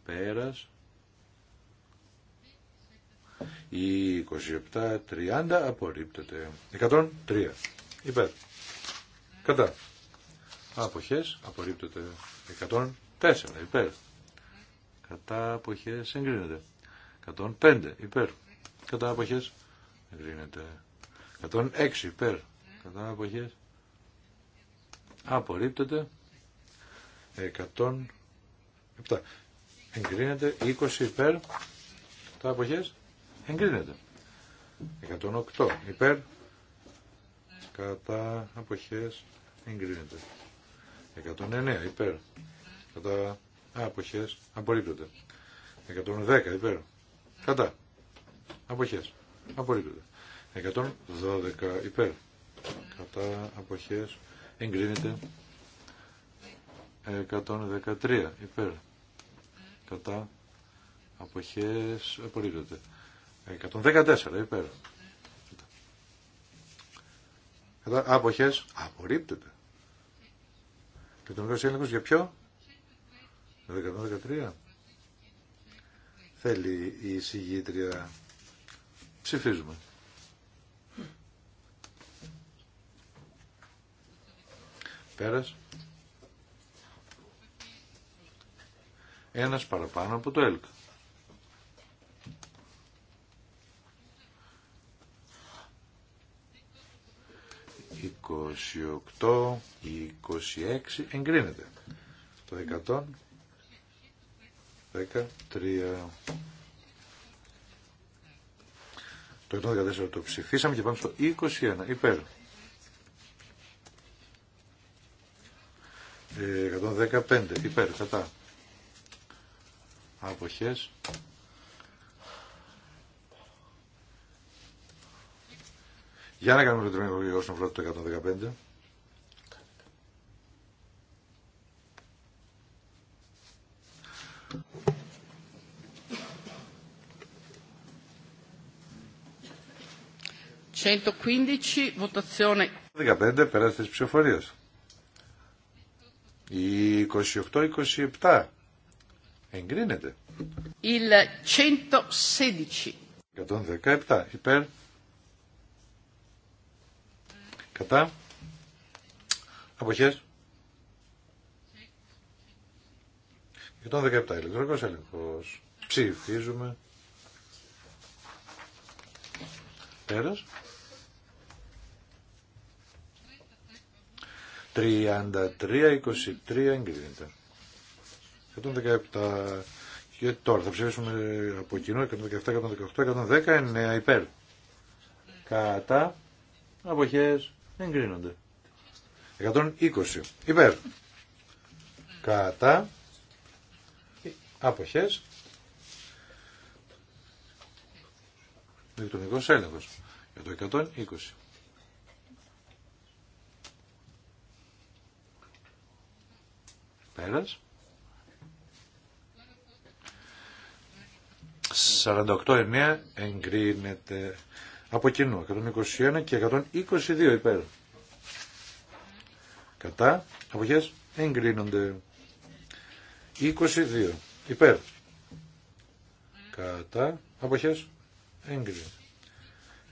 Πέρας. Η 27-30 απορρίπτεται. 103. Υπέρ. Κατά. Αποχές απορρίπτεται. 104. Υπέρ. Κατά αποχές εγκρίνεται. 105. Υπέρ. Κατά αποχές εγκρίνεται. 106 υπέρ κατά αποχές απορρίπτεται 107 εγκρίνεται 20 υπέρ κατά αποχές εγκρίνεται 108 υπέρ κατά αποχές εγκρίνεται 109 υπέρ κατά αποχές απορρίπτεται 110 υπέρ κατά αποχές απορρίπτεται 112 υπέρ. Κατά αποχές εγκρίνεται 113 υπέρ. Κατά αποχές απορρίπτεται. 114 υπέρ. Κατά αποχές απορρίπτεται. Και τον έλεγχος για ποιο? 113. Θέλει η εισηγήτρια. Ψηφίζουμε. ένας παραπάνω από το ΕΛΚΑ. 28-26 εγκρίνεται. Το 3 Το 114 το ψηφίσαμε και πάμε στο 21. Υπέρ. 115 υπέρ κατά αποχές Για να κάνουμε το για όσον αφορά το 115. votazione. 15 πέρασε τη ψηφοφορία. Η 28-27 εγκρίνεται. Il 116. 117 υπέρ. Κατά. Αποχές. 117 ηλεκτρονικός έλεγχος. Ψηφίζουμε. Πέρας. 33-23 εγκρίνεται. 117 και τώρα θα ψηφίσουμε από κοινό 117, 118, 119 υπέρ. Κατά αποχές εγκρίνονται. 120 υπέρ. Κατά αποχές ηλεκτρονικός έλεγχος για το 120. 48 48-9 εγκρίνεται από κοινού. 121 και 122 υπέρ. Κατά. Αποχές εγκρίνονται. 22 υπέρ. Κατά. Αποχές εγκρίνονται.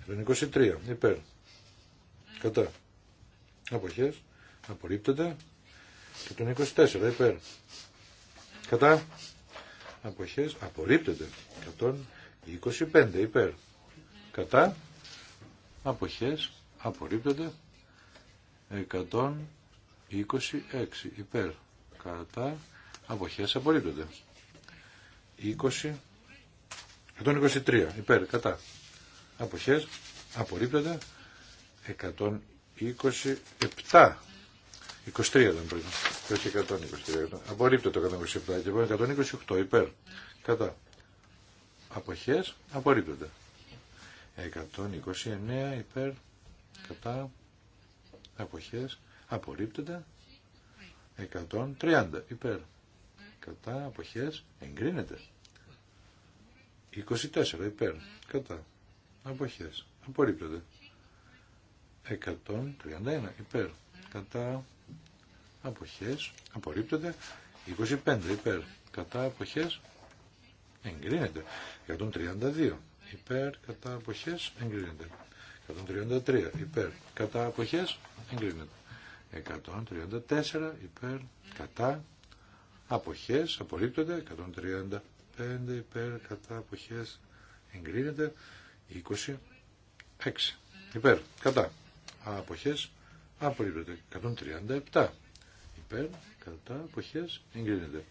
23 υπέρ. Κατά. Αποχές απορρίπτεται. Και τον 24 υπέρ. Κατά. Αποχές. Απορρίπτεται. 125 υπέρ. Κατά. Αποχές. Απορρίπτεται. 126 υπέρ. Κατά. Αποχές. Απορρίπτεται. 20. 123 υπέρ. Κατά. Αποχές. Απορρίπτεται. 127 23 ήταν πριν. όχι 123. Απορρίπτεται το 127. Και 128 υπέρ. Κατά. Αποχέ. Απορρίπτεται. 129 υπέρ. Κατά. Αποχέ. Απορρίπτεται. 130 υπέρ. Κατά. αποχέ, Εγκρίνεται. 24 υπέρ. Κατά. Αποχέ. Απορρίπτεται. 131 υπέρ. Κατά αποχές απορρίπτονται 25 υπέρ κατά αποχές εγκρίνεται 132 υπέρ κατά αποχές εγκρίνεται 133 υπέρ κατά αποχές εγκρίνεται 134 υπέρ κατά αποχές απορρίπτονται 135 υπέρ κατά αποχές εγκρίνεται 26 υπέρ κατά αποχές απορρίπτονται 137 υπέρ κατά αποχές εγκρίνεται.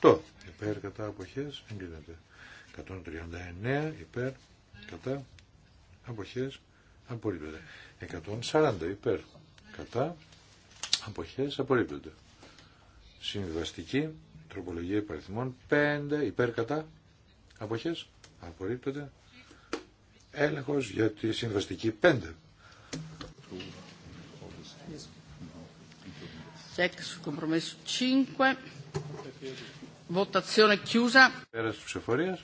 138 υπέρ κατά αποχές εγκρίνεται. 139 υπέρ κατά αποχές απορρίπτεται. 140 υπέρ κατά αποχές απορρίπτεται. Συμβιβαστική τροπολογία υπαριθμών 5 υπέρ κατά αποχές απορρίπτεται. Έλεγχος για τη συμβαστική 5. Check sul compromesso 5. Votazione chiusa. Πέρα τη ψηφορία.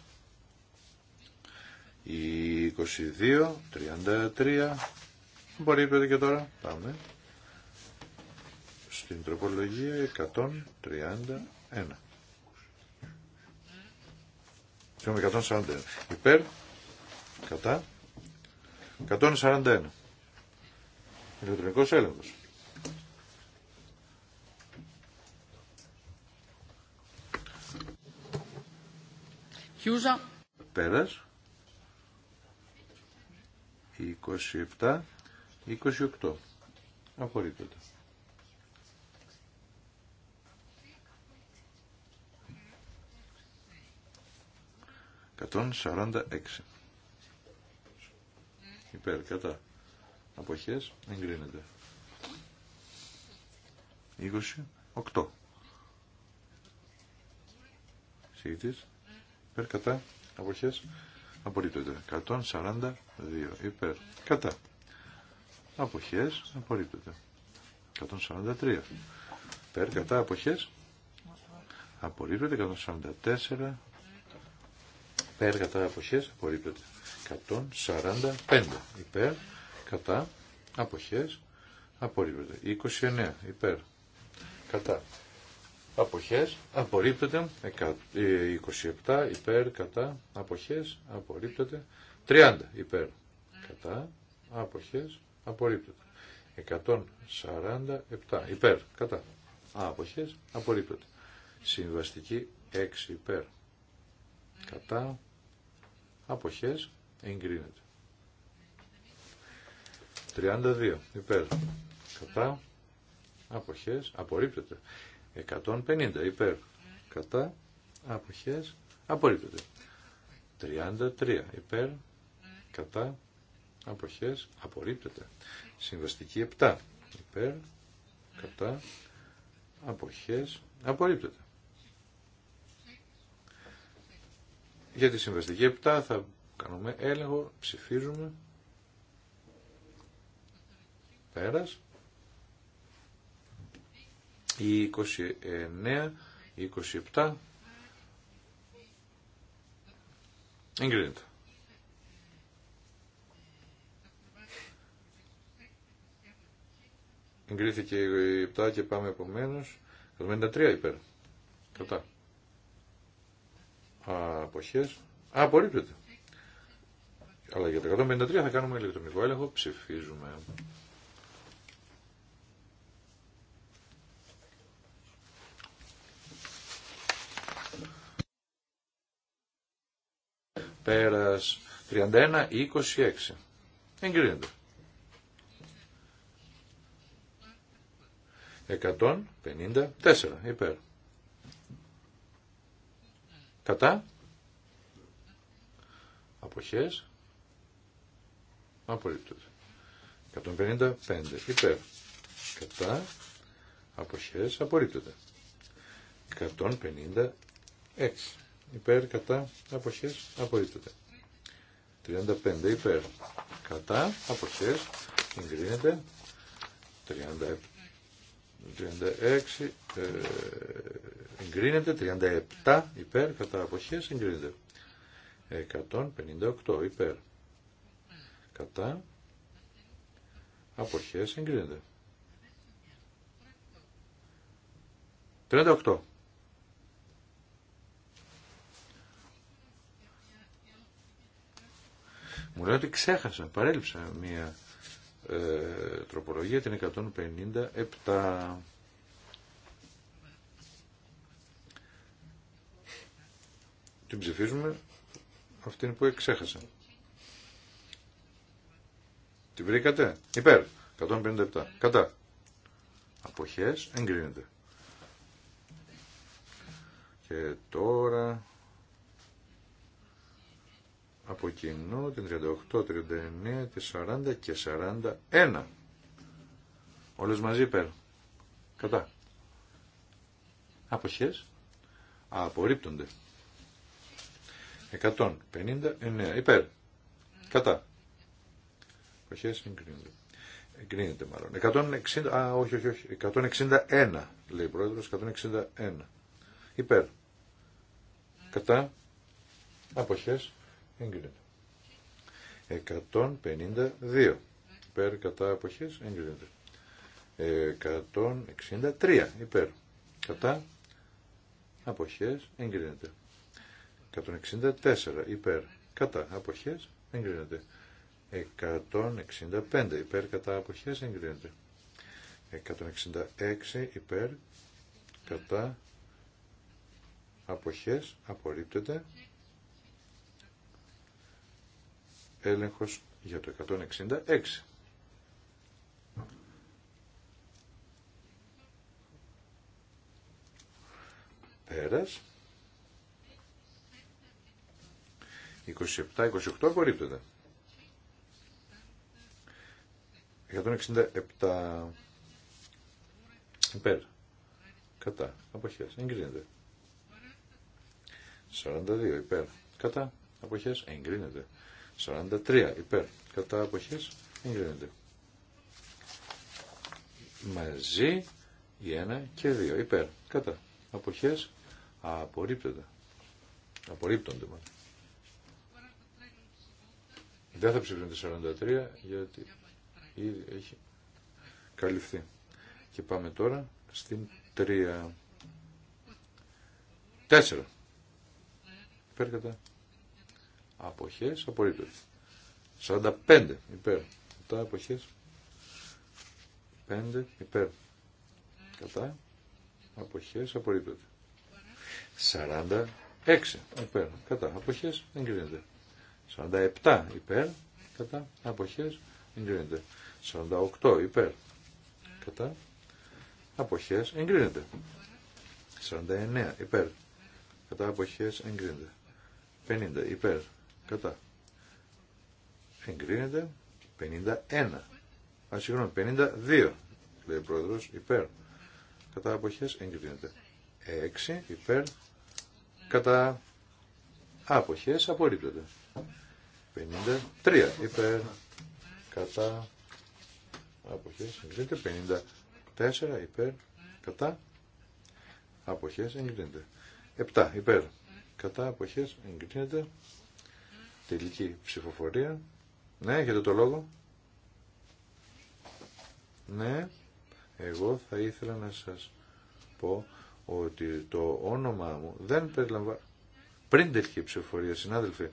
22, 33. Μπορείτε και τώρα. Πάμε. Στην τροπολογία 131. Συγγνώμη, 141. Υπέρ. Κατά. 141. Ηλεκτρονικός έλεγχος. Χιούζα. Πέρας. 27, 28. Απορρίπτεται. Κατόν σαράντα έξι. Υπέρ, κατά. Αποχές, εγκρίνεται. 28. Συγητής. Υπέρ κατά αποχές απορρίπτεται. 142 υπέρ κατά αποχές απορρίπτεται. 143 υπέρ κατά αποχές απορρίπτεται. 144 υπέρ κατά αποχές απορρίπτεται. 145 υπέρ κατά αποχές απορρίπτεται. 29 υπέρ κατά αποχές απορρίπτεται 27 ε, υπέρ κατά αποχές απορρίπτεται 30 υπέρ κατά αποχές απορρίπτεται 147 υπέρ κατά αποχές απορρίπτεται συμβαστική 6 υπέρ κατά αποχές εγκρίνεται 32 υπέρ κατά αποχές απορρίπτεται 150 υπέρ κατά αποχές απορρίπτεται. 33 υπέρ κατά αποχές απορρίπτεται. Συμβαστική 7 υπέρ κατά αποχές απορρίπτεται. Για τη συμβαστική 7 θα κάνουμε έλεγχο, ψηφίζουμε. Πέρας ή 29, 27. Εγκρίνεται. Εγκρίθηκε η 7 και πάμε επομένω. 153 υπέρ. Κατά. Αποχέ. Α, απορρίπτεται. Αλλά για τα 153 θα κάνουμε ηλεκτρονικό έλεγχο. Ψηφίζουμε. Πέρας 31-26. Εγκρίνεται. 154 υπέρ. Κατά. Αποχές. Απορρίπτωται. 155 υπέρ. Κατά. Αποχές. Απορρίπτωται. 156 υπέρ, κατά, αποχές, απορρίπτεται. 35 υπέρ, κατά, αποχές, εγκρίνεται. 36 ε, εγκρίνεται, 37 υπέρ, κατά, αποχές, εγκρίνεται. 158 υπέρ, κατά, αποχές, εγκρίνεται. 38 Μου λέει ότι ξέχασα, παρέλειψα μία ε, τροπολογία, την 157. Την ψηφίζουμε αυτήν που ξέχασα. Την βρήκατε. Υπέρ. 157. Κατά. Αποχές εγκρίνεται. Και τώρα από κοινό την 38, 39, 40 και 41. Όλες μαζί υπέρ. Κατά. Αποχές. Απορρίπτονται. 159 υπέρ. Κατά. Αποχές εγκρίνονται. Εγκρίνεται μάλλον. 160, α, όχι, όχι, όχι. 161 λέει ο 161. Υπέρ. Κατά. Αποχές εγκρίνεται. 152 υπέρ κατά αποχές εγκρίνεται. 163 υπέρ κατά αποχές εγκρίνεται. 164 υπέρ κατά αποχές εγκρίνεται. 165 υπέρ κατά αποχές εγκρίνεται. 166 υπέρ κατά αποχές απορρίπτεται έλεγχος για το 166. Πέρας. 27-28 απορρίπτεται. 167 υπέρ. Κατά. Αποχές. Εγκρίνεται. 42 υπέρ. Κατά. Αποχές. Εγκρίνεται. 43 υπέρ κατά αποχές εγκρίνεται. Μαζί η 1 και 2 υπέρ κατά αποχές απορρίπτονται. Απορρίπτονται μάλλον. Δεν θα ψηφίσουν τη 43 γιατί ήδη έχει καλυφθεί. Και πάμε τώρα στην 3. 4. Υπέρ κατά αποχές απορρίπτεται. 45 υπέρ κατά αποχές 5 υπέρ κατά αποχές απορρίπτεται. 46 υπέρ κατά αποχές εγκρίνεται. 47 υπέρ κατά αποχές εγκρίνεται. 48 υπέρ κατά αποχές εγκρίνεται. 49 υπέρ κατά αποχές εγκρίνεται. 50 υπέρ Κατά. Εγκρίνεται 51. Α, συγγνώμη, 52. Λέει ο πρόεδρο. Υπέρ. Κατά αποχέ εγκρίνεται. 6. Υπέρ. Κατά αποχέ απορρίπτεται. 53. Υπέρ. Κατά αποχέ εγκρίνεται. 54. Υπέρ. Κατά αποχέ εγκρίνεται. 7. Υπέρ. Κατά αποχέ εγκρίνεται. Τελική ψηφοφορία. Ναι, έχετε το λόγο. Ναι, εγώ θα ήθελα να σας πω ότι το όνομά μου δεν περιλαμβάνει. Πριν τελική ψηφοφορία, συνάδελφοι,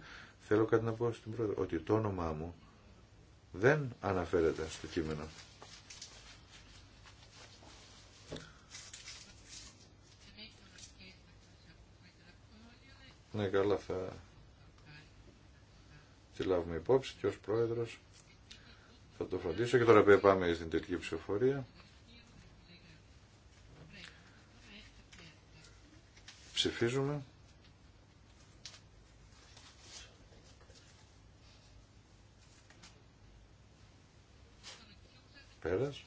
θέλω κάτι να πω στην πρώτη, ότι το όνομά μου δεν αναφέρεται στο κείμενο. Ναι, καλά θα τη λάβουμε υπόψη και ως πρόεδρος θα το φροντίσω. Και τώρα πάμε στην τελική ψηφοφορία. Ψηφίζουμε. Πέρας.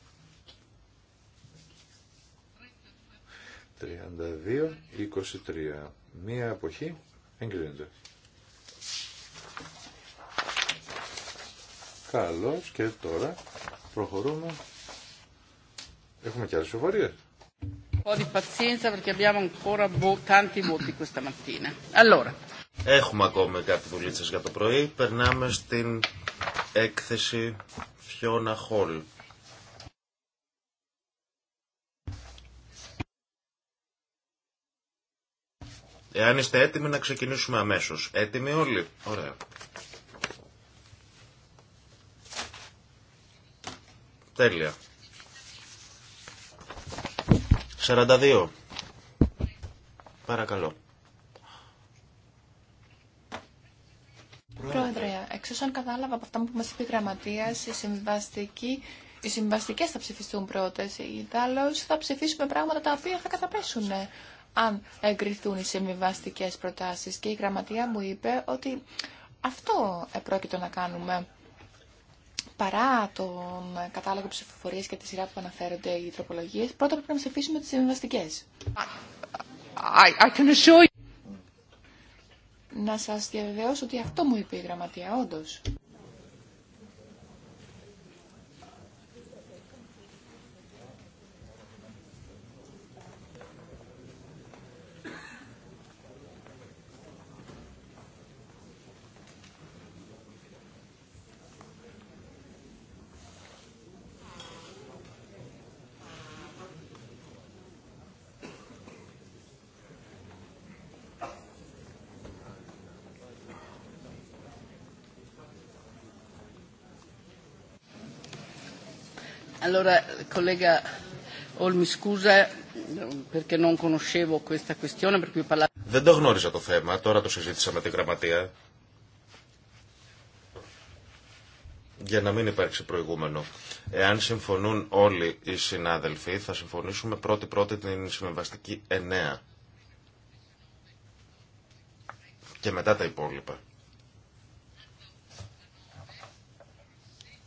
32-23. Μία εποχή εγκρίνεται. Καλώς και τώρα προχωρούμε. Έχουμε και άλλες σοβαρίες. Έχουμε ακόμα κάτι δουλίτσες για το πρωί. Περνάμε στην έκθεση Φιώνα Χολ. Εάν είστε έτοιμοι να ξεκινήσουμε αμέσως. Έτοιμοι όλοι. Ωραία. Τέλεια. 42. Παρακαλώ. Πρόεδρε, εξώ αν κατάλαβα από αυτά που μας είπε η γραμματεία, οι συμβαστικέ θα ψηφιστούν πρώτε. Ιδάλω θα ψηφίσουμε πράγματα τα οποία θα καταπέσουν ε, αν εγκριθούν οι συμβιβαστικέ προτάσει. Και η γραμματεία μου είπε ότι αυτό επρόκειτο να κάνουμε παρά τον κατάλογο ψηφοφορία και τη σειρά που αναφέρονται οι τροπολογίε, πρώτα πρέπει να ψηφίσουμε τι συμβιβαστικέ. Να σας διαβεβαιώσω ότι αυτό μου είπε η γραμματεία, όντως. Δεν το γνώριζα το θέμα, τώρα το συζήτησα με τη γραμματεία. Για να μην υπάρξει προηγούμενο. Εάν συμφωνούν όλοι οι συνάδελφοι, θα συμφωνήσουμε πρώτη-πρώτη την συμβαστική εννέα Και μετά τα υπόλοιπα.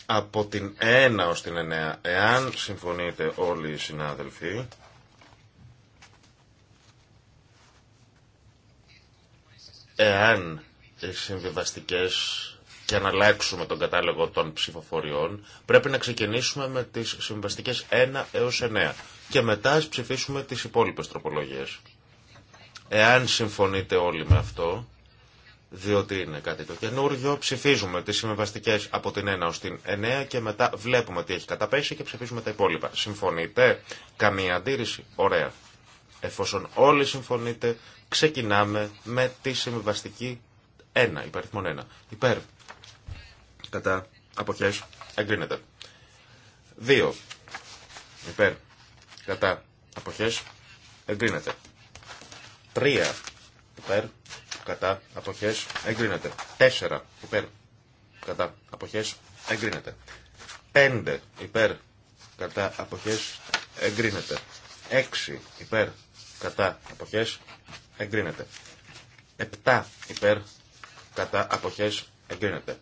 από την 1 ως την 9, εάν συμφωνείτε όλοι οι συνάδελφοι, εάν οι συμβιβαστικές και να αλλάξουμε τον κατάλογο των ψηφοφοριών, πρέπει να ξεκινήσουμε με τις συμβαστικές 1 έως 9 και μετά ψηφίσουμε τις υπόλοιπες τροπολογίες. Εάν συμφωνείτε όλοι με αυτό, διότι είναι κάτι το καινούργιο. Ψηφίζουμε τι συμβαστικέ από την 1 ω την 9 και μετά βλέπουμε τι έχει καταπέσει και ψηφίζουμε τα υπόλοιπα. Συμφωνείτε, καμία αντίρρηση. Ωραία. Εφόσον όλοι συμφωνείτε, ξεκινάμε με τη συμβαστική 1, υπαριθμόν 1. Υπέρ. Κατά αποχέ εγκρίνεται. 2. Υπέρ. Κατά αποχέ εγκρίνεται. 3 κατά, αποχές, εγκρίνεται. 4 υπέρ, κατά, αποχές, εγκρίνεται. 5 υπέρ, κατά, αποχές, εγκρίνεται. 6 υπέρ, κατά, αποχές, εγκρίνεται. 7 υπέρ, κατά, αποχές, εγκρίνεται.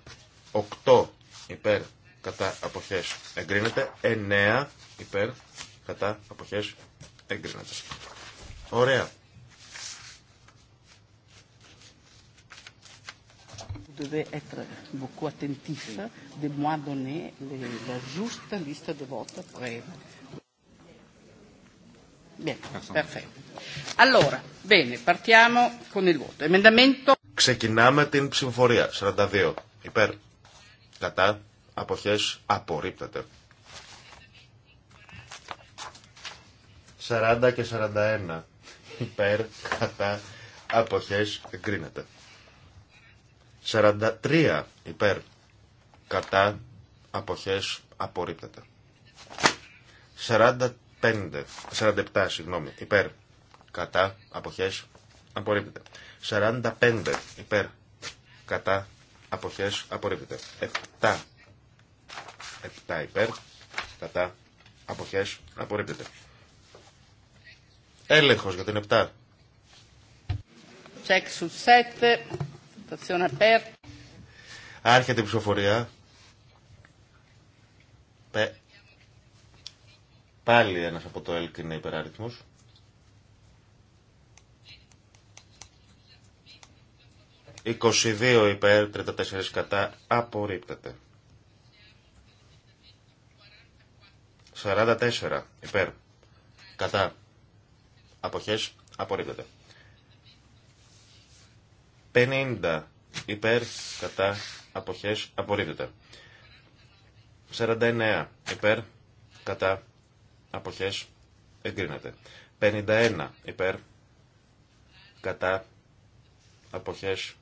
8 υπέρ, κατά, αποχές, εγκρίνεται. 9 υπέρ, κατά, αποχές, εγκρίνεται. Ωραία. devait être beaucoup attentif de moi donner la juste liste de vote après. Bene, perfetto. Allora, bene, partiamo con il voto. Emendamento... Ξεκινάμε την ψηφοφορία. 42. Υπέρ. Κατά. Αποχές. Απορρίπτεται. 40 και 41. Υπέρ. Κατά. Αποχές. Εγκρίνεται. 43 υπέρ κατά αποχές απορρίπτεται. 45, 47 συγγνώμη, υπέρ κατά αποχές απορρίπτεται. 45 υπέρ κατά αποχές απορρίπτεται. 7, 7 υπέρ κατά αποχές απορρίπτεται. Έλεγχος για την 7. Check 7. Άρχεται η ψηφοφορία. Πάλι ένας από το ΕΛΚ είναι υπεράριθμος. «22 υπέρ, 34 κατά, απορρίπτεται». «44 υπέρ, κατά, αποχές, απορρίπτεται». 50 υπέρ κατά αποχές απορρίπτεται. 49 υπέρ κατά αποχές εγκρίνεται. 51 υπέρ κατά αποχές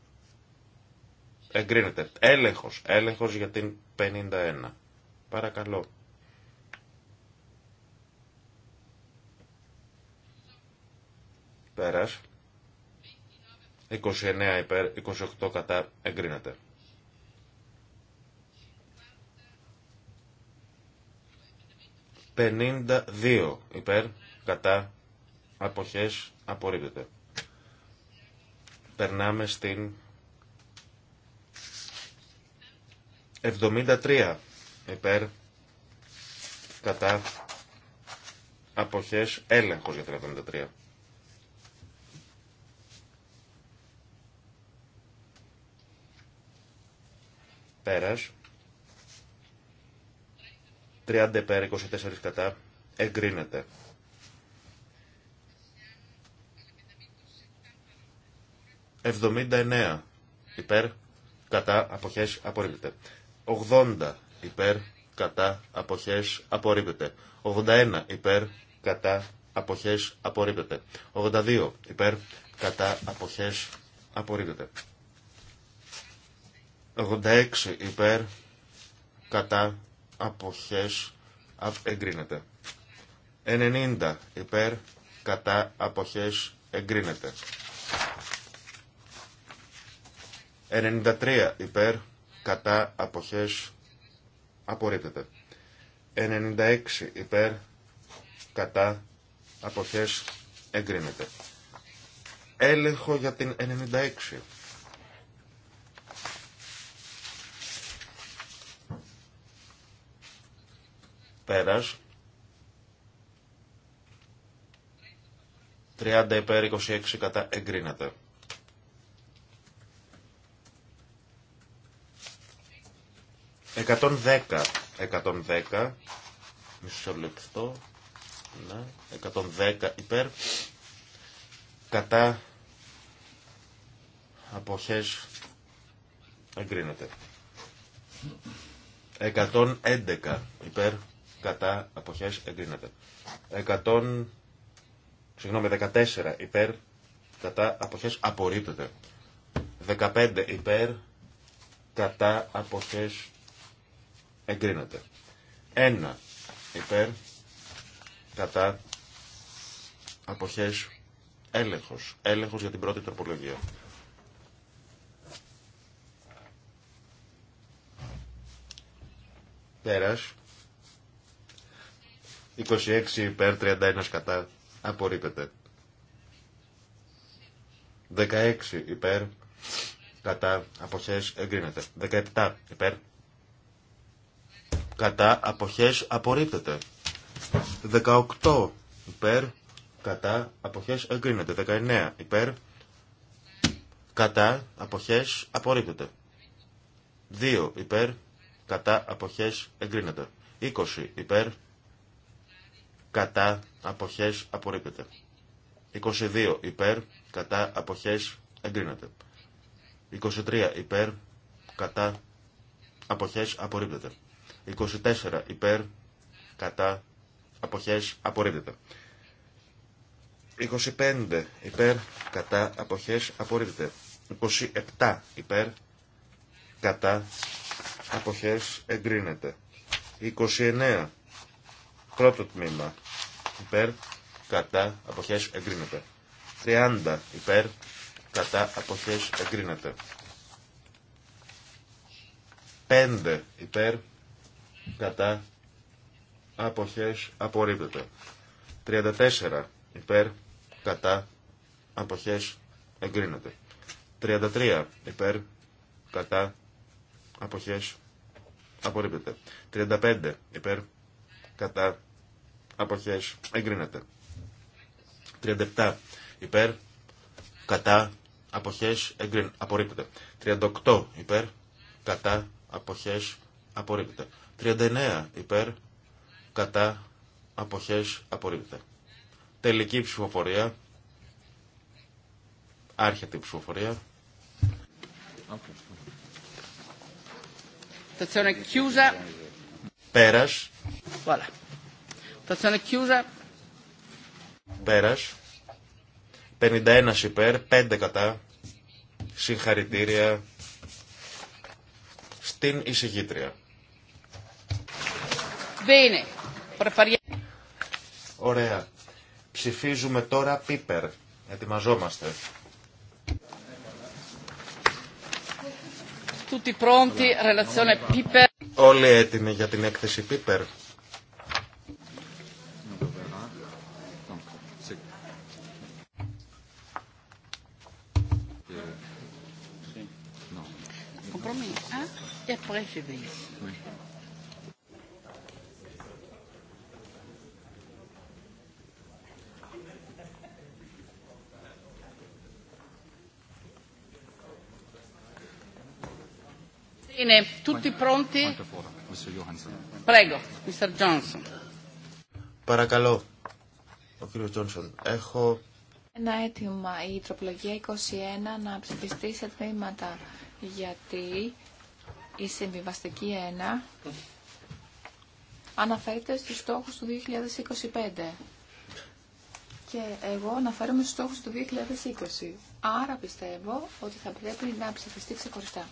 εγκρίνεται. Έλεγχος, έλεγχος για την 51. Παρακαλώ. Πέρας. 29 υπέρ, 28 κατά, εγκρίνεται. 52 υπέρ, κατά, αποχές, απορρίπτεται. Περνάμε στην 73 υπέρ, κατά, αποχές, έλεγχος για την 73. Πέρας. 30 υπέρ 24 κατά. Εγκρίνεται. ...79 υπέρ, κατά, αποχές, απορρίπτεται. 80 υπέρ, κατά, αποχές, απορρίπτεται. 81 υπέρ, κατά, αποχές, απορρίπτεται. 82 υπέρ, κατά, αποχές, απορρίπτεται. 86 υπέρ κατά αποχές εγκρίνεται. 90 υπέρ κατά αποχές εγκρίνεται. 93 υπέρ κατά αποχές απορρίπτεται. 96 υπέρ κατά αποχές εγκρίνεται. Έλεγχο για την 96. Πέρας. 30 υπέρ 26 κατά εγκρίνεται. Εκατόν δέκα. Εκατόν δέκα. Μισό λεπτό. Ναι. Εκατόν δέκα υπέρ. Κατά αποχές εγκρίνεται. Εκατόν έντεκα υπέρ κατά αποχές εγκρίνεται. 100, συγγνώμη, 14 υπέρ κατά αποχές απορρίπτεται. 15 υπέρ κατά αποχές εγκρίνεται. 1 υπέρ κατά αποχές έλεγχος. Έλεγχος για την πρώτη τροπολογία. Πέρας. 26 υπέρ 31 κατά. απορρίπεται. 16 υπέρ κατά αποχές εγκρίνεται. 17 υπέρ κατά αποχές απορρίπτεται. 18 υπέρ κατά αποχές εγκρίνεται. 19 υπέρ κατά αποχές απορρίπτεται. 2 υπέρ κατά αποχές εγκρίνεται. 20 υπέρ κατά αποχές απορρίπτεται. 22 υπέρ κατά αποχές εγκρίνεται. 23 υπέρ κατά αποχές απορρίπτεται. 24 υπέρ κατά αποχές απορρίπτεται. 25 υπέρ κατά αποχές απορρίπτεται. 27 υπέρ κατά αποχές εγκρίνεται. 29 Πρώτο τμήμα. Υπέρ, κατά, αποχές, εγκρίνεται. 30 υπέρ, κατά, αποχές, εγκρίνεται. 5 υπέρ, κατά, αποχές, απορρίπτεται. 34 υπέρ, κατά, αποχές, εγκρίνεται. 33 υπέρ, κατά, αποχές, απορρίπτεται. 35 υπέρ, κατά αποχές εγκρίνεται. 37 υπέρ κατά αποχές εγκρίν, απορρίπτεται. 38 υπέρ κατά αποχές απορρίπτεται. 39 υπέρ κατά αποχές απορρίπτεται. Τελική ψηφοφορία. Άρχεται η ψηφοφορία. Okay. Πέρας. Voilà. Πέρας. 51 υπέρ, 5 κατά. Συγχαρητήρια στην εισηγήτρια. Bene. Ωραία. Ψηφίζουμε τώρα Πίπερ. Ετοιμαζόμαστε. Tutti pronti, relazione Piper. Όλοι έτοιμοι για την έκθεση Πίπερ. Compromis Είναι tutti pronti? Prego, Mr. Johnson. Παρακαλώ, ο κύριος Τζόνσον. Έχω ένα αίτημα, η τροπολογία 21 να ψηφιστεί σε τμήματα, γιατί η συμβιβαστική 1 αναφέρεται στους στόχους του 2025 και εγώ αναφέρομαι στους στόχους του 2020. Άρα πιστεύω ότι θα πρέπει να ψηφιστεί ξεχωριστά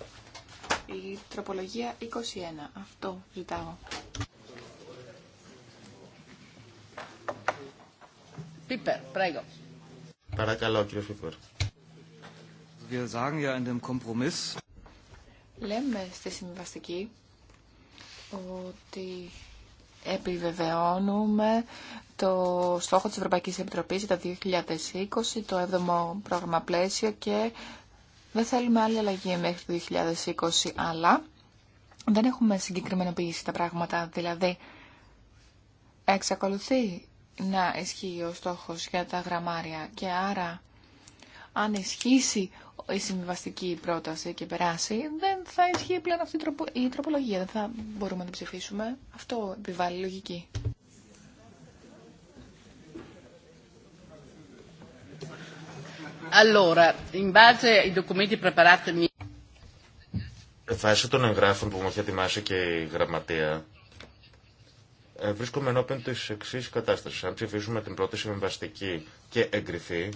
η τροπολογία 21. Αυτό ζητάω. Πίπερ, Παρακαλώ, κύριε Πίπερ. Λέμε στη συμβαστική ότι επιβεβαιώνουμε το στόχο της Ευρωπαϊκής Επιτροπής για το 2020, το 7ο πρόγραμμα πλαίσιο και δεν θέλουμε άλλη αλλαγή μέχρι το 2020, αλλά δεν έχουμε συγκεκριμενοποιήσει τα πράγματα. Δηλαδή, εξακολουθεί να ισχύει ο στόχος για τα γραμμάρια και άρα αν ισχύσει η συμβιβαστική πρόταση και περάσει, δεν θα ισχύει πλέον αυτή η τροπολογία. Δεν θα μπορούμε να την ψηφίσουμε. Αυτό επιβάλλει λογική. Allora, in base ai documenti preparati... Βάσει των εγγράφων που μου έχει ετοιμάσει και η γραμματεία, ε, βρίσκομαι ενώπιον τη εξή κατάσταση. Αν ψηφίσουμε την πρώτη συμβαστική και εγκριθεί,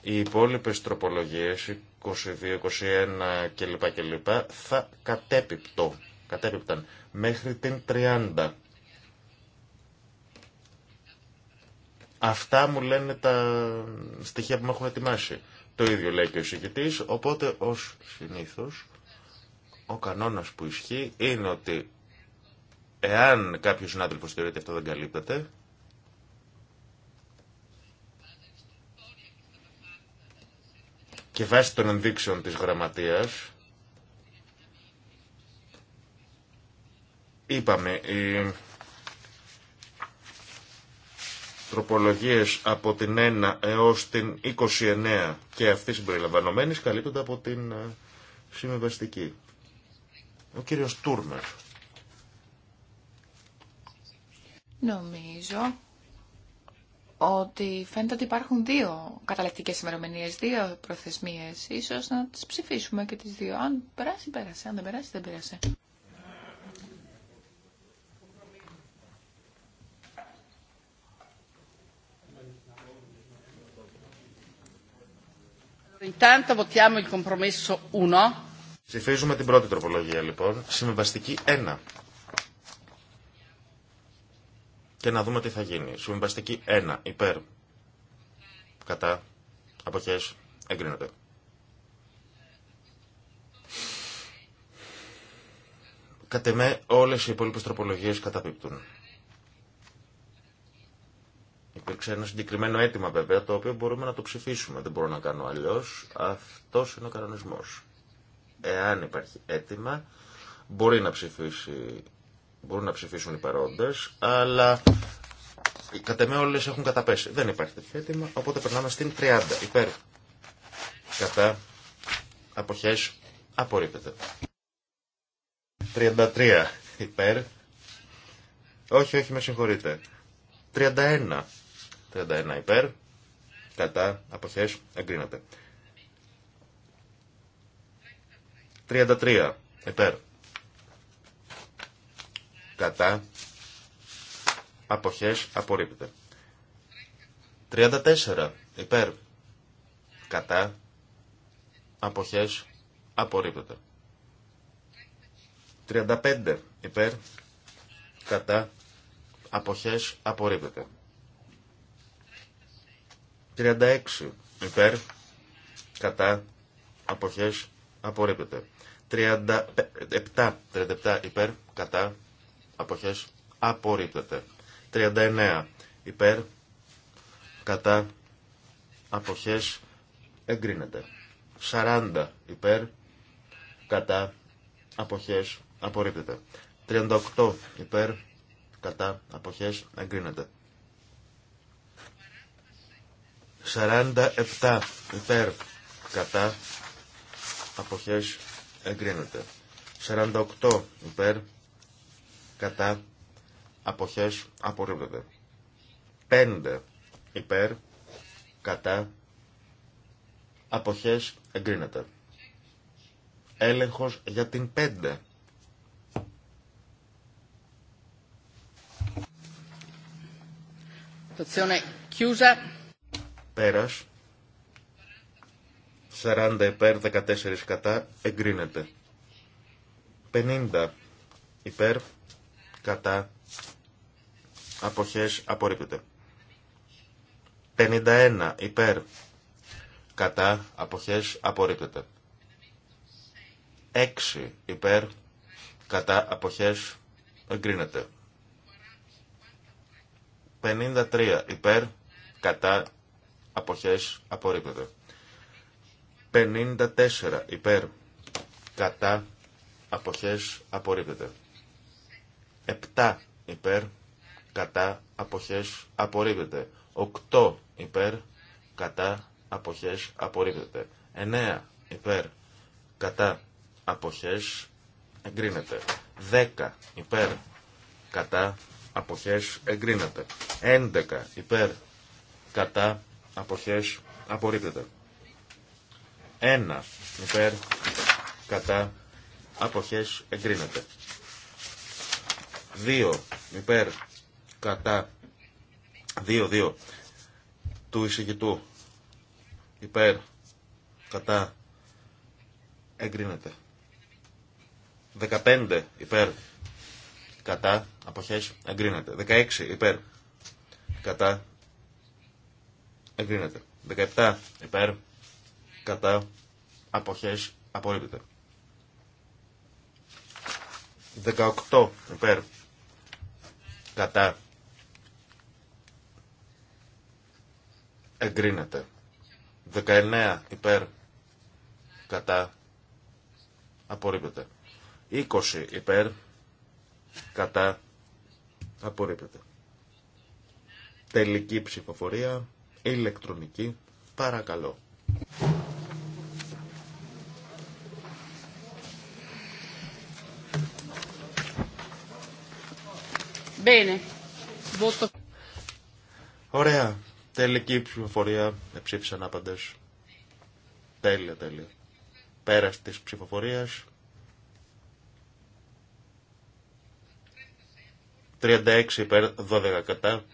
οι υπόλοιπε τροπολογίε 22, 21 κλπ. κλπ. θα κατέπιπτο, κατέπιπταν μέχρι την 30 Αυτά μου λένε τα στοιχεία που με έχουν ετοιμάσει. Το ίδιο λέει και ο εισηγητή. Οπότε, ω συνήθω, ο κανόνα που ισχύει είναι ότι εάν κάποιο συνάδελφο θεωρεί ότι αυτό δεν καλύπτεται, και βάσει των ενδείξεων της γραμματείας είπαμε τροπολογίες από την 1 έως την 29 και αυτή συμπεριλαμβανομένες καλύπτονται από την ε, συμβεβαστική. Ο κύριος Τούρμερ. Νομίζω ότι φαίνεται ότι υπάρχουν δύο καταλεκτικές ημερομηνίε, δύο προθεσμίες. Ίσως να τις ψηφίσουμε και τις δύο. Αν περάσει, πέρασε. Αν δεν περάσει, δεν πέρασε. Intanto την πρώτη τροπολογία λοιπόν, συμβαστική 1. Και να δούμε τι θα γίνει. Συμβαστική 1, υπέρ, κατά, αποχές, εγκρίνεται. Κατ' εμέ όλες οι υπόλοιπες τροπολογίες καταπίπτουν. Υπήρξε ένα συγκεκριμένο αίτημα βέβαια το οποίο μπορούμε να το ψηφίσουμε. Δεν μπορώ να κάνω αλλιώ. Αυτό είναι ο κανονισμό. Εάν υπάρχει αίτημα, μπορεί να ψηφίσει, μπορούν να ψηφίσουν οι παρόντε, αλλά κατά κατεμέ όλε έχουν καταπέσει. Δεν υπάρχει τέτοιο αίτημα, οπότε περνάμε στην 30. Υπέρ. Κατά. Αποχέ. Απορρίπτεται. 33. Υπέρ. Όχι, όχι, με συγχωρείτε. 31. 31 υπέρ. Κατά. Αποχές. Εγκρίνεται. 33 υπέρ. Κατά. Αποχές. Απορρίπτεται. 34 υπέρ. Κατά. Αποχές. Απορρίπτεται. 35 υπέρ. Κατά. Αποχές. Απορρίπτεται. 36 υπέρ, κατά, αποχές, απορρίπτεται. 37, 37 υπέρ, κατά, αποχές, απορρίπτεται. 39 υπέρ, κατά, αποχές, εγκρίνεται. 40 υπέρ, κατά, αποχές, απορρίπτεται. 38 υπέρ, κατά, αποχές, εγκρίνεται. 47 υπέρ κατά αποχές εγκρίνεται. 48 υπέρ κατά αποχές απορρίπτεται. 5 υπέρ κατά αποχές εγκρίνεται. Έλεγχος για την 5. Votazione chiusa. Πέρας. 40 υπέρ, 14 κατά, εγκρίνεται. 50 υπέρ, κατά, αποχές, απορρίπτεται. 51 υπέρ, κατά, αποχές, απορρίπτεται. 6 υπέρ, κατά, αποχές, εγκρίνεται. 53 υπέρ, κατά, Αποχές. Απορρίπτεται. 54 υπέρ. Κατά. Αποχές. Απορρίπτεται. 7 υπέρ. Κατά. Αποχές. Απορρίπτεται. 8 υπέρ. Κατά. Αποχές. Απορρίπτεται. 9 υπέρ. Κατά. Αποχές. Εγκρίνεται. 10 υπέρ. Κατά. Αποχές εγκρίνεται. 11 υπέρ κατά αποχές απορρίπτεται. 1 υπέρ κατά αποχές εγκρίνεται. 2 υπέρ κατά 2-2 του εισηγητού υπέρ κατά εγκρίνεται. 15 υπέρ κατά αποχές εγκρίνεται. 16 υπέρ κατά εγκρίνεται. 17 υπέρ, κατά, αποχές, απορρίπτεται. 18 υπέρ, κατά, εγκρίνεται. 19 υπέρ, κατά, απορρίπτεται. 20 υπέρ, κατά, απορρίπτεται. Τελική ψηφοφορία ηλεκτρονική. Παρακαλώ. Bene. Ωραία. Τελική ψηφοφορία. Ψήφισαν άπαντε. Τέλεια, τέλεια. Πέρα τη ψηφοφορία. 36 υπέρ 12 κατά.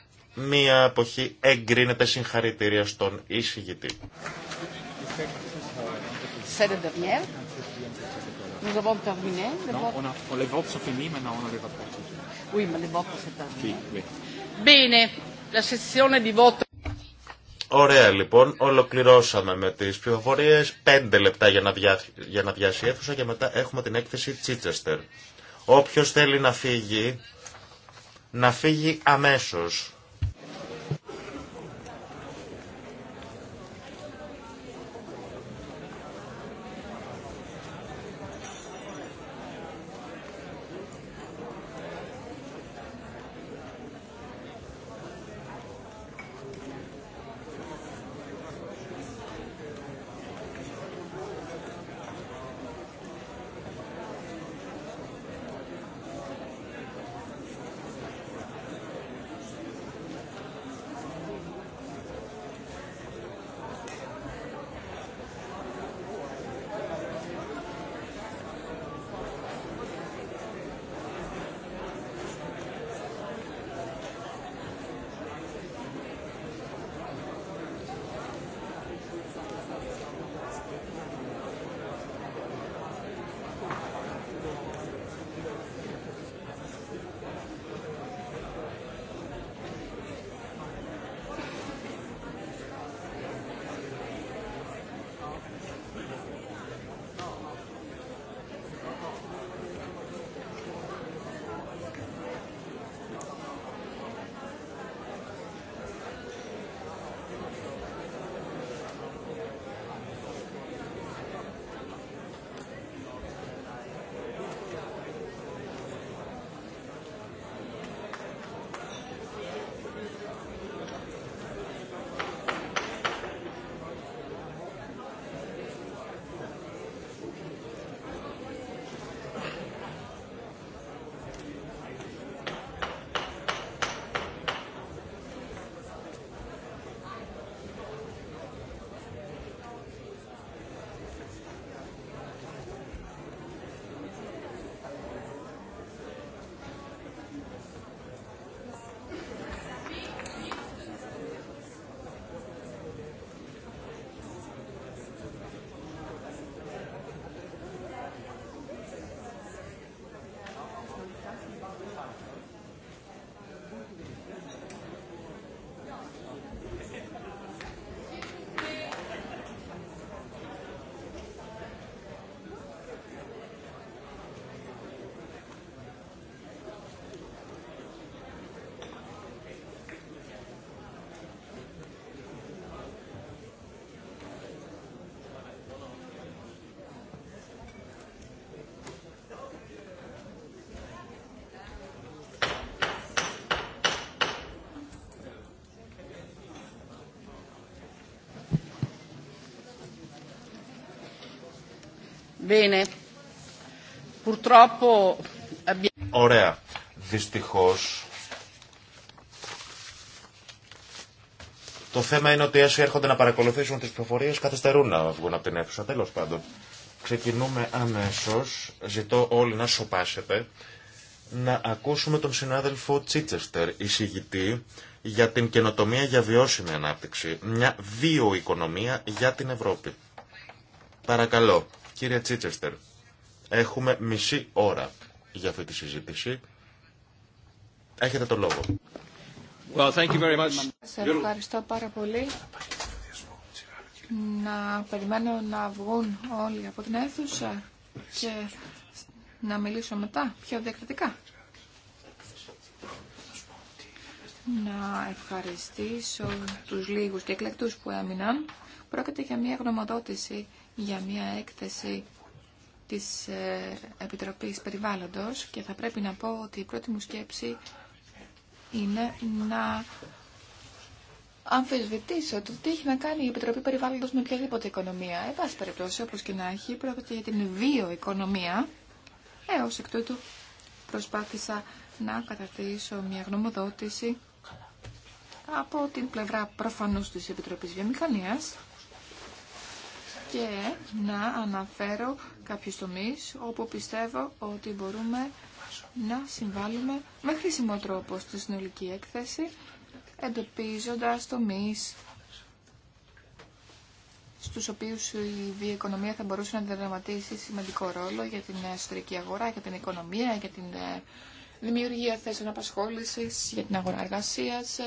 Μία εποχή εγκρίνεται συγχαρητήρια στον εισηγητή. Ωραία λοιπόν, ολοκληρώσαμε με τις πληροφορίες, πέντε λεπτά για να, διά, για διάσει αίθουσα και μετά έχουμε την έκθεση Τσίτσεστερ. Όποιος θέλει να φύγει, να φύγει αμέσως. Bene. Purtroppo... Ωραία. Δυστυχώς... Το θέμα είναι ότι όσοι έρχονται να παρακολουθήσουν τις προφορίες καθυστερούν να βγουν από την αίθουσα. Τέλος πάντων. Ξεκινούμε αμέσως. Ζητώ όλοι να σοπάσετε. Να ακούσουμε τον συνάδελφο Τσίτσεστερ, εισηγητή για την καινοτομία για βιώσιμη ανάπτυξη. Μια βιοοικονομία για την Ευρώπη. Παρακαλώ. Κύριε Τσίτσεστερ, έχουμε μισή ώρα για αυτή τη συζήτηση. Έχετε το λόγο. Well, ευχαριστώ πάρα πολύ. Να περιμένω να βγουν όλοι από την αίθουσα και να μιλήσω μετά πιο διακριτικά. Να ευχαριστήσω τους λίγους και εκλεκτούς που έμειναν. Πρόκειται για μια γνωμοδότηση για μια έκθεση της ε, Επιτροπής Περιβάλλοντος και θα πρέπει να πω ότι η πρώτη μου σκέψη είναι να αμφισβητήσω το τι έχει να κάνει η Επιτροπή Περιβάλλοντος με οποιαδήποτε οικονομία. Εν πάση περιπτώσει, όπως και να έχει, πρόκειται για την βιοοικονομία. Έως ε, εκ τούτου προσπάθησα να καταρτήσω μια γνωμοδότηση από την πλευρά προφανώς της Επιτροπής Βιομηχανίας και να αναφέρω κάποιους τομείς όπου πιστεύω ότι μπορούμε να συμβάλλουμε με χρήσιμο τρόπο στη συνολική έκθεση, εντοπίζοντας τομείς στους οποίους η βιοοικονομία θα μπορούσε να διαδραματίσει σημαντικό ρόλο για την εσωτερική αγορά, για την οικονομία, για την ε, δημιουργία θέσεων απασχόλησης, για την αγορά εργασίας.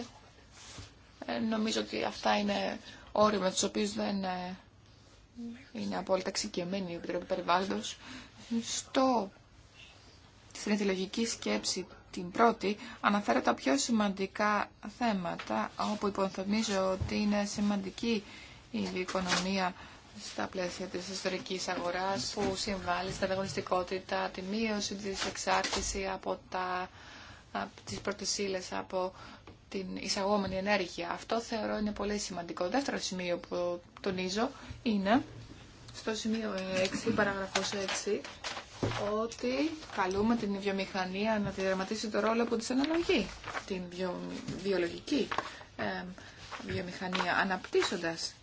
Ε, νομίζω ότι αυτά είναι όροι με τους οποίους δεν ε, είναι απόλυτα εξοικειωμένη η Επιτροπή περιβάλλοντο. στο, στην αιτηλογική σκέψη την πρώτη αναφέρω τα πιο σημαντικά θέματα, όπου υποθυμίζω ότι είναι σημαντική η οικονομία στα πλαίσια της ιστορικής αγοράς που συμβάλλει στην ανταγωνιστικότητα, τη μείωση της εξάρτηση από τα, από τις πρώτες από την εισαγόμενη ενέργεια. Αυτό θεωρώ είναι πολύ σημαντικό. Δεύτερο σημείο που τονίζω είναι στο σημείο 6, παραγραφός 6, ότι καλούμε την βιομηχανία να διαδραματίσει το ρόλο που της αναλογεί, την βιολογική ε, βιομηχανία, αναπτύσσοντας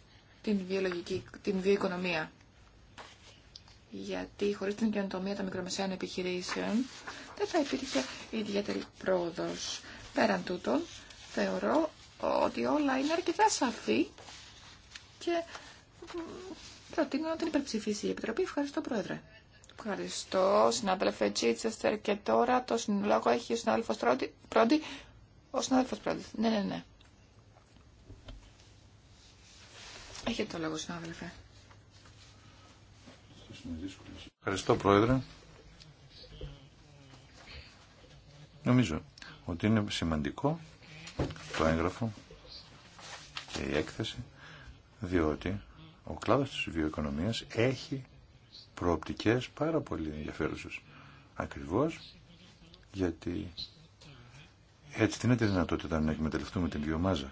την, βιολογική, την βιοοικονομία. Γιατί χωρίς την καινοτομία των μικρομεσαίων επιχειρήσεων δεν θα υπήρχε ιδιαίτερη πρόοδος. Πέραν τούτων, θεωρώ ότι όλα είναι αρκετά σαφή και προτείνω να την υπερψηφίσει η Επιτροπή. Ευχαριστώ, Πρόεδρε. Ευχαριστώ, συνάδελφε Τσίτσεστερ. Και τώρα το λόγο έχει ο συνάδελφο πρώτη Ο συνάδελφο Πρόντι. Ναι, ναι, ναι. Έχετε το λόγο, συνάδελφε. Ευχαριστώ, Πρόεδρε. Νομίζω ότι είναι σημαντικό το έγγραφο και η έκθεση, διότι ο κλάδος της βιοοικονομίας έχει προοπτικές πάρα πολύ ενδιαφέρουσες. Ακριβώς γιατί έτσι την είναι τη δυνατότητα να εκμεταλλευτούμε την βιομάζα.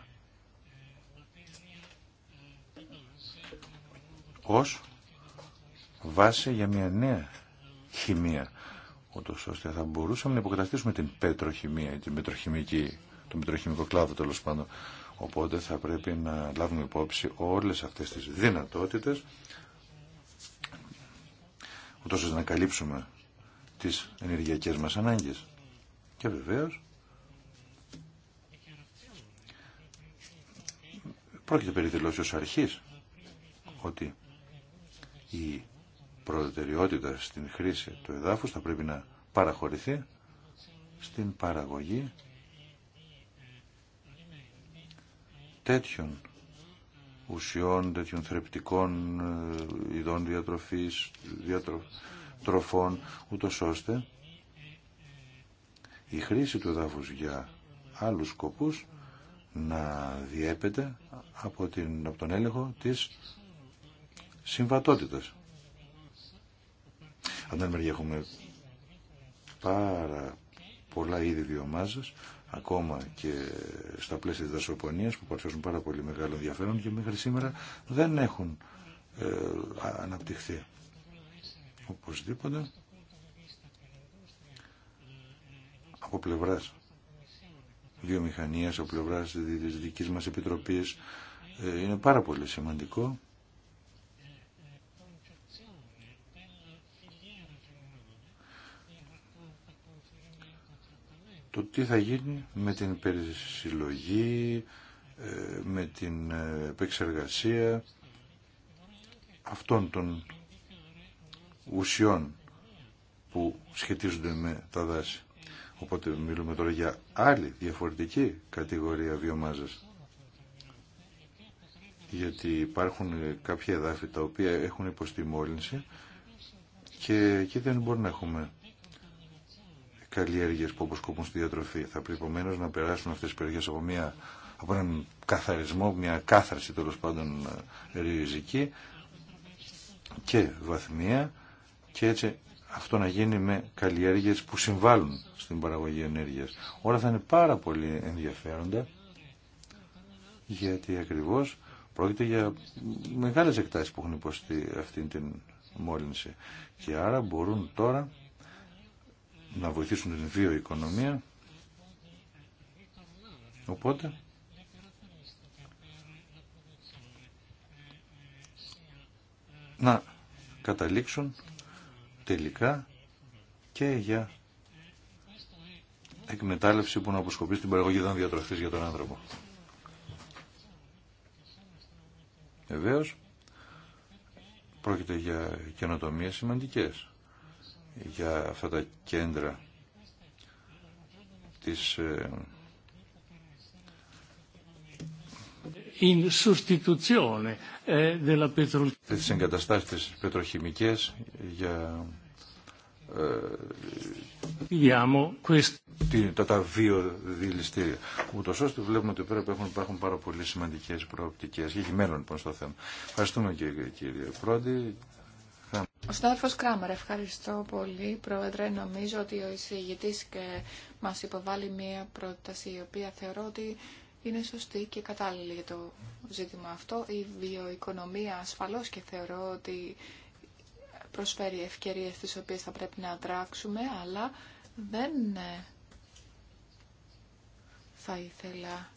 Ως βάση για μια νέα χημεία, ούτως ώστε θα μπορούσαμε να υποκαταστήσουμε την πετροχημία, την πετροχημική το μητροχημικό κλάδο τέλο πάντων. Οπότε θα πρέπει να λάβουμε υπόψη όλες αυτές τις δυνατότητες ούτως ώστε να καλύψουμε τις ενεργειακές μας ανάγκες. Και βεβαίως πρόκειται περί δηλώσεως αρχής ότι η προτεραιότητα στην χρήση του εδάφους θα πρέπει να παραχωρηθεί στην παραγωγή τέτοιων ουσιών, τέτοιων θρεπτικών ε, ειδών διατροφής, διατροφών, ούτως ώστε η χρήση του εδάφους για άλλους σκοπούς να διέπεται από, την, από τον έλεγχο της συμβατότητας. Αν δεν μεριά πάρα πολλά είδη βιομάζας ακόμα και στα πλαίσια της δασοπονίας που παρουσιάζουν πάρα πολύ μεγάλο ενδιαφέρον και μέχρι σήμερα δεν έχουν ε, αναπτυχθεί. Οπωσδήποτε από πλευράς βιομηχανίας, από πλευράς της δικής μας επιτροπής ε, είναι πάρα πολύ σημαντικό το τι θα γίνει με την περισυλλογή, ε, με την ε, επεξεργασία αυτών των ουσιών που σχετίζονται με τα δάση. Οπότε μιλούμε τώρα για άλλη διαφορετική κατηγορία βιομάζας. Γιατί υπάρχουν ε, κάποια εδάφη τα οποία έχουν υποστημόλυνση και εκεί δεν μπορούμε να έχουμε Καλλιέργειε που αποσκοπούν στη διατροφή. Θα πρέπει επομένω να περάσουν αυτές τι περιοχέ από, από έναν καθαρισμό, μια κάθαρση τέλο πάντων ε, ριζική και βαθμία και έτσι αυτό να γίνει με καλλιέργειε που συμβάλλουν στην παραγωγή ενέργειας. Όλα θα είναι πάρα πολύ ενδιαφέροντα γιατί ακριβώς πρόκειται για μεγάλε εκτάσει που έχουν υποστεί αυτή την μόλυνση και άρα μπορούν τώρα να βοηθήσουν την βιοοικονομία. Οπότε, να καταλήξουν τελικά και για εκμετάλλευση που να αποσκοπεί στην παραγωγή των διατροφής για τον άνθρωπο. Βεβαίω, πρόκειται για καινοτομίες σημαντικές για αυτά τα κέντρα της ε, in sostituzione eh, della petrolchimica. τις εγκαταστάσεις της πετροχημικές για ε, τα, τα βιοδηληστήρια. Ούτω ώστε βλέπουμε ότι πρέπει έχουν, υπάρχουν πάρα πολύ σημαντικέ προοπτικέ. και έχει μέλλον λοιπόν στο θέμα. Ευχαριστούμε κύριε, κύριε Πρόντι ο συνάδελφος Κράμερ, ευχαριστώ πολύ. Πρόεδρε, νομίζω ότι ο εισηγητής και μας υποβάλλει μία πρόταση η οποία θεωρώ ότι είναι σωστή και κατάλληλη για το ζήτημα αυτό. Η βιοοικονομία ασφαλώς και θεωρώ ότι προσφέρει ευκαιρίες τις οποίες θα πρέπει να δράξουμε, αλλά δεν θα ήθελα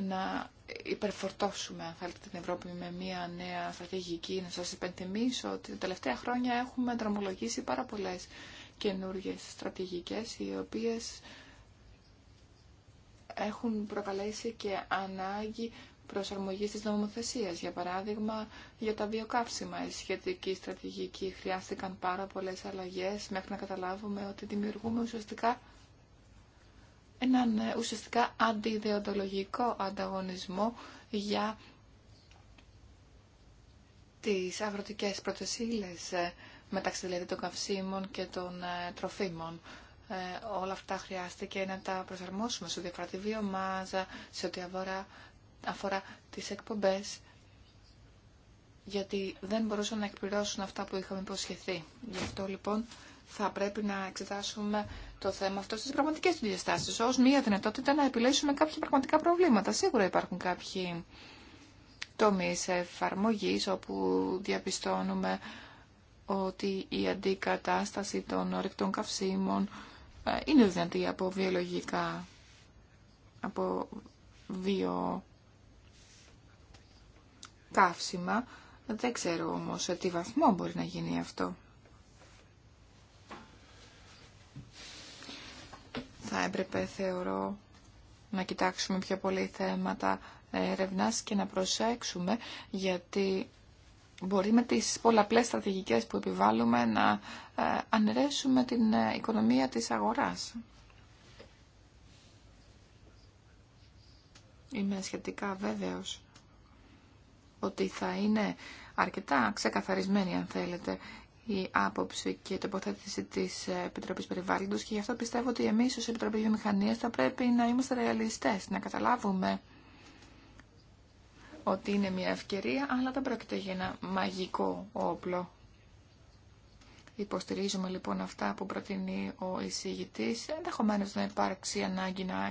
να υπερφορτώσουμε, αν θέλετε, την Ευρώπη με μια νέα στρατηγική. Να σας υπενθυμίσω ότι τα τελευταία χρόνια έχουμε δραμολογήσει πάρα πολλές καινούργιε στρατηγικές, οι οποίες έχουν προκαλέσει και ανάγκη προσαρμογής της νομοθεσίας. Για παράδειγμα, για τα βιοκαύσιμα, η σχετική στρατηγική χρειάστηκαν πάρα πολλές αλλαγές μέχρι να καταλάβουμε ότι δημιουργούμε ουσιαστικά έναν ε, ουσιαστικά αντιδεοντολογικό ανταγωνισμό για τις αγροτικές πρωτεσίλες ε, μεταξύ δηλαδή των καυσίμων και των ε, τροφίμων. όλα αυτά χρειάστηκε να τα προσαρμόσουμε σε ό,τι αφορά τη βιομάζα, σε ό,τι αφορά, αφορά τις εκπομπές, γιατί δεν μπορούσαν να εκπληρώσουν αυτά που είχαμε υποσχεθεί. Γι' αυτό λοιπόν θα πρέπει να εξετάσουμε το θέμα αυτό στις πραγματικές του διαστάσεις, ως μία δυνατότητα να επιλέξουμε κάποια πραγματικά προβλήματα. Σίγουρα υπάρχουν κάποιοι τομείς εφαρμογή όπου διαπιστώνουμε ότι η αντικατάσταση των ορεικτών καυσίμων ε, είναι δυνατή από βιολογικά, από βιο καύσιμα. Δεν ξέρω όμως σε τι βαθμό μπορεί να γίνει αυτό. Θα έπρεπε, θεωρώ, να κοιτάξουμε πιο πολύ θέματα έρευνα και να προσέξουμε γιατί μπορεί με τις πολλαπλές στρατηγικές που επιβάλλουμε να ε, αναιρέσουμε την ε, οικονομία της αγοράς. Είμαι σχετικά βέβαιος ότι θα είναι αρκετά ξεκαθαρισμένη αν θέλετε η άποψη και η τοποθέτηση της επιτροπή Περιβάλλοντος και γι' αυτό πιστεύω ότι εμείς ως Επιτροπή Βιομηχανία θα πρέπει να είμαστε ρεαλιστές, να καταλάβουμε ότι είναι μια ευκαιρία, αλλά δεν πρόκειται για ένα μαγικό όπλο. Υποστηρίζουμε λοιπόν αυτά που προτείνει ο εισηγητή, ενδεχομένω να υπάρξει ανάγκη να,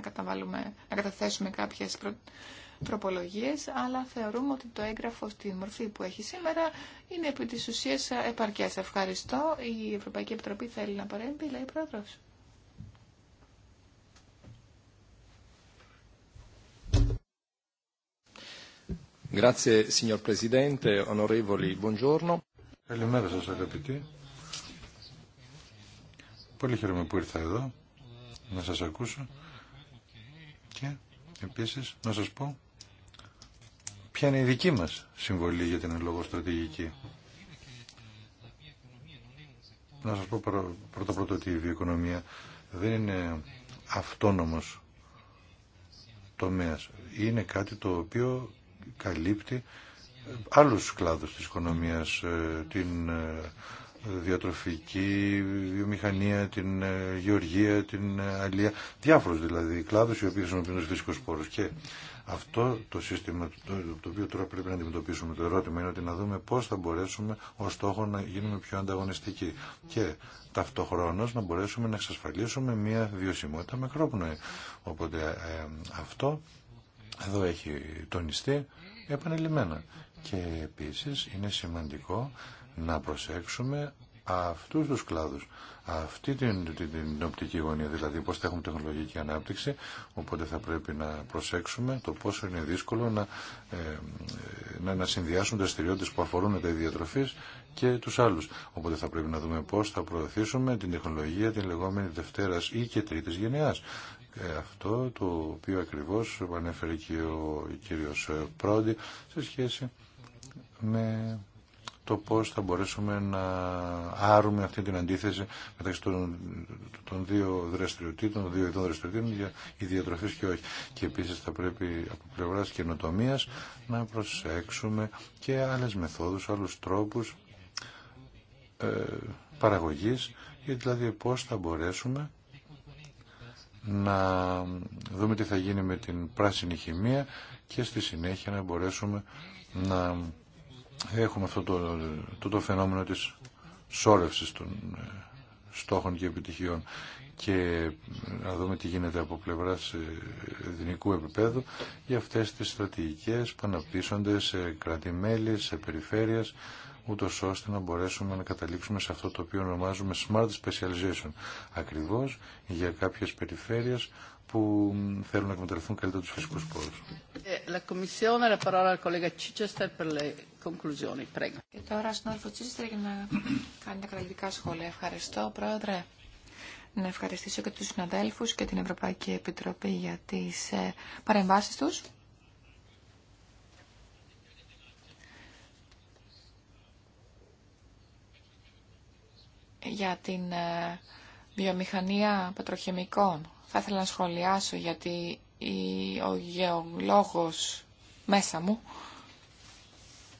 να καταθέσουμε κάποιε προπολογίες, αλλά θεωρούμε ότι το έγγραφο στη μορφή που έχει σήμερα είναι επί της ουσίας επαρκές. Ευχαριστώ. Η Ευρωπαϊκή Επιτροπή θέλει να παρέμβει, λέει η Grazie, signor Presidente, onorevoli, buongiorno. Καλημέρα σας αγαπητοί. Πολύ χαίρομαι που ήρθα εδώ να σας ακούσω και επίσης να σας πω ποια είναι η δική μας συμβολή για την ελλογοστρατηγική. Να σας πω πρώτα πρώτα ότι η βιοοικονομία δεν είναι αυτόνομος τομέας. Είναι κάτι το οποίο καλύπτει άλλους κλάδους της οικονομίας, ε, την ε, διατροφική βιομηχανία, την ε, γεωργία, την αλληλεία. διάφορους δηλαδή κλάδους οι οποίοι χρησιμοποιούν τους φυσικούς πόρους. Και αυτό το σύστημα το οποίο τώρα πρέπει να αντιμετωπίσουμε το ερώτημα είναι ότι να δούμε πώς θα μπορέσουμε ως στόχο να γίνουμε πιο ανταγωνιστικοί και ταυτοχρόνως να μπορέσουμε να εξασφαλίσουμε μια βιωσιμότητα μακρόπνοη. Οπότε αυτό εδώ έχει τονιστεί επανελειμμένα. Και επίσης είναι σημαντικό να προσέξουμε αυτούς τους κλάδους αυτή την, οπτική γωνία, δηλαδή πώς θα έχουμε τεχνολογική ανάπτυξη, οπότε θα πρέπει να προσέξουμε το πόσο είναι δύσκολο να, ε, να, να που αφορούν τα ιδιατροφής και τους άλλους. Οπότε θα πρέπει να δούμε πώς θα προωθήσουμε την τεχνολογία την λεγόμενη δευτέρας ή και τρίτης γενεάς. Ε, αυτό το οποίο ακριβώς ανέφερε και ο κύριος Πρόντι σε σχέση με το πώς θα μπορέσουμε να άρουμε αυτή την αντίθεση μεταξύ των, δύο δραστηριοτήτων, των δύο ειδών δραστηριοτήτων για ιδιατροφής και όχι. Και επίσης θα πρέπει από πλευράς καινοτομία να προσέξουμε και άλλες μεθόδους, άλλους τρόπους ε, παραγωγής, δηλαδή πώς θα μπορέσουμε να δούμε τι θα γίνει με την πράσινη χημεία και στη συνέχεια να μπορέσουμε να έχουμε αυτό το, το, το φαινόμενο της σόρευσης των ε, στόχων και επιτυχιών και ε, να δούμε τι γίνεται από πλευράς ε, εθνικού επίπεδου για αυτές τις στρατηγικές που αναπτύσσονται σε κρατημέλη, σε περιφέρειες ούτω ώστε να μπορέσουμε να καταλήξουμε σε αυτό το οποίο ονομάζουμε smart specialization. ακριβώ για κάποιε περιφέρειε που θέλουν να εκμεταλλευτούν καλύτερα του φυσικού πόρου. Και τώρα στον Όρφο για να κάνει τα κρατικά σχόλια. Ευχαριστώ, Πρόεδρε. Να ευχαριστήσω και του συναδέλφου και την Ευρωπαϊκή Επιτροπή για τι ε, παρεμβάσει του. για την ε, βιομηχανία πετροχημικών. Θα ήθελα να σχολιάσω γιατί ο γεωλόγος μέσα μου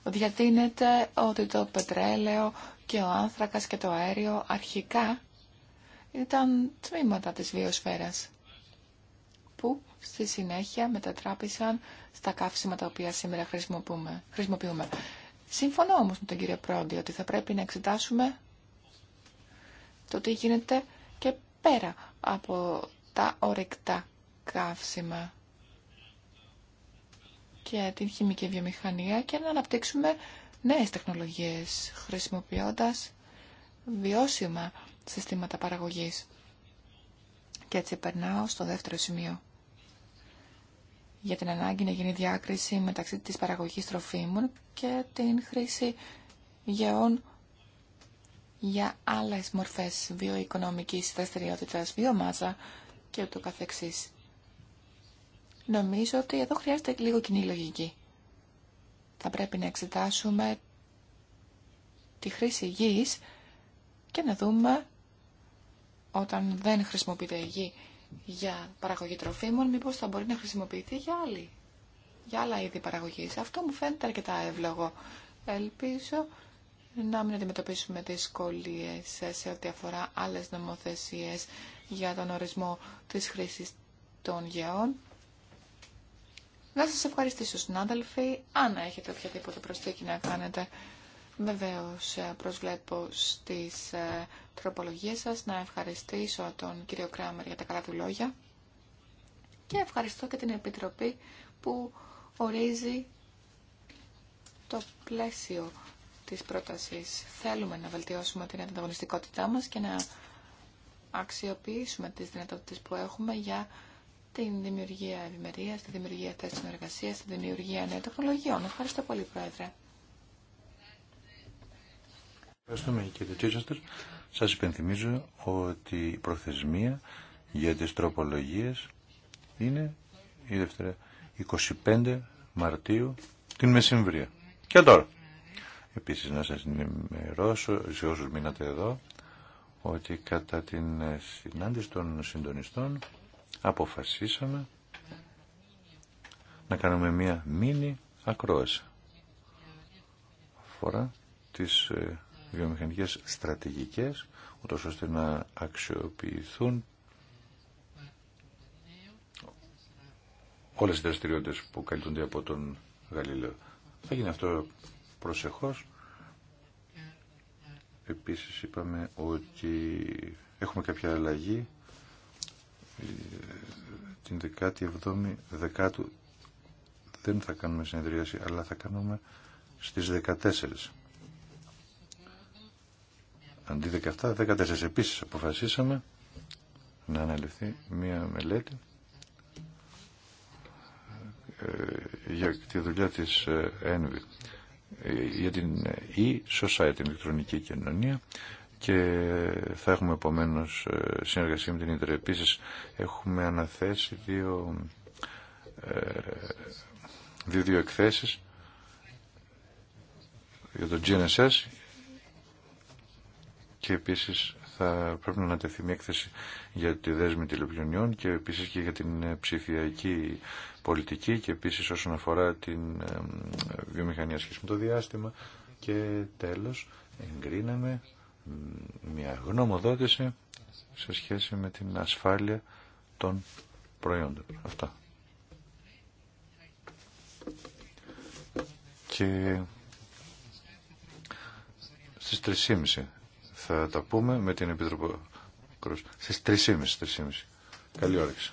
διατείνεται ότι το πετρέλαιο και ο άνθρακας και το αέριο αρχικά ήταν τμήματα της βιοσφαίρας που στη συνέχεια μετατράπησαν στα καύσιμα τα οποία σήμερα χρησιμοποιούμε. Σύμφωνα όμως με τον κύριο Πρόντι ότι θα πρέπει να εξετάσουμε το τι γίνεται και πέρα από τα ορεκτά καύσιμα και την χημική βιομηχανία και να αναπτύξουμε νέες τεχνολογίες χρησιμοποιώντας βιώσιμα συστήματα παραγωγής. Και έτσι περνάω στο δεύτερο σημείο. Για την ανάγκη να γίνει διάκριση μεταξύ της παραγωγής τροφίμων και την χρήση γεών για άλλες μορφές βιοοικονομικής δραστηριότητα, βιομάζα και ούτω καθεξής. Νομίζω ότι εδώ χρειάζεται λίγο κοινή λογική. Θα πρέπει να εξετάσουμε τη χρήση γης και να δούμε όταν δεν χρησιμοποιείται η γη για παραγωγή τροφίμων, μήπως θα μπορεί να χρησιμοποιηθεί για άλλη, για άλλα είδη παραγωγής. Αυτό μου φαίνεται αρκετά εύλογο. Ελπίζω να μην αντιμετωπίσουμε δυσκολίε σε ό,τι αφορά άλλες νομοθεσίε για τον ορισμό της χρήση των γεών. Να σας ευχαριστήσω συνάδελφοι, αν έχετε οποιαδήποτε προσθήκη να κάνετε. Βεβαίω ε, προσβλέπω στις ε, τροπολογίες σας να ευχαριστήσω τον κύριο Κράμερ για τα καλά του λόγια και ευχαριστώ και την Επιτροπή που ορίζει το πλαίσιο της πρότασης. Θέλουμε να βελτιώσουμε την ανταγωνιστικότητά μας και να αξιοποιήσουμε τις δυνατότητες που έχουμε για την δημιουργία ευημερία, τη δημιουργία θέσεων εργασία, τη δημιουργία νέων τεχνολογιών. Ευχαριστώ πολύ, Πρόεδρε. Ευχαριστούμε, κύριε Τσίσαστερ. Σας υπενθυμίζω ότι η προθεσμία για τις τροπολογίες είναι η 25 Μαρτίου την Μεσημβρία. Και τώρα. Επίσης να σας ενημερώσω σε όσους μείνατε εδώ ότι κατά την συνάντηση των συντονιστών αποφασίσαμε να κάνουμε μία μίνι ακρόαση αφορά τις ε, βιομηχανικές στρατηγικές ούτως ώστε να αξιοποιηθούν όλες οι δραστηριότητες που καλύπτονται από τον Γαλιλαίο. Θα γίνει αυτό προσεχώς. Επίσης είπαμε ότι έχουμε κάποια αλλαγή ε, την 17η δεκάτου δεν θα κάνουμε συνεδρίαση αλλά θα κάνουμε στις 14 αντί 17, 14 επίσης αποφασίσαμε να αναλυθεί μία μελέτη ε, για τη δουλειά της ε, ΕΝΒΗ για την e-society, ηλεκτρονική κοινωνία και θα έχουμε επομένω ε, συνεργασία με την Ιντερ. Επίσης, έχουμε αναθέσει δύο, ε, δύο, δύο εκθέσεις για το GNSS και επίσης θα πρέπει να ανατεθεί μια έκθεση για τη δέσμη τηλεπιονιών και επίσης και για την ε, ψηφιακή πολιτική και επίσης όσον αφορά την ε, βιομηχανία σχέση με το διάστημα και τέλος εγκρίναμε μια γνωμοδότηση σε σχέση με την ασφάλεια των προϊόντων. Αυτά. Και στις 3.30 θα τα πούμε με την Επιτροπή Κρούς. Στις 3.30. 3.30. Καλή όρεξη.